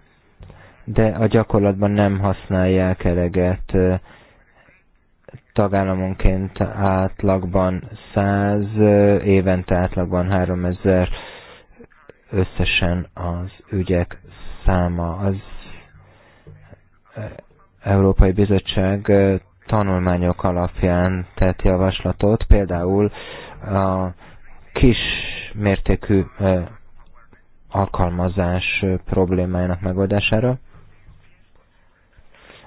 de a gyakorlatban nem használják eleget tagállamonként átlagban 100, évente átlagban 3000 összesen az ügyek száma. Az Európai Bizottság tanulmányok alapján tett javaslatot, például a kis mértékű alkalmazás problémájának megoldására.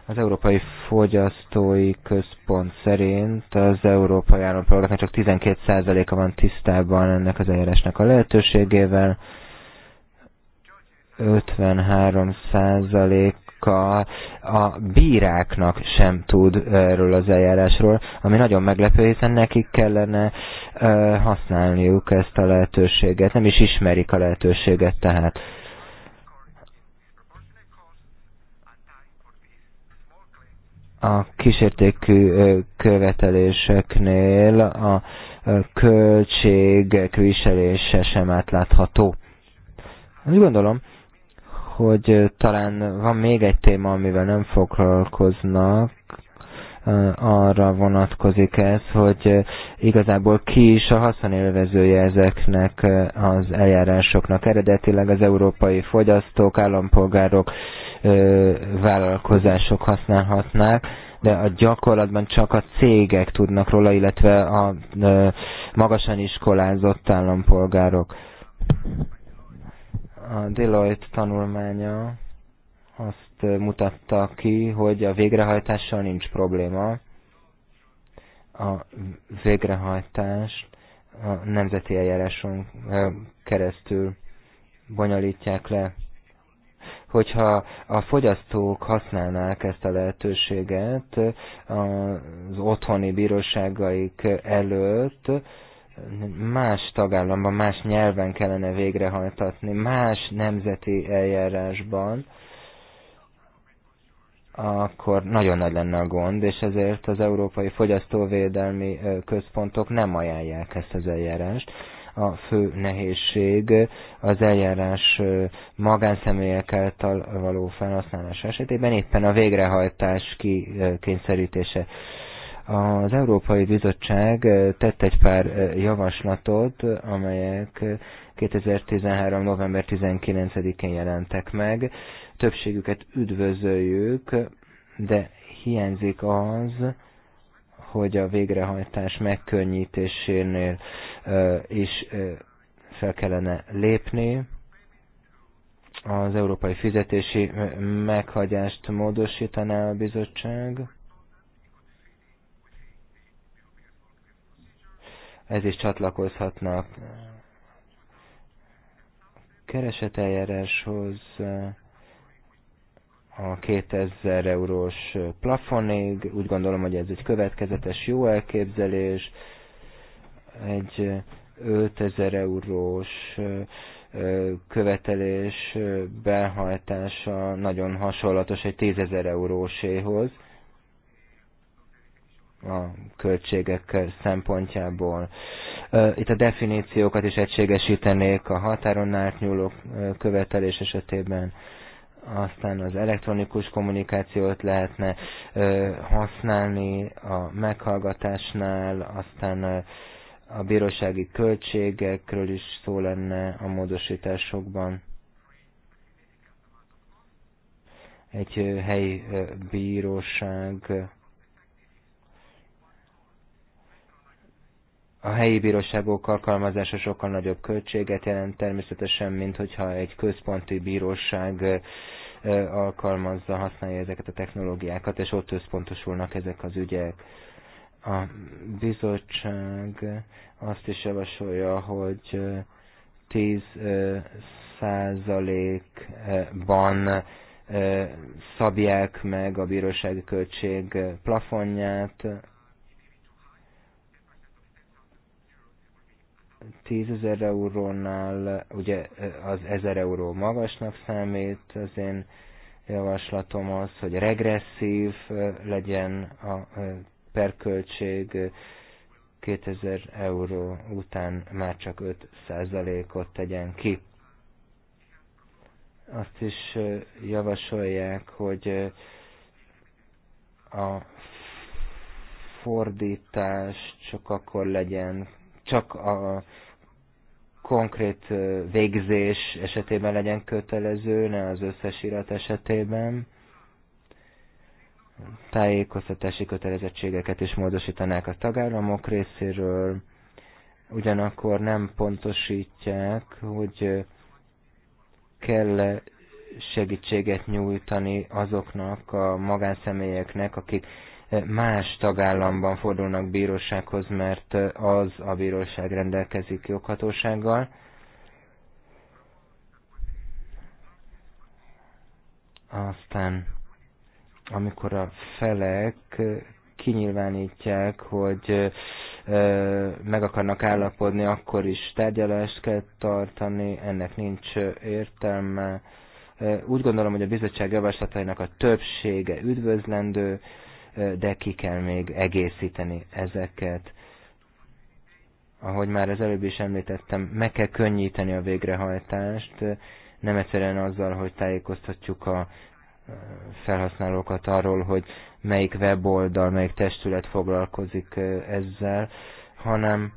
Az Európai Fogyasztói Központ szerint az európai állampolgároknak csak 12%-a van tisztában ennek az eljárásnak a lehetőségével, 53% csak a bíráknak sem tud erről az eljárásról, ami nagyon meglepő, hiszen nekik kellene használniuk ezt a lehetőséget, nem is ismerik a lehetőséget tehát. a kísértékű követeléseknél a költségek viselése sem átlátható. Úgy gondolom, hogy talán van még egy téma, amivel nem foglalkoznak, arra vonatkozik ez, hogy igazából ki is a haszonélvezője ezeknek az eljárásoknak. Eredetileg az európai fogyasztók, állampolgárok, vállalkozások használhatnák, de a gyakorlatban csak a cégek tudnak róla, illetve a magasan iskolázott állampolgárok. A Deloitte tanulmánya azt eh, mutatta ki, hogy a végrehajtással nincs probléma. A végrehajtást a nemzeti eljáráson eh, keresztül bonyolítják le. Hogyha a fogyasztók használnák ezt a lehetőséget eh, az otthoni bíróságaik előtt, más tagállamban, más nyelven kellene végrehajtatni, más nemzeti eljárásban, akkor nagyon nagy lenne a gond, és ezért az Európai Fogyasztóvédelmi Központok nem ajánlják ezt az eljárást. A fő nehézség az eljárás magánszemélyek által való felhasználás esetében éppen a végrehajtás kikényszerítése. Az Európai Bizottság eh, tett egy pár eh, javaslatot, amelyek 2013. Eh, november 19-én jelentek meg. Többségüket üdvözöljük, de hiányzik az, hogy a végrehajtás megkönnyítésénél is fel kellene lépni az európai fizetési meghagyást módosítaná a bizottság, ez is csatlakozhatnak kereseteljáráshoz a 2000 eh, eurós plafonig. Úgy gondolom, hogy ez egy következetes jó elképzelés. Egy 5000 eh, eurós eh, követelés behajtása nagyon hasonlatos egy 10.000 euróséhoz a költségek szempontjából. Itt a definíciókat is egységesítenék a határon átnyúló követelés esetében, aztán az elektronikus kommunikációt lehetne használni a meghallgatásnál, aztán a bírósági költségekről is szó lenne a módosításokban. Egy helyi bíróság a helyi bíróságok alkalmazása sokkal nagyobb költséget jelent természetesen, mint hogyha egy központi bíróság alkalmazza, használja ezeket a technológiákat, és ott összpontosulnak ezek az ügyek. A bizottság azt is javasolja, hogy 10 százalékban szabják meg a bírósági költség plafonját, tízezer eurónál, ugye az 1000 euró magasnak számít, az én javaslatom az, hogy regresszív legyen a perköltség, 2000 euró után már csak 5%-ot tegyen ki. Azt is javasolják, hogy a fordítás csak akkor legyen csak a konkrét végzés esetében legyen kötelező, ne az összes irat esetében. Tájékoztatási kötelezettségeket is módosítanák a tagállamok részéről, ugyanakkor nem pontosítják, hogy kell -e segítséget nyújtani azoknak a magánszemélyeknek, akik más tagállamban fordulnak bírósághoz, mert az a bíróság rendelkezik joghatósággal. Aztán, amikor a felek kinyilvánítják, hogy meg akarnak állapodni, akkor is tárgyalást kell tartani, ennek nincs értelme. Úgy gondolom, hogy a bizottság javaslatainak a többsége üdvözlendő, de ki kell még egészíteni ezeket. Ahogy már az előbb is említettem, meg kell könnyíteni a végrehajtást, nem egyszerűen azzal, hogy tájékoztatjuk a eh, felhasználókat arról, hogy melyik weboldal, melyik testület foglalkozik eh, ezzel, hanem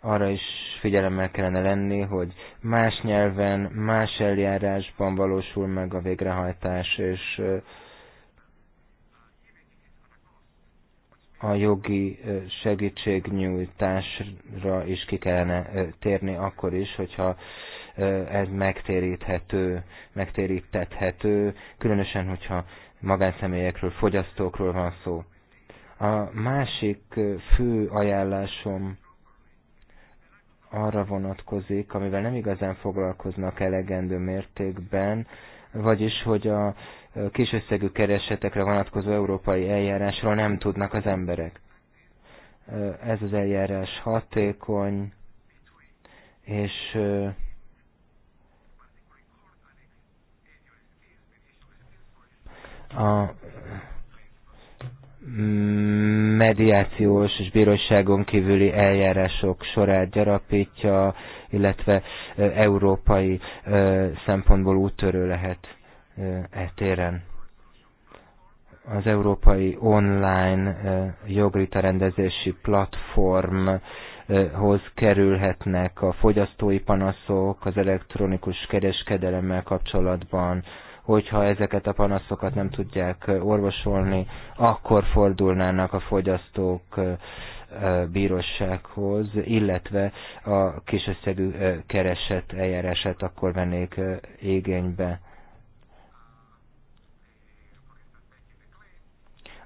arra is figyelemmel kellene lenni, hogy más nyelven, más eljárásban valósul meg a végrehajtás, és a jogi segítségnyújtásra is ki kellene térni akkor is, hogyha ez megtéríthető, megtéríthethető, különösen, hogyha magánszemélyekről, fogyasztókról van szó. A másik fő ajánlásom arra vonatkozik, amivel nem igazán foglalkoznak elegendő mértékben, vagyis hogy a összegű keresetekre vonatkozó európai eljárásról nem tudnak az emberek. Ez az eljárás hatékony, és a mediációs és bíróságon kívüli eljárások sorát gyarapítja, illetve európai szempontból úttörő lehet e téren az európai online jogrita rendezési platformhoz kerülhetnek a fogyasztói panaszok az elektronikus kereskedelemmel kapcsolatban, hogyha ezeket a panaszokat nem tudják orvosolni, akkor fordulnának a fogyasztók bírósághoz, illetve a kisösszegű kereset eljárását akkor vennék igénybe.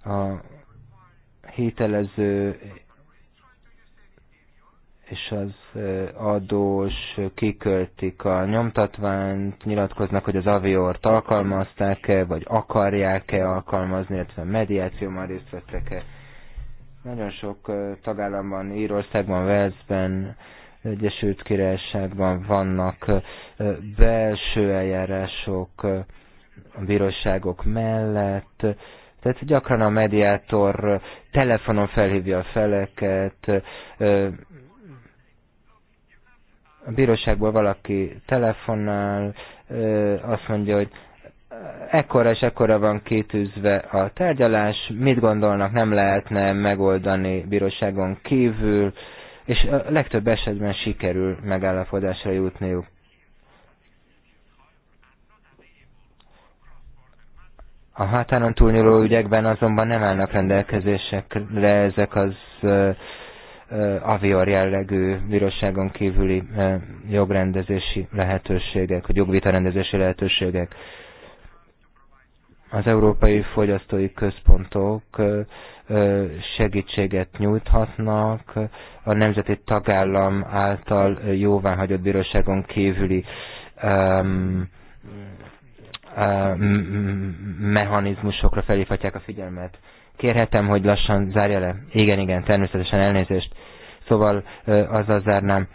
A hitelező és az adós kiköltik a nyomtatványt, nyilatkoznak, hogy az aviort alkalmazták-e, vagy akarják-e alkalmazni, illetve mediációban részt vettek-e. Nagyon sok tagállamban, Írországban, Velszben, Egyesült Királyságban vannak belső eljárások a bíróságok mellett, tehát gyakran a mediátor telefonon felhívja a feleket, a bíróságból valaki telefonál, azt mondja, hogy ekkora és ekkora van kétűzve a tárgyalás, mit gondolnak, nem lehetne megoldani bíróságon kívül, és a legtöbb esetben sikerül megállapodásra jutniuk. A hátáron túlnyúló ügyekben azonban nem állnak rendelkezésekre ezek az avior jellegű bíróságon kívüli jogrendezési lehetőségek, vagy jogvitarendezési lehetőségek. Az Európai Fogyasztói Központok segítséget nyújthatnak a nemzeti tagállam által jóváhagyott bíróságon kívüli mechanizmusokra felhívhatják a figyelmet. Kérhetem, hogy lassan zárja le. Igen, igen, természetesen elnézést. Szóval azzal zárnám,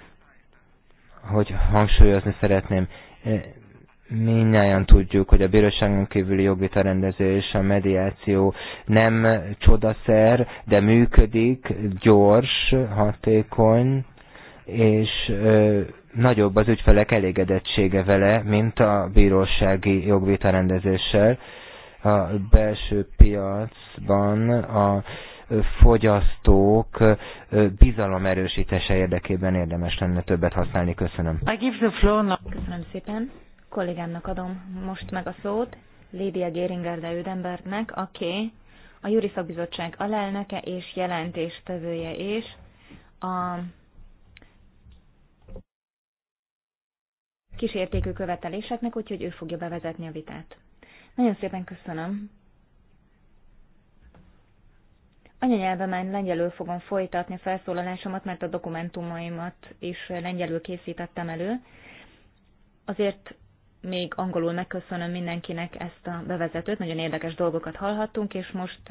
hogy hangsúlyozni szeretném. Mindnyáján tudjuk, hogy a bíróságon kívüli jogvita rendezés, a mediáció nem csodaszer, de működik, gyors, hatékony, és ö, nagyobb az ügyfelek elégedettsége vele, mint a bírósági jogvita rendezéssel a belső piacban a fogyasztók bizalom erősítése érdekében érdemes lenne többet használni. Köszönöm. I give the floor now. Köszönöm szépen. Kollégámnak adom most meg a szót, Lédia Géringer de Üdenbergnek, aki a Júri Szakbizottság alelnöke és jelentéstevője is. A kísértékű követeléseknek, úgyhogy ő fogja bevezetni a vitát. Nagyon szépen köszönöm. Anyanyelvemen lengyelül fogom folytatni a felszólalásomat, mert a dokumentumaimat is lengyelül készítettem elő. Azért még angolul megköszönöm mindenkinek ezt a bevezetőt, nagyon érdekes dolgokat hallhattunk, és most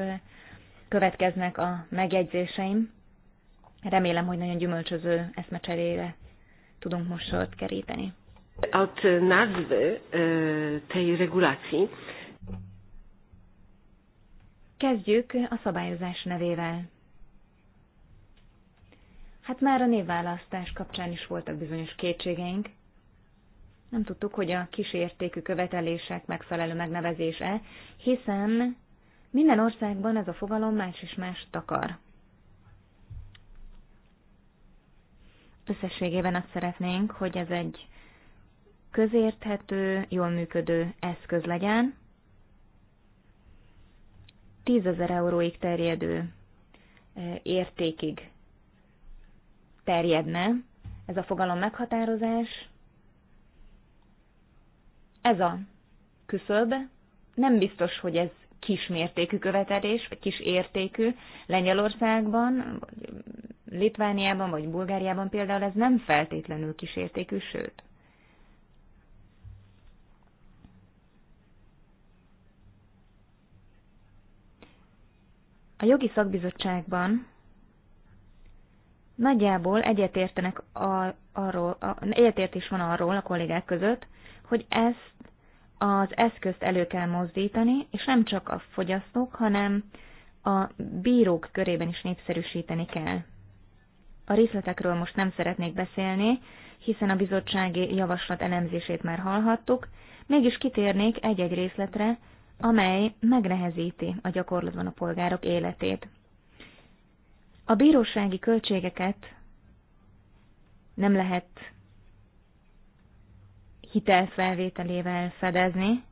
következnek a megjegyzéseim. Remélem, hogy nagyon gyümölcsöző eszmecserére tudunk most sort keríteni. Od nazwy e, tej regulacji. Kezdjük a szabályozás nevével. Hát már a névválasztás kapcsán is voltak bizonyos kétségeink. Nem tudtuk, hogy a kísértékű követelések megfelelő megnevezése, hiszen minden országban ez a fogalom más és más takar. Összességében azt szeretnénk, hogy ez egy közérthető, jól működő eszköz legyen, tízezer euróig terjedő e, értékig terjedne ez a fogalom meghatározás. Ez a küszöb nem biztos, hogy ez kismértékű követelés, vagy kis értékű. Lengyelországban, vagy Litvániában, vagy Bulgáriában például ez nem feltétlenül kisértékű, sőt. A jogi szakbizottságban nagyjából egyetértenek a, arról, a, egyetértés van arról a kollégák között, hogy ezt az eszközt elő kell mozdítani, és nem csak a fogyasztók, hanem a bírók körében is népszerűsíteni kell. A részletekről most nem szeretnék beszélni, hiszen a bizottsági javaslat elemzését már hallhattuk, mégis kitérnék egy-egy részletre, amely megnehezíti a gyakorlatban a polgárok életét. A bírósági költségeket nem lehet hitelfelvételével fedezni,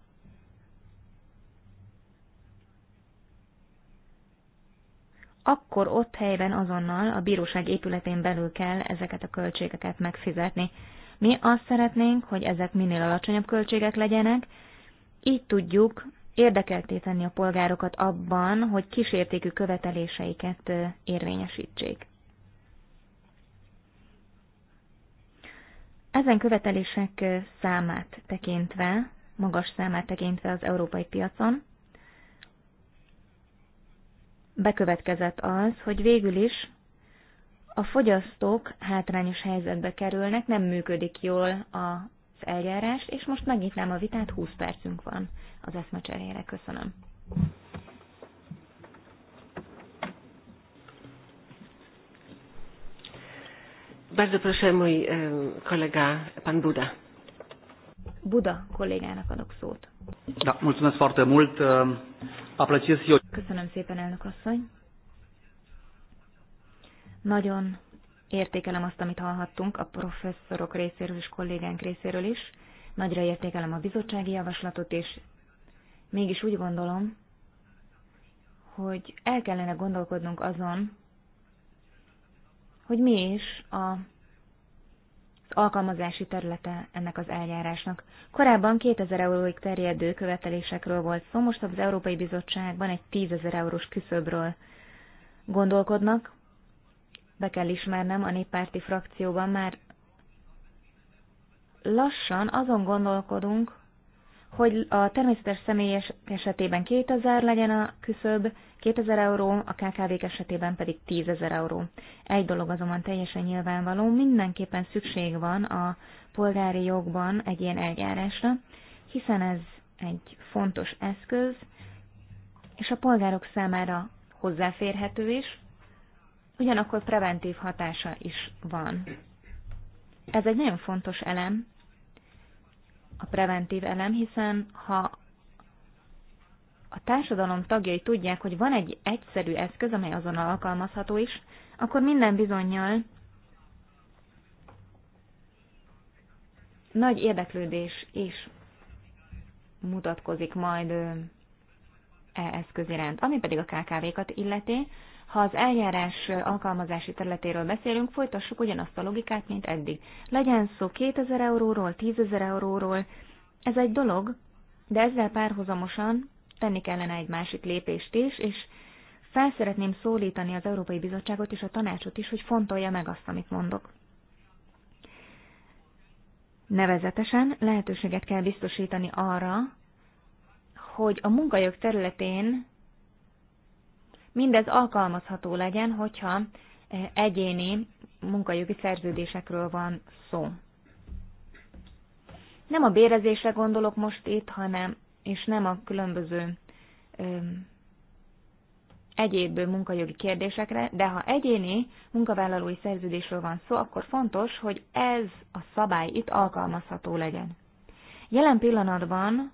akkor ott helyben azonnal a bíróság épületén belül kell ezeket a költségeket megfizetni. Mi azt szeretnénk, hogy ezek minél alacsonyabb költségek legyenek, így tudjuk érdekelté tenni a polgárokat abban, hogy kísértékű követeléseiket érvényesítsék. Ezen követelések számát tekintve, magas számát tekintve az európai piacon, bekövetkezett az, hogy végül is a fogyasztók hátrányos helyzetbe kerülnek, nem működik jól a eljárást, és most megnyitnám a vitát, 20 percünk van az eszmecserére. Köszönöm. Bardzo proszę, mój e, kolega, pan Buda. Buda kollégának adok szót. Da, mulțumesc foarte mult. E, apreciez eu. Köszönöm szépen, elnök asszony. Nagyon Értékelem azt, amit hallhattunk a professzorok részéről és kollégánk részéről is. Nagyra értékelem a bizottsági javaslatot, és mégis úgy gondolom, hogy el kellene gondolkodnunk azon, hogy mi is a az alkalmazási területe ennek az eljárásnak. Korábban 2000 euróig terjedő követelésekről volt szó, most az Európai Bizottságban egy 10 000 eurós küszöbről gondolkodnak be kell ismernem a néppárti frakcióban már lassan azon gondolkodunk, hogy a természetes személyes esetében 2000 legyen a küszöb, 2000 euró, a kkv esetében pedig 10 ezer euró. Egy dolog azonban teljesen nyilvánvaló, mindenképpen szükség van a polgári jogban egy ilyen eljárásra, hiszen ez egy fontos eszköz, és a polgárok számára hozzáférhető is, ugyanakkor preventív hatása is van. Ez egy nagyon fontos elem, a preventív elem, hiszen ha a társadalom tagjai tudják, hogy van egy egyszerű eszköz, amely azon alkalmazható is, akkor minden bizonyal nagy érdeklődés is mutatkozik majd e eszköz iránt, ami pedig a KKV-kat illeti. Ha az eljárás alkalmazási területéről beszélünk, folytassuk ugyanazt a logikát, mint eddig. Legyen szó 2000 euróról, 10 000 euróról, ez egy dolog, de ezzel párhuzamosan tenni kellene egy másik lépést is, és fel szeretném szólítani az Európai Bizottságot és a tanácsot is, hogy fontolja meg azt, amit mondok. Nevezetesen lehetőséget kell biztosítani arra, hogy a munkajog területén mindez alkalmazható legyen, hogyha eh, egyéni munkajogi szerződésekről van szó. Nem a bérezésre gondolok most itt, hanem, és nem a különböző ö, egyéb munkajogi kérdésekre, de ha egyéni munkavállalói szerződésről van szó, akkor fontos, hogy ez a szabály itt alkalmazható legyen. Jelen pillanatban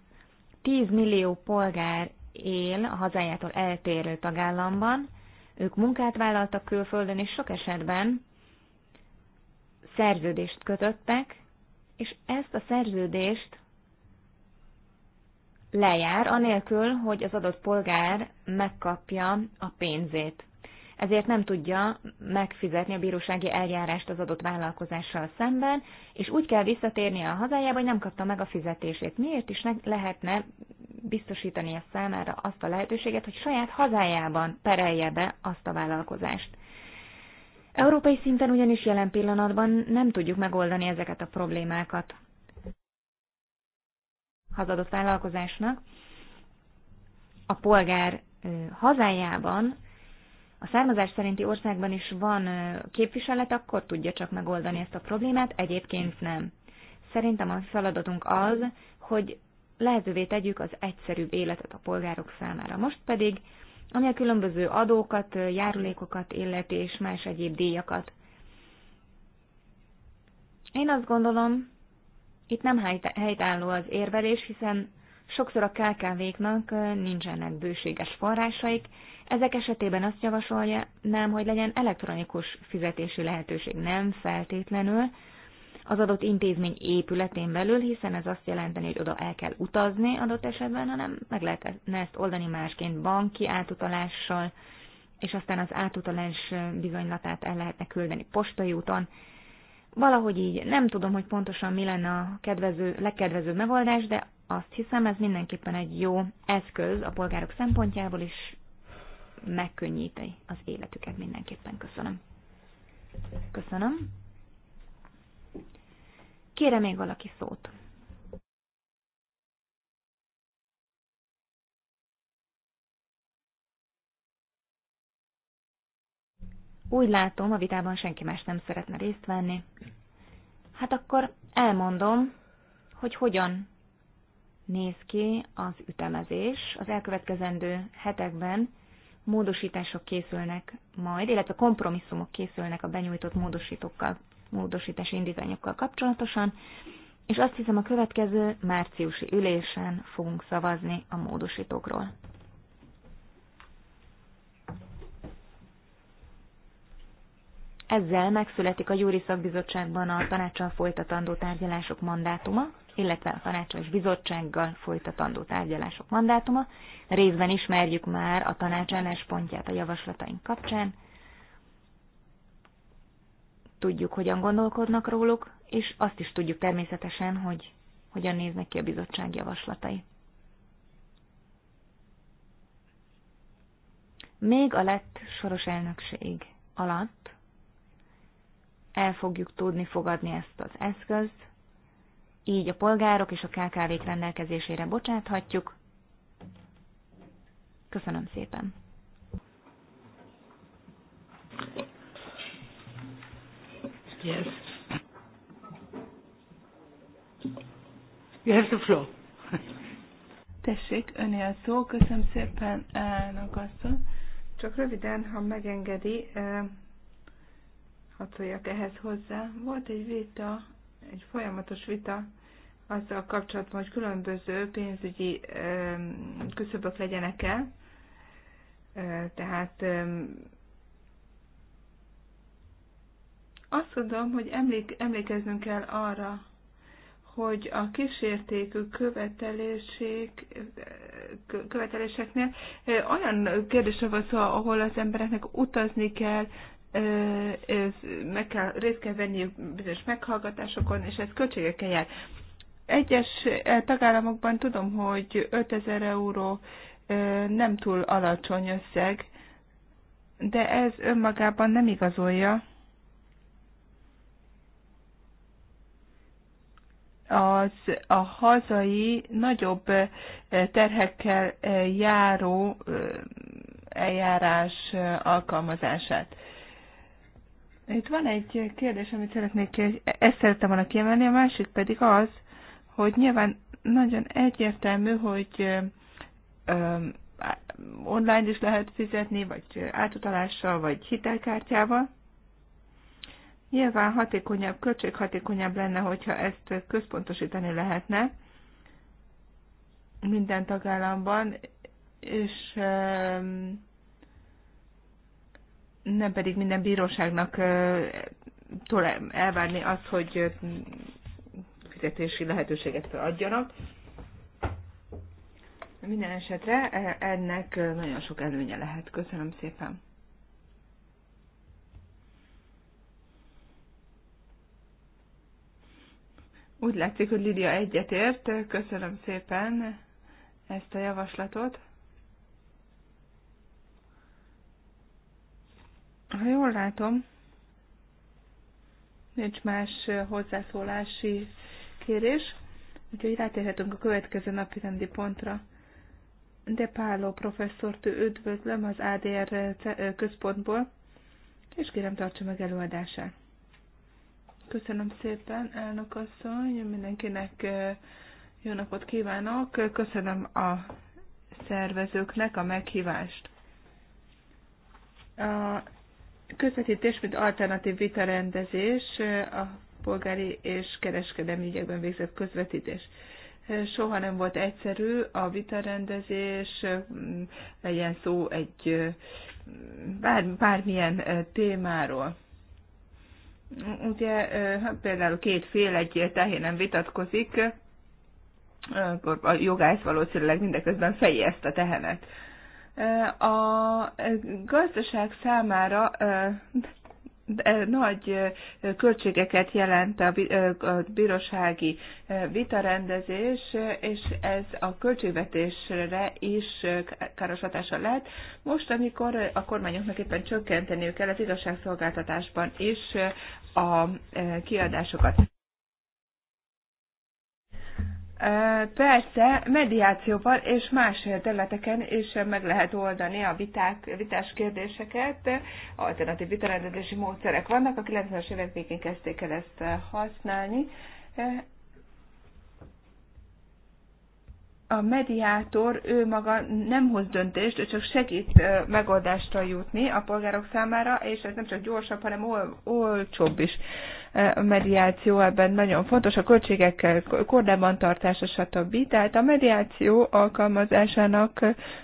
10 millió polgár él a hazájától eltérő tagállamban, ők munkát vállaltak külföldön, és sok esetben szerződést kötöttek, és ezt a szerződést lejár, anélkül, hogy az adott polgár megkapja a pénzét ezért nem tudja megfizetni a bírósági eljárást az adott vállalkozással szemben, és úgy kell visszatérnie a hazájába, hogy nem kapta meg a fizetését. Miért is ne lehetne biztosítani a számára azt a lehetőséget, hogy saját hazájában perelje be azt a vállalkozást? Európai szinten ugyanis jelen pillanatban nem tudjuk megoldani ezeket a problémákat hazadott vállalkozásnak. A polgár hazájában a származás szerinti országban is van képviselet, akkor tudja csak megoldani ezt a problémát, egyébként nem. Szerintem a feladatunk az, hogy lehetővé tegyük az egyszerűbb életet a polgárok számára. Most pedig, ami a különböző adókat, járulékokat illeti és más egyéb díjakat. Én azt gondolom, itt nem helytálló az érvelés, hiszen sokszor a KKV-knak nincsenek bőséges forrásaik, ezek esetében azt javasolja, nem hogy legyen elektronikus fizetési lehetőség, nem feltétlenül az adott intézmény épületén belül, hiszen ez azt jelenteni, hogy oda el kell utazni adott esetben, hanem meg lehetne ezt oldani másként banki átutalással, és aztán az átutalás bizonylatát el lehetne küldeni postai úton. Valahogy így nem tudom, hogy pontosan mi lenne a kedvező, legkedvezőbb megoldás, de azt hiszem, ez mindenképpen egy jó eszköz a polgárok szempontjából, és megkönnyíti az életüket mindenképpen. Köszönöm. Köszönöm. Kérem még valaki szót? Úgy látom, a vitában senki más nem szeretne részt venni. Hát akkor elmondom, hogy hogyan néz ki az ütemezés az elkövetkezendő hetekben, módosítások készülnek majd, illetve kompromisszumok készülnek a benyújtott módosítókkal, módosítási indítványokkal kapcsolatosan, és azt hiszem a következő márciusi ülésen fogunk szavazni a módosítókról. Ezzel megszületik a Júri Szakbizottságban a tanácssal folytatandó tárgyalások mandátuma, illetve a tanácsos bizottsággal folytatandó tárgyalások mandátuma. Részben ismerjük már a tanács álláspontját a javaslataink kapcsán. Tudjuk, hogyan gondolkodnak róluk, és azt is tudjuk természetesen, hogy hogyan néznek ki a bizottság javaslatai. Még a lett soros elnökség alatt el fogjuk tudni fogadni ezt az eszközt, így a polgárok és a KKV-k rendelkezésére bocsáthatjuk. Köszönöm szépen! Yes. You have the floor. Tessék, öné a szó. Köszönöm szépen, elnök asszony. Csak röviden, ha megengedi, eh, hadd szóljak ehhez hozzá. Volt egy vita egy folyamatos vita azzal kapcsolatban, hogy különböző pénzügyi küszöbök legyenek el, tehát azt gondolom, hogy emlék, emlékeznünk kell arra, hogy a kísértékű követeléseknél olyan kérdésre van szó, ahol az embereknek utazni kell, ez meg kell, részt kell venni bizonyos meghallgatásokon, és ez költségekkel jár. Egyes eh, tagállamokban tudom, hogy 5000 euró nem túl alacsony összeg, de ez önmagában nem igazolja az a hazai nagyobb eh, terhekkel eh, járó eljárás alkalmazását. Itt van egy kérdés, amit szeretnék, ezt szerettem volna kiemelni, a másik pedig az, hogy nyilván nagyon egyértelmű, hogy online is lehet fizetni, vagy átutalással, vagy hitelkártyával. Nyilván hatékonyabb, költséghatékonyabb lenne, hogyha ezt központosítani lehetne minden tagállamban, és nem pedig minden bíróságnak tőle elvárni azt, hogy fizetési lehetőséget adjanak. Minden esetre e, ennek nagyon sok előnye lehet. Köszönöm szépen! Úgy látszik, hogy Lidia egyetért. Köszönöm szépen ezt a javaslatot. Ha jól látom, nincs más hozzászólási kérés, úgyhogy rátérhetünk a következő napi rendi pontra. De Páló professzort üdvözlöm az ADR központból, és kérem tartsa meg előadását. Köszönöm szépen, elnök asszony, mindenkinek jó napot kívánok, köszönöm a szervezőknek a meghívást. A közvetítés, mint alternatív vitarendezés, eh, a polgári és kereskedelmi ügyekben végzett közvetítés. Eh, soha nem volt egyszerű a vitarendezés, eh, mm, legyen szó egy bár, bármilyen témáról. Ugye hát például két fél egy tehén nem vitatkozik, akkor a jogász valószínűleg mindeközben fejezte a tehenet a gazdaság számára nagy költségeket jelent a bírósági vitarendezés, és ez a költségvetésre is káros hatása lehet. Most, amikor a kormányoknak éppen csökkenteniük kell az igazságszolgáltatásban is a kiadásokat. Persze, mediációval és más területeken is meg lehet oldani a viták, vitás kérdéseket. Alternatív vitarendezési módszerek vannak, a 90-es évek végén kezdték el ezt használni. A mediátor, ő maga nem hoz döntést, ő csak segít megoldásra jutni a polgárok számára, és ez nem csak gyorsabb, hanem ol- olcsóbb is a mediáció ebben nagyon fontos, a költségek kordában tartása, stb. Tehát a mediáció alkalmazásának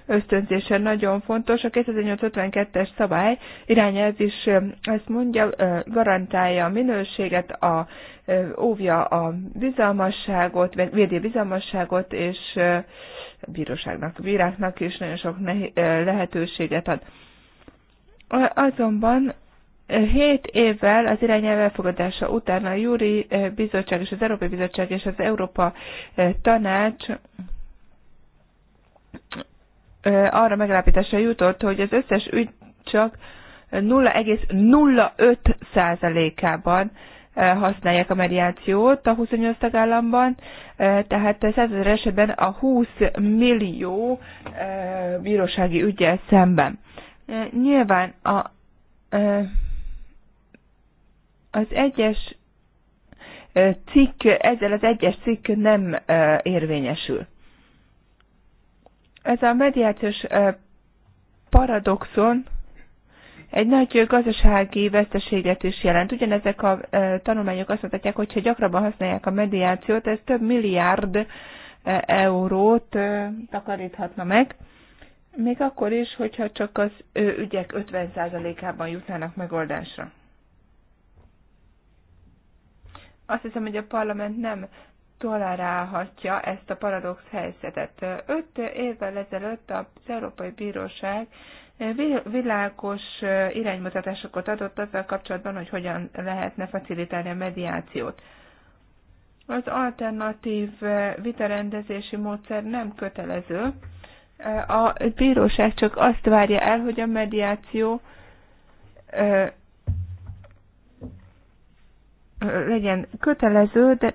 ösztönzése nagyon fontos. A 2852-es szabály irányelv is ezt mondja, garantálja a minőséget, a, óvja a bizalmasságot, védi a bizalmasságot, és a bíróságnak, a bíráknak is nagyon sok lehetőséget ad. Azonban Hét évvel az irányelv elfogadása után a Júri eh, Bizottság és az Európai Bizottság és az Európa eh, Tanács eh, arra megállapításra jutott, hogy az összes ügy csak 0,05%-ában használják a mediációt a 28 tagállamban, tehát 100 ezer esetben a 20 millió bírósági ügyel szemben. Nyilván a az egyes cikk, ezzel az egyes cikk nem érvényesül. Ez a mediációs paradoxon egy nagy gazdasági veszteséget is jelent. Ugyanezek a tanulmányok azt mutatják, hogy ha gyakrabban használják a mediációt, ez több milliárd eurót takaríthatna meg, még akkor is, hogyha csak az ügyek 50%-ában jutnának megoldásra. Azt hiszem, hogy a parlament nem tolerálhatja ezt a paradox helyzetet. Öt évvel ezelőtt az Európai Bíróság világos iránymutatásokat adott azzal kapcsolatban, hogy hogyan lehetne facilitálni a mediációt. Az alternatív vitarendezési módszer nem kötelező. A bíróság csak azt várja el, hogy a mediáció legyen kötelező, de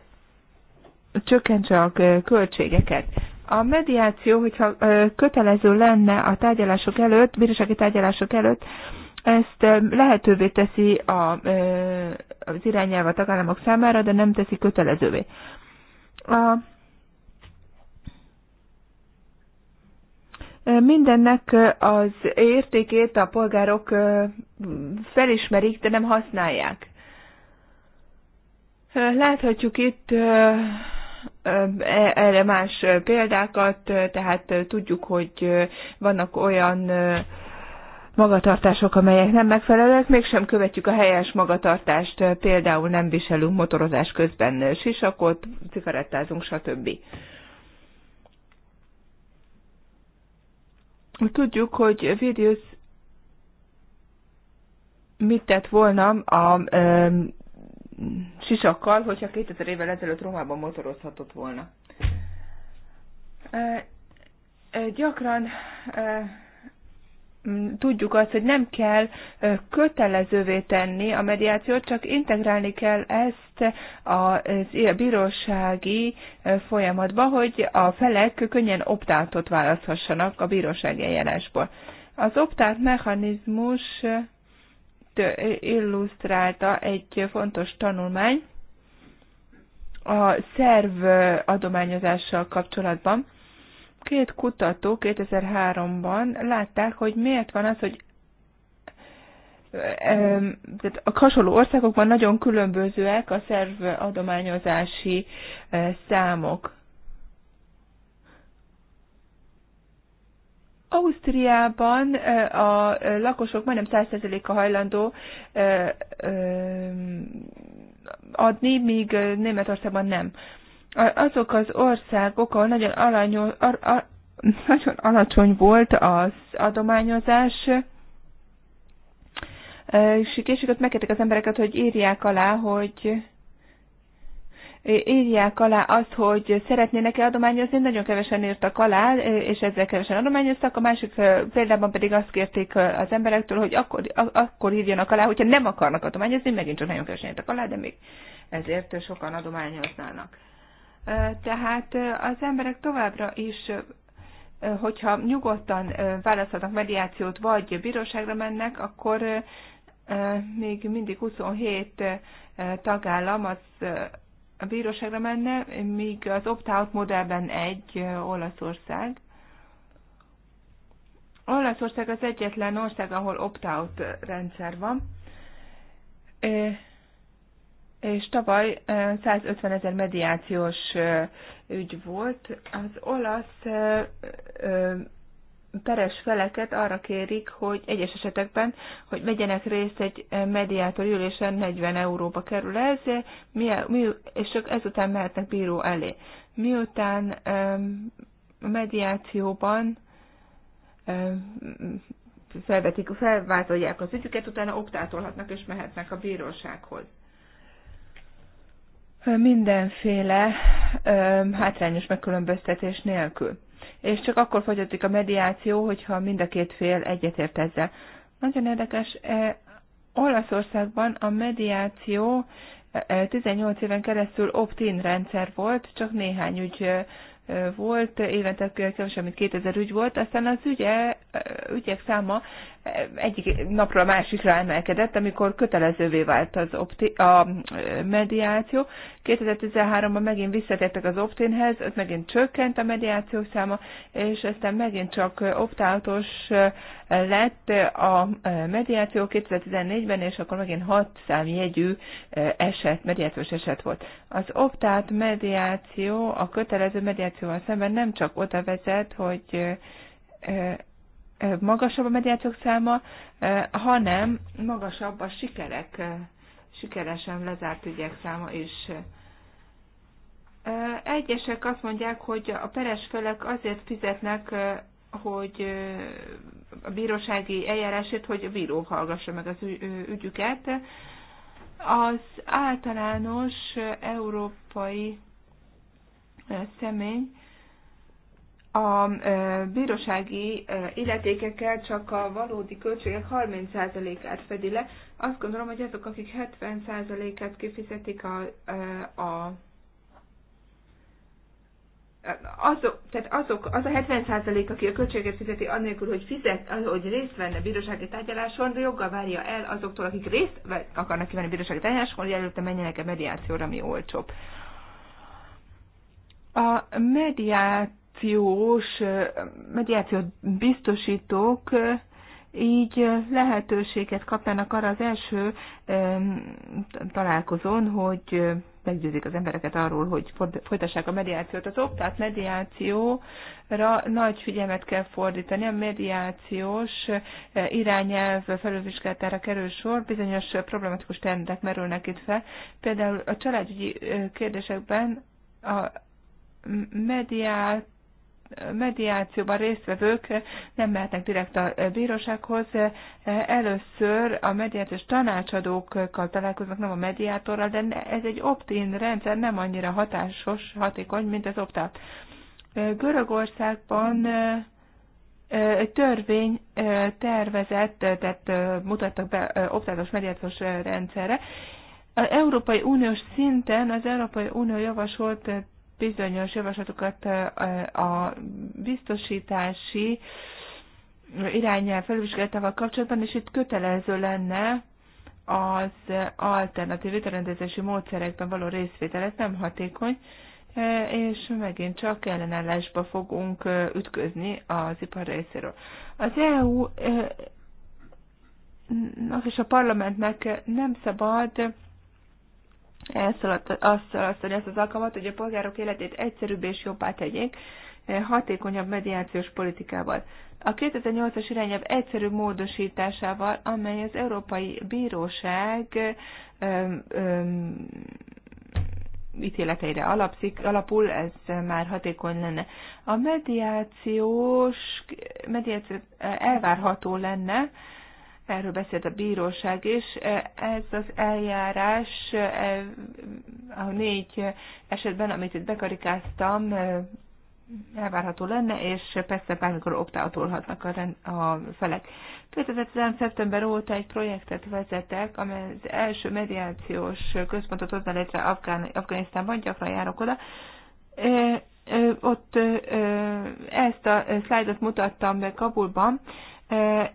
csökkentse a költségeket. A mediáció, hogyha kötelező lenne a tárgyalások előtt, bírósági tárgyalások előtt, ezt lehetővé teszi a, az irányelv a tagállamok számára, de nem teszi kötelezővé. A mindennek az értékét a polgárok felismerik, de nem használják. Láthatjuk itt e, erre más példákat, tehát tudjuk, hogy vannak olyan magatartások, amelyek nem megfelelőek, mégsem követjük a helyes magatartást, például nem viselünk motorozás közben sisakot, cigarettázunk, stb. Tudjuk, hogy Vidius mit tett volna a sisakkal, hogyha 2000 évvel ezelőtt Rómában motorozhatott volna. Gyakran tudjuk azt, hogy nem kell kötelezővé tenni a mediációt, csak integrálni kell ezt a bírósági folyamatba, hogy a felek könnyen optátot választhassanak a bírósági eljárásból. Az optát mechanizmus illusztrálta egy fontos tanulmány a szerv adományozással kapcsolatban. Két kutató 2003-ban látták, hogy miért van az, hogy tehát a hasonló országokban nagyon különbözőek a adományozási számok. Ausztriában a lakosok majdnem 100%-a hajlandó adni, míg Németországban nem. Azok az országok, ahol nagyon, alanyo, ar, ar, nagyon alacsony volt az adományozás, és később megkérték az embereket, hogy írják alá, hogy írják alá azt, hogy szeretnének-e adományozni. Nagyon kevesen írtak alá, és ezzel kevesen adományoztak. A másik példában pedig azt kérték az emberektől, hogy akkor, akkor írjanak alá, hogyha nem akarnak adományozni, megint csak nagyon kevesen írtak alá, de még ezért sokan adományoznának. Tehát az emberek továbbra is hogyha nyugodtan választhatnak mediációt, vagy bíróságra mennek, akkor még mindig 27 tagállam az a bíróságra menne, míg az opt-out modellben egy Olaszország. Olaszország az egyetlen ország, ahol opt-out rendszer van, és tavaly 150 ezer mediációs ügy volt. Az olasz peres feleket arra kérik, hogy egyes esetekben, hogy vegyenek részt egy eh, mediátor ülésen, 40 euróba kerül ez, és csak ezután mehetnek bíró elé. Miután a mediációban felvetik, felváltolják az ügyüket, utána optátolhatnak és mehetnek a bírósághoz. Mindenféle hátrányos megkülönböztetés nélkül és csak akkor folytatik a mediáció, hogyha mind a két fél egyetért ezzel. Nagyon érdekes, e, Olaszországban a mediáció 18 e, e, éven keresztül opt-in rendszer volt, csak néhány ügy volt, évente kevesebb, mint 2000 ügy volt, aztán az ügye, ügyek száma egyik napról a másikra emelkedett, amikor kötelezővé vált az opti- a mediáció. 2013-ban megint visszatértek az optinhez, ott megint csökkent a mediáció száma, és aztán megint csak optáltos lett a mediáció 2014-ben, és akkor megint hat számjegyű eset, mediációs eset volt. Az optált mediáció a kötelező mediációval szemben nem csak oda vezet, hogy magasabb a mediációk száma, hanem magasabb a sikerek, sikeresen lezárt ügyek száma is. Egyesek azt mondják, hogy a peres felek azért fizetnek, hogy a bírósági eljárásért, hogy a bíró hallgassa meg az ügyüket. Az általános európai személy a bírósági illetékekkel csak a valódi költségek 30%-át fedi le. Azt gondolom, hogy azok, akik 70%-át kifizetik a, a azok, tehát azok, az a 70% aki a költséget fizeti annélkül, hogy fizet, hogy részt venne bírósági tárgyaláson, de joggal várja el azoktól, akik részt akarnak kivenni bírósági tárgyaláson, hogy előtte menjenek a mediációra, ami olcsóbb. A mediát mediációs, mediáció biztosítók így lehetőséget kapnának arra az első találkozón, hogy meggyőzik az embereket arról, hogy folytassák a mediációt. Az optát mediációra nagy figyelmet kell fordítani. A mediációs irányelv felülvizsgálatára kerül sor, bizonyos problematikus trendek merülnek itt fel. Például a családügyi kérdésekben a mediát mediációban résztvevők nem mehetnek direkt a bírósághoz. Először a mediációs tanácsadókkal találkoznak, nem a mediátorral, de ez egy opt-in rendszer, nem annyira hatásos, hatékony, mint az opt-out. Görögországban egy törvény tehát mutattak be optátos mediációs rendszerre. Az Európai Uniós szinten az Európai Unió javasolt bizonyos javaslatokat a biztosítási irányel felvizsgálatával kapcsolatban, és itt kötelező lenne az alternatív vitarendezési módszerekben való részvétel, ez nem hatékony, és megint csak ellenállásba fogunk ütközni az ipar részéről. Az EU és a parlamentnek nem szabad elszaladt, hogy ezt az alkalmat, hogy a polgárok életét egyszerűbb és jobbá tegyék, eh, hatékonyabb mediációs politikával. A 2008-as irányelv egyszerű módosításával, amely az Európai Bíróság öm, eh, öm, ítéleteire alapszik, alapul, ez már hatékony lenne. A mediációs, mediáció eh, elvárható lenne, erről beszélt a bíróság is. E, ez az eljárás e, a négy esetben, amit itt bekarikáztam, e, elvárható lenne, és persze bármikor optáltolhatnak a, rend, a felek. 2013. szeptember óta egy projektet vezetek, amely az első mediációs központot hozna létre Afgán, Afganisztánban, gyakran járok oda. Ott ezt a szlájdot mutattam be Kabulban,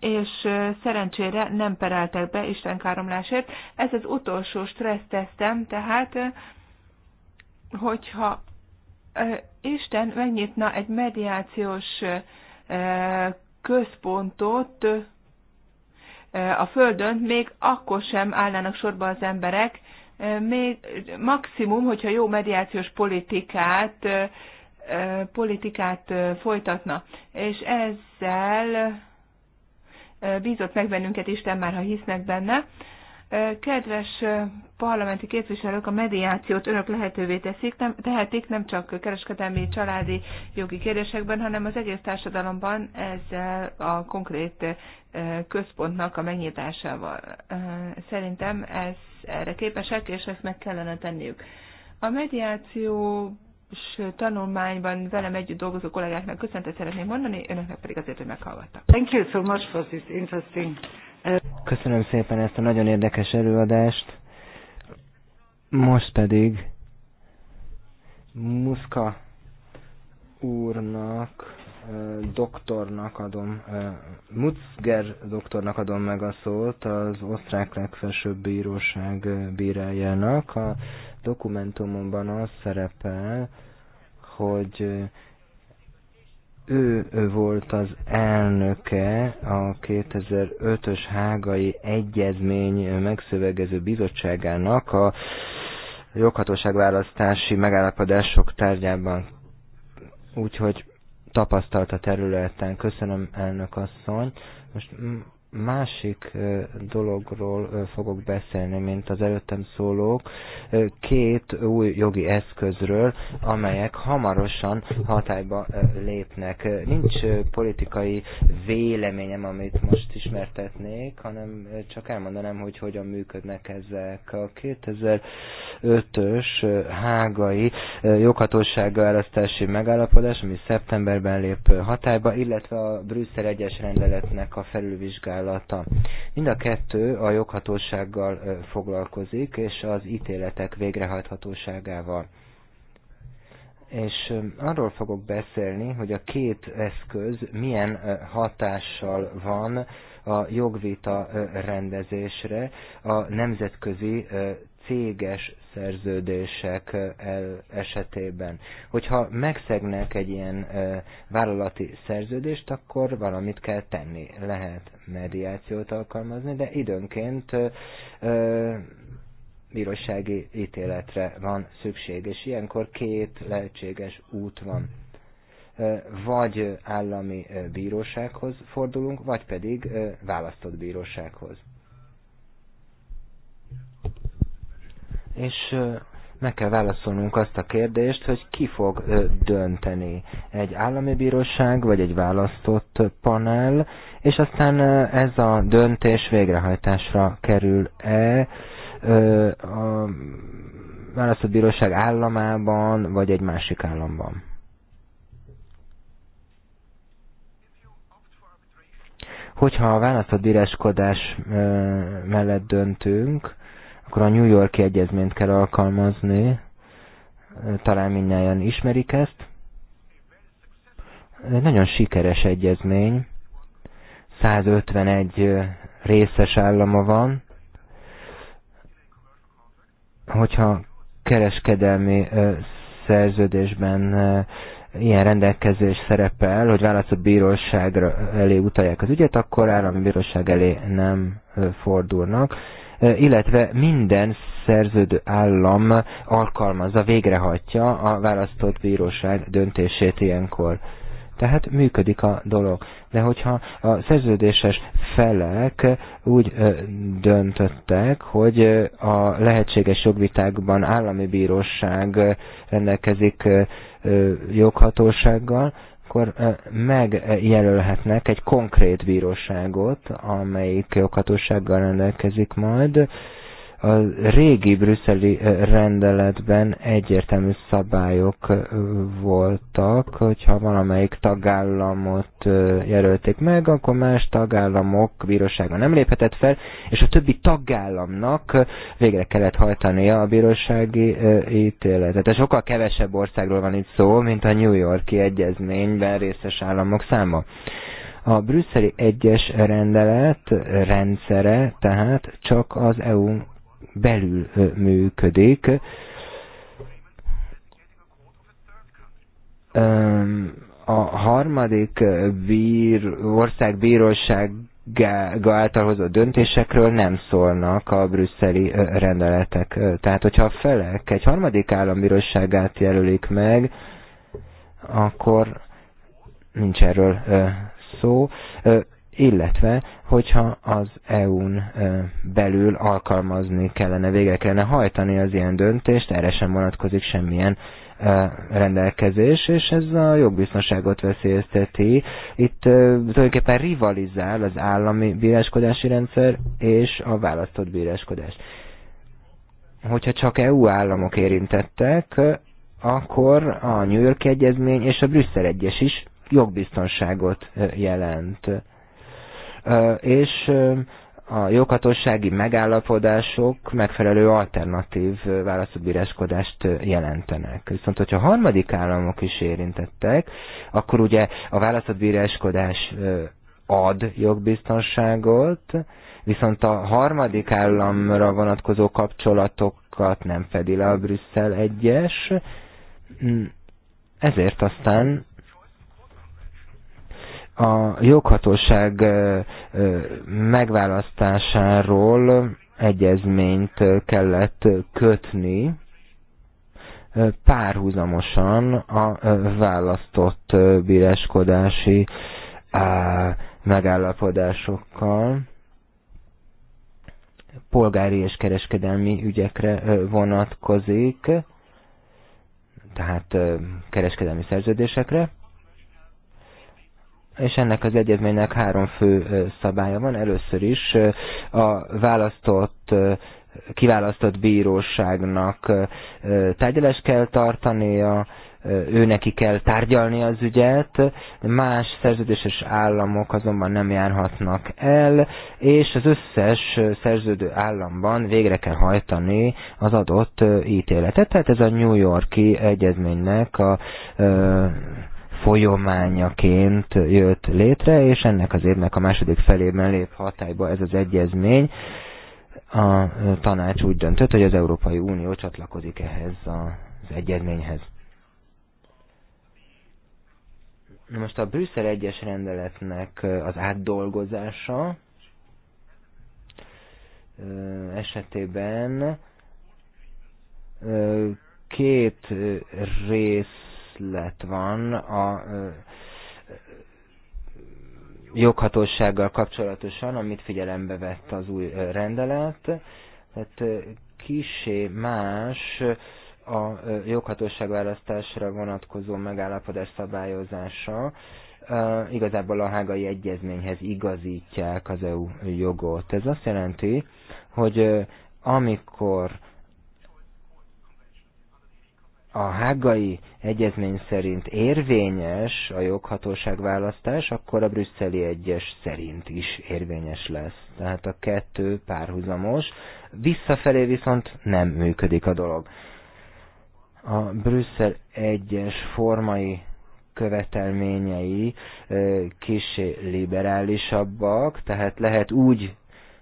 és szerencsére nem pereltek be Isten káromlásért. Ez az utolsó stressztesztem, tehát hogyha Isten megnyitna egy mediációs központot a Földön, még akkor sem állnának sorba az emberek, még maximum, hogyha jó mediációs politikát politikát folytatna. És ezzel bízott meg bennünket Isten már, ha hisznek benne. Kedves parlamenti képviselők, a mediációt önök lehetővé teszik, nem, tehetik nem csak kereskedelmi, családi jogi kérdésekben, hanem az egész társadalomban ezzel a konkrét központnak a megnyitásával. Szerintem ez erre képesek, és ezt meg kellene tenniük. A mediáció és tanulmányban velem együtt dolgozó kollégáknak köszöntet szeretném mondani, önöknek pedig azért, hogy meghallgattak. Thank you so much for this interesting... Uh, Köszönöm szépen ezt a nagyon érdekes előadást. Most pedig Muszka úrnak doktornak adom, Mutzger doktornak adom meg a szót, az osztrák legfelsőbb bíróság bírájának. A dokumentumomban az szerepel, hogy ő, ő volt az elnöke a 2005-ös hágai egyezmény megszövegező bizottságának a joghatóságválasztási megállapodások tárgyában. Úgyhogy tapasztalt a területen. Köszönöm, elnök asszony. Most mm, másik dologról fogok beszélni, mint az előttem szólók, két új jogi eszközről, amelyek hamarosan hatályba lépnek. Nincs politikai véleményem, amit most ismertetnék, hanem csak elmondanám, hogy hogyan működnek ezek. A 2005-ös hágai joghatósága elasztási megállapodás, ami szeptemberben lép hatályba, illetve a Brüsszel egyes rendeletnek a felülvizsgálása vizsgálata. Mind a kettő a joghatósággal foglalkozik, és az ítéletek végrehajthatóságával. És arról fogok beszélni, hogy a két eszköz milyen hatással van a jogvita rendezésre a nemzetközi céges szerződések eh, esetében. Hogyha megszegnek egy ilyen eh, vállalati szerződést, akkor valamit kell tenni. Lehet mediációt alkalmazni, de időnként eh, bírósági ítéletre van szükség, és ilyenkor két lehetséges út van vagy állami bírósághoz fordulunk, vagy pedig választott bírósághoz. és meg kell válaszolnunk azt a kérdést, hogy ki fog dönteni. Egy állami bíróság, vagy egy választott panel, és aztán ez a döntés végrehajtásra kerül-e a választott bíróság államában, vagy egy másik államban. Hogyha a választott bíráskodás mellett döntünk, akkor a New Yorki egyezményt kell alkalmazni, talán mindnyáján ismerik ezt. Egy nagyon sikeres egyezmény, 151 részes állama van, hogyha kereskedelmi szerződésben ilyen rendelkezés szerepel, hogy választott bíróságra elé utalják az ügyet, akkor állami bíróság elé nem fordulnak. Eh, illetve minden szerződő állam alkalmazza, végrehajtja a választott bíróság döntését ilyenkor. Tehát működik a dolog. De hogyha a szerződéses felek úgy eh, döntöttek, hogy eh, a lehetséges jogvitákban állami bíróság rendelkezik joghatósággal, akkor megjelölhetnek egy konkrét bíróságot, amelyik joghatósággal rendelkezik majd, a régi brüsszeli eh, rendeletben egyértelmű szabályok eh, voltak, hogyha valamelyik tagállamot eh, jelölték meg, akkor más tagállamok bírósága nem léphetett fel, és a többi tagállamnak végre kellett hajtania a bírósági ítéletet. De sokkal kevesebb országról van itt szó, mint a New Yorki egyezményben részes államok száma. A brüsszeli egyes rendelet rendszere tehát csak az EU belül működik. A harmadik bír, országbíróság által hozott döntésekről nem szólnak a brüsszeli rendeletek. Tehát, hogyha a felek egy harmadik állambíróságát jelölik meg, akkor nincs erről szó illetve hogyha az EU-n belül alkalmazni kellene, végre kellene hajtani az ilyen döntést, erre sem vonatkozik semmilyen rendelkezés, és ez a jogbiztonságot veszélyezteti. Itt tulajdonképpen rivalizál az állami bíráskodási rendszer és a választott bíráskodás. Hogyha csak EU államok érintettek, akkor a New York Egyezmény és a Brüsszel Egyes is jogbiztonságot jelent és a joghatósági megállapodások megfelelő alternatív válaszodbíráskodást jelentenek. Viszont, hogyha harmadik államok is érintettek, akkor ugye a válaszodbíráskodás ad jogbiztonságot, viszont a harmadik államra vonatkozó kapcsolatokat nem fedi le a Brüsszel egyes, hm, ezért aztán a joghatóság megválasztásáról egyezményt kellett kötni párhuzamosan a választott bíráskodási megállapodásokkal polgári és kereskedelmi ügyekre vonatkozik, tehát kereskedelmi szerződésekre és ennek az egyezménynek három fő szabálya van. Először is a választott kiválasztott bíróságnak tárgyalást kell tartania, ő neki kell tárgyalni az ügyet, más szerződéses államok azonban nem járhatnak el, és az összes szerződő államban végre kell hajtani az adott ítéletet. Tehát ez a New Yorki egyezménynek a folyományaként jött létre, és ennek az évnek a második felében lép hatályba ez az egyezmény. A tanács úgy döntött, hogy az Európai Unió csatlakozik ehhez az egyezményhez. Most a Brüsszel egyes rendeletnek az átdolgozása esetében két rész részlet van a joghatósággal kapcsolatosan, amit figyelembe vett az új rendelet. Tehát kisé más a joghatóság választásra vonatkozó megállapodás szabályozása, igazából a hágai egyezményhez igazítják az EU jogot. Ez azt jelenti, hogy amikor a hágai egyezmény szerint érvényes a joghatóság választás, akkor a brüsszeli egyes szerint is érvényes lesz. Tehát a kettő párhuzamos. Visszafelé viszont nem működik a dolog. A Brüsszel egyes formai követelményei kisé liberálisabbak, tehát lehet úgy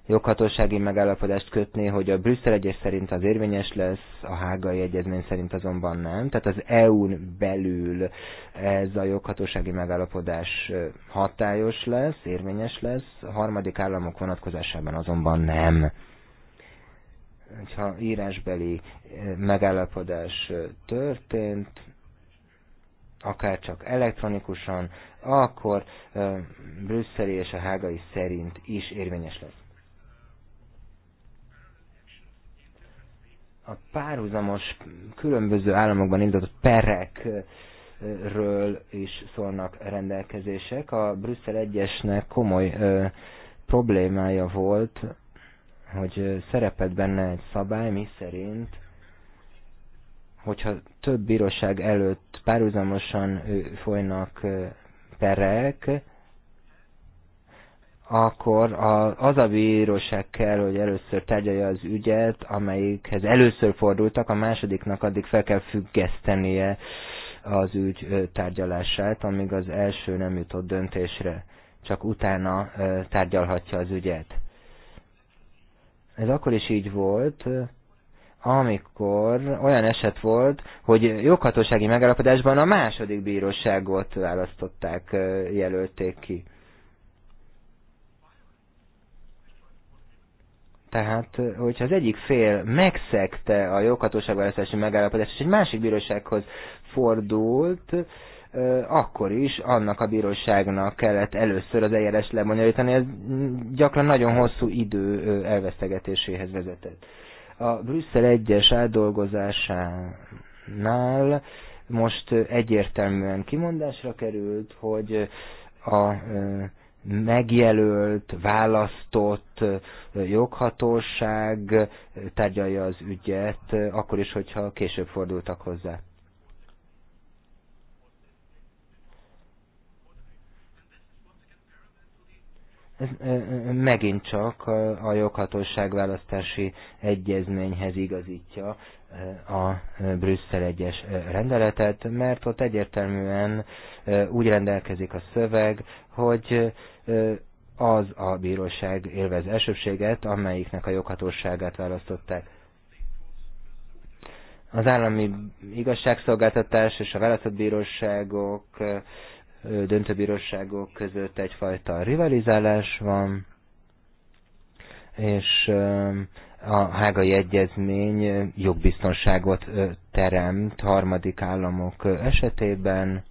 joghatósági megállapodást kötni, hogy a Brüsszel egyes szerint az érvényes lesz, a hágai egyezmény szerint azonban nem. Tehát az EU-n belül ez a joghatósági megállapodás hatályos lesz, érvényes lesz, a harmadik államok vonatkozásában azonban nem. Ha írásbeli megállapodás történt, akár csak elektronikusan, akkor brüsszeli és a hágai szerint is érvényes lesz. a párhuzamos különböző államokban indított perekről is szólnak rendelkezések. A Brüsszel egyesnek komoly ö, problémája volt, hogy szerepet benne egy szabály, mi szerint, hogyha több bíróság előtt párhuzamosan folynak perek, akkor a, az a bíróság kell, hogy először tárgyalja az ügyet, amelyikhez először fordultak, a másodiknak addig fel kell függesztenie az ügy tárgyalását, amíg az első nem jutott döntésre, csak utána tárgyalhatja az ügyet. Ez akkor is így volt, amikor olyan eset volt, hogy joghatósági megállapodásban a második bíróságot választották, jelölték ki. Tehát, hogyha az egyik fél megszegte a joghatóságválasztási megállapodást, és egy másik bírósághoz fordult, akkor is annak a bíróságnak kellett először az eljárás lebonyolítani, ez gyakran nagyon hosszú idő elvesztegetéséhez vezetett. A Brüsszel egyes átdolgozásánál most egyértelműen kimondásra került, hogy a megjelölt, választott joghatóság tárgyalja az ügyet, akkor is, hogyha később fordultak hozzá. Ez megint csak a választási egyezményhez igazítja a Brüsszel egyes rendeletet, mert ott egyértelműen úgy rendelkezik a szöveg, hogy az a bíróság élvez elsőbséget, amelyiknek a joghatóságát választották. Az állami igazságszolgáltatás és a választott bíróságok, döntőbíróságok között egyfajta rivalizálás van, és a hágai egyezmény jogbiztonságot teremt harmadik államok esetében,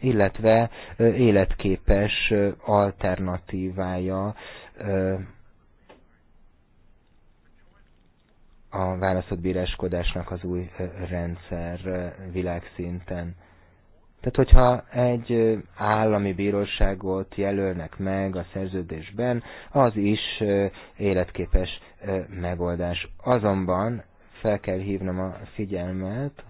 illetve életképes alternatívája a válaszott bíráskodásnak az új rendszer világszinten. Tehát, hogyha egy állami bíróságot jelölnek meg a szerződésben, az is életképes megoldás. Azonban fel kell hívnom a figyelmet,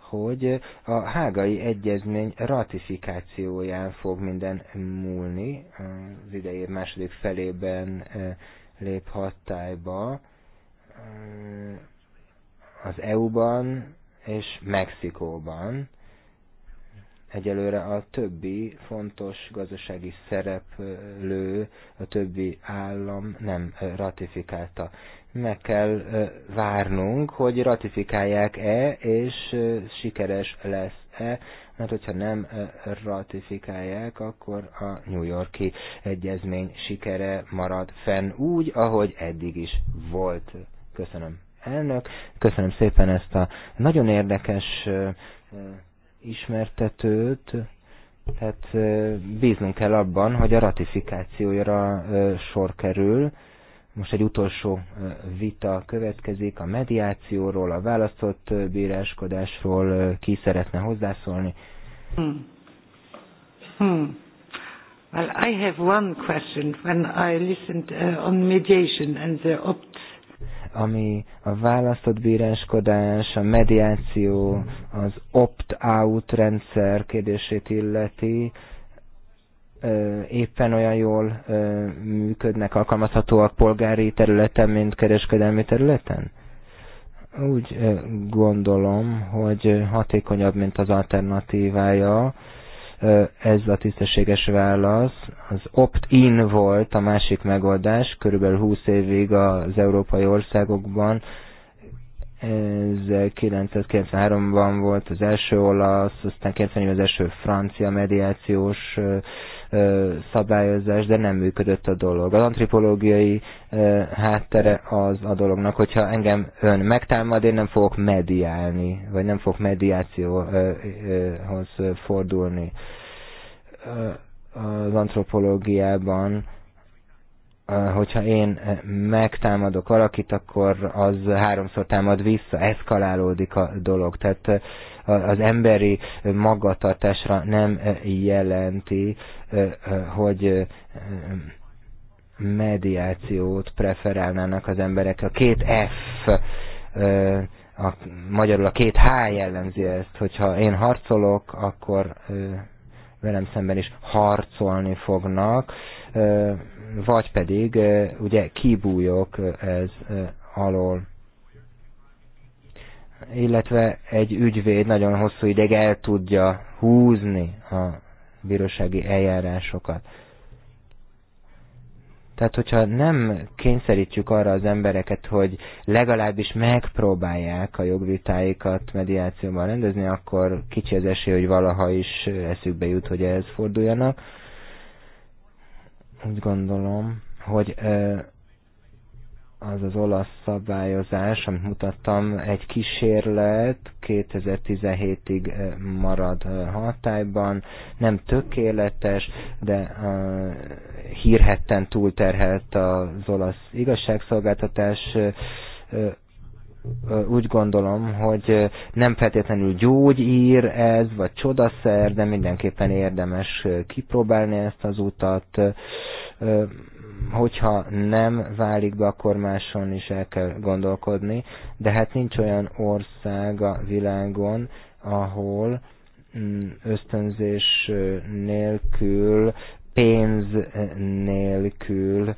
hogy a hágai egyezmény ratifikációján fog minden múlni, az idei év második felében lép hatályba az EU-ban és Mexikóban egyelőre a többi fontos gazdasági szereplő, a többi állam nem ratifikálta. Meg kell várnunk, hogy ratifikálják-e, és sikeres lesz-e, mert hogyha nem ratifikálják, akkor a New Yorki egyezmény sikere marad fenn úgy, ahogy eddig is volt. Köszönöm elnök, köszönöm szépen ezt a nagyon érdekes ismertetőt, tehát bíznunk kell abban, hogy a ratifikációra sor kerül. Most egy utolsó vita következik a mediációról, a választott bíráskodásról, ki szeretne hozzászólni. Hmm. Hmm. Well, I have one question when I listened uh, on mediation and the opt ami a választott bíráskodás, a mediáció, az opt-out rendszer kérdését illeti, éppen olyan jól működnek, alkalmazhatóak polgári területen, mint kereskedelmi területen? Úgy gondolom, hogy hatékonyabb, mint az alternatívája ez a tisztességes válasz. Az opt-in volt a másik megoldás, körülbelül 20 évig az európai országokban. 1993-ban volt az első olasz, aztán 90 az első francia mediációs szabályozás, de nem működött a dolog. Az antropológiai háttere az a dolognak, hogyha engem ön megtámad, én nem fogok mediálni, vagy nem fogok mediációhoz fordulni. Az antropológiában hogyha én megtámadok valakit, akkor az háromszor támad vissza, eszkalálódik a dolog. Tehát az emberi magatartásra nem eh, jelenti, eh, eh, hogy mediációt preferálnának az emberek. A két F, a, magyarul a két H jellemzi ezt, hogyha én harcolok, akkor velem szemben is harcolni fognak, vagy pedig ugye kibújok ez alól illetve egy ügyvéd nagyon hosszú ideig el tudja húzni a bírósági eljárásokat. Tehát, hogyha nem kényszerítjük arra az embereket, hogy legalábbis megpróbálják a jogvitáikat mediációban rendezni, akkor kicsi az esély, hogy valaha is eszükbe jut, hogy ehhez forduljanak. Úgy gondolom, hogy az az olasz szabályozás, amit mutattam, egy kísérlet 2017-ig eh, marad eh, hatályban, nem tökéletes, de eh, hírhetten túlterhelt az olasz igazságszolgáltatás. Úgy gondolom, hogy nem feltétlenül gyógyír ez, vagy csodaszer, de mindenképpen érdemes kipróbálni ezt az utat hogyha nem válik be, akkor máson is el kell gondolkodni, de hát nincs olyan ország a világon, ahol mm, ösztönzés nélkül, pénz nélkül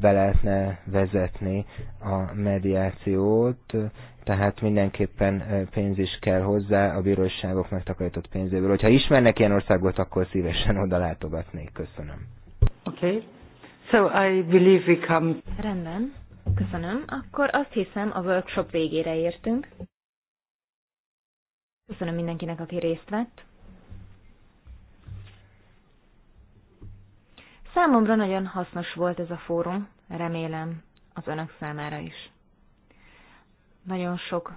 be lehetne vezetni a mediációt, tehát mindenképpen pénz is kell hozzá a bíróságok megtakarított pénzéből. Hogyha ismernek ilyen országot, akkor szívesen oda látogatnék. Köszönöm. Okay. So I believe we come... Rendben. Köszönöm. Akkor azt hiszem, a workshop végére értünk. Köszönöm mindenkinek, aki részt vett. Számomra nagyon hasznos volt ez a fórum, remélem az önök számára is. Nagyon sok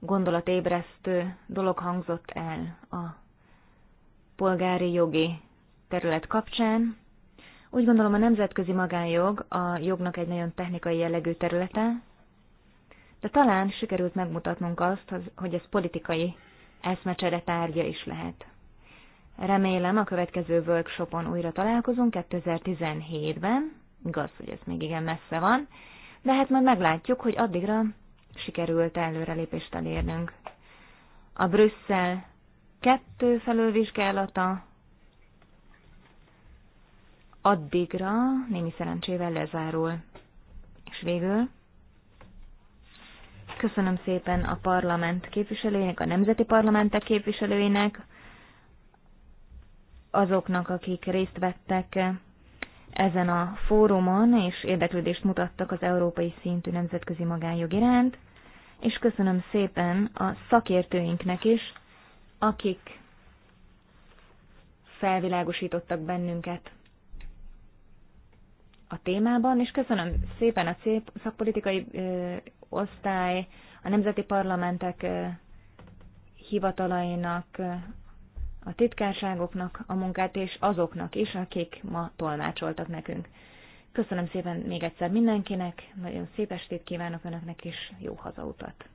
gondolatébresztő dolog hangzott el a polgári jogi terület kapcsán. Úgy gondolom a nemzetközi magánjog a jognak egy nagyon technikai jellegű területe, de talán sikerült megmutatnunk azt, hogy ez politikai eszmecsere tárgya is lehet. Remélem a következő workshopon újra találkozunk 2017-ben, igaz, hogy ez még igen messze van, de hát majd meglátjuk, hogy addigra sikerült előrelépést elérnünk. A Brüsszel kettő felülvizsgálata addigra némi szerencsével lezárul. És végül köszönöm szépen a parlament képviselőinek, a nemzeti parlamentek képviselőinek, azoknak, akik részt vettek ezen a fórumon, és érdeklődést mutattak az európai szintű nemzetközi magánjog iránt, és köszönöm szépen a szakértőinknek is, akik felvilágosítottak bennünket a témában, és köszönöm szépen a szakpolitikai ö, osztály, a nemzeti parlamentek ö, hivatalainak, ö, a titkárságoknak a munkát, és azoknak is, akik ma tolmácsoltak nekünk. Köszönöm szépen még egyszer mindenkinek, nagyon szép estét kívánok Önöknek, és jó hazautat!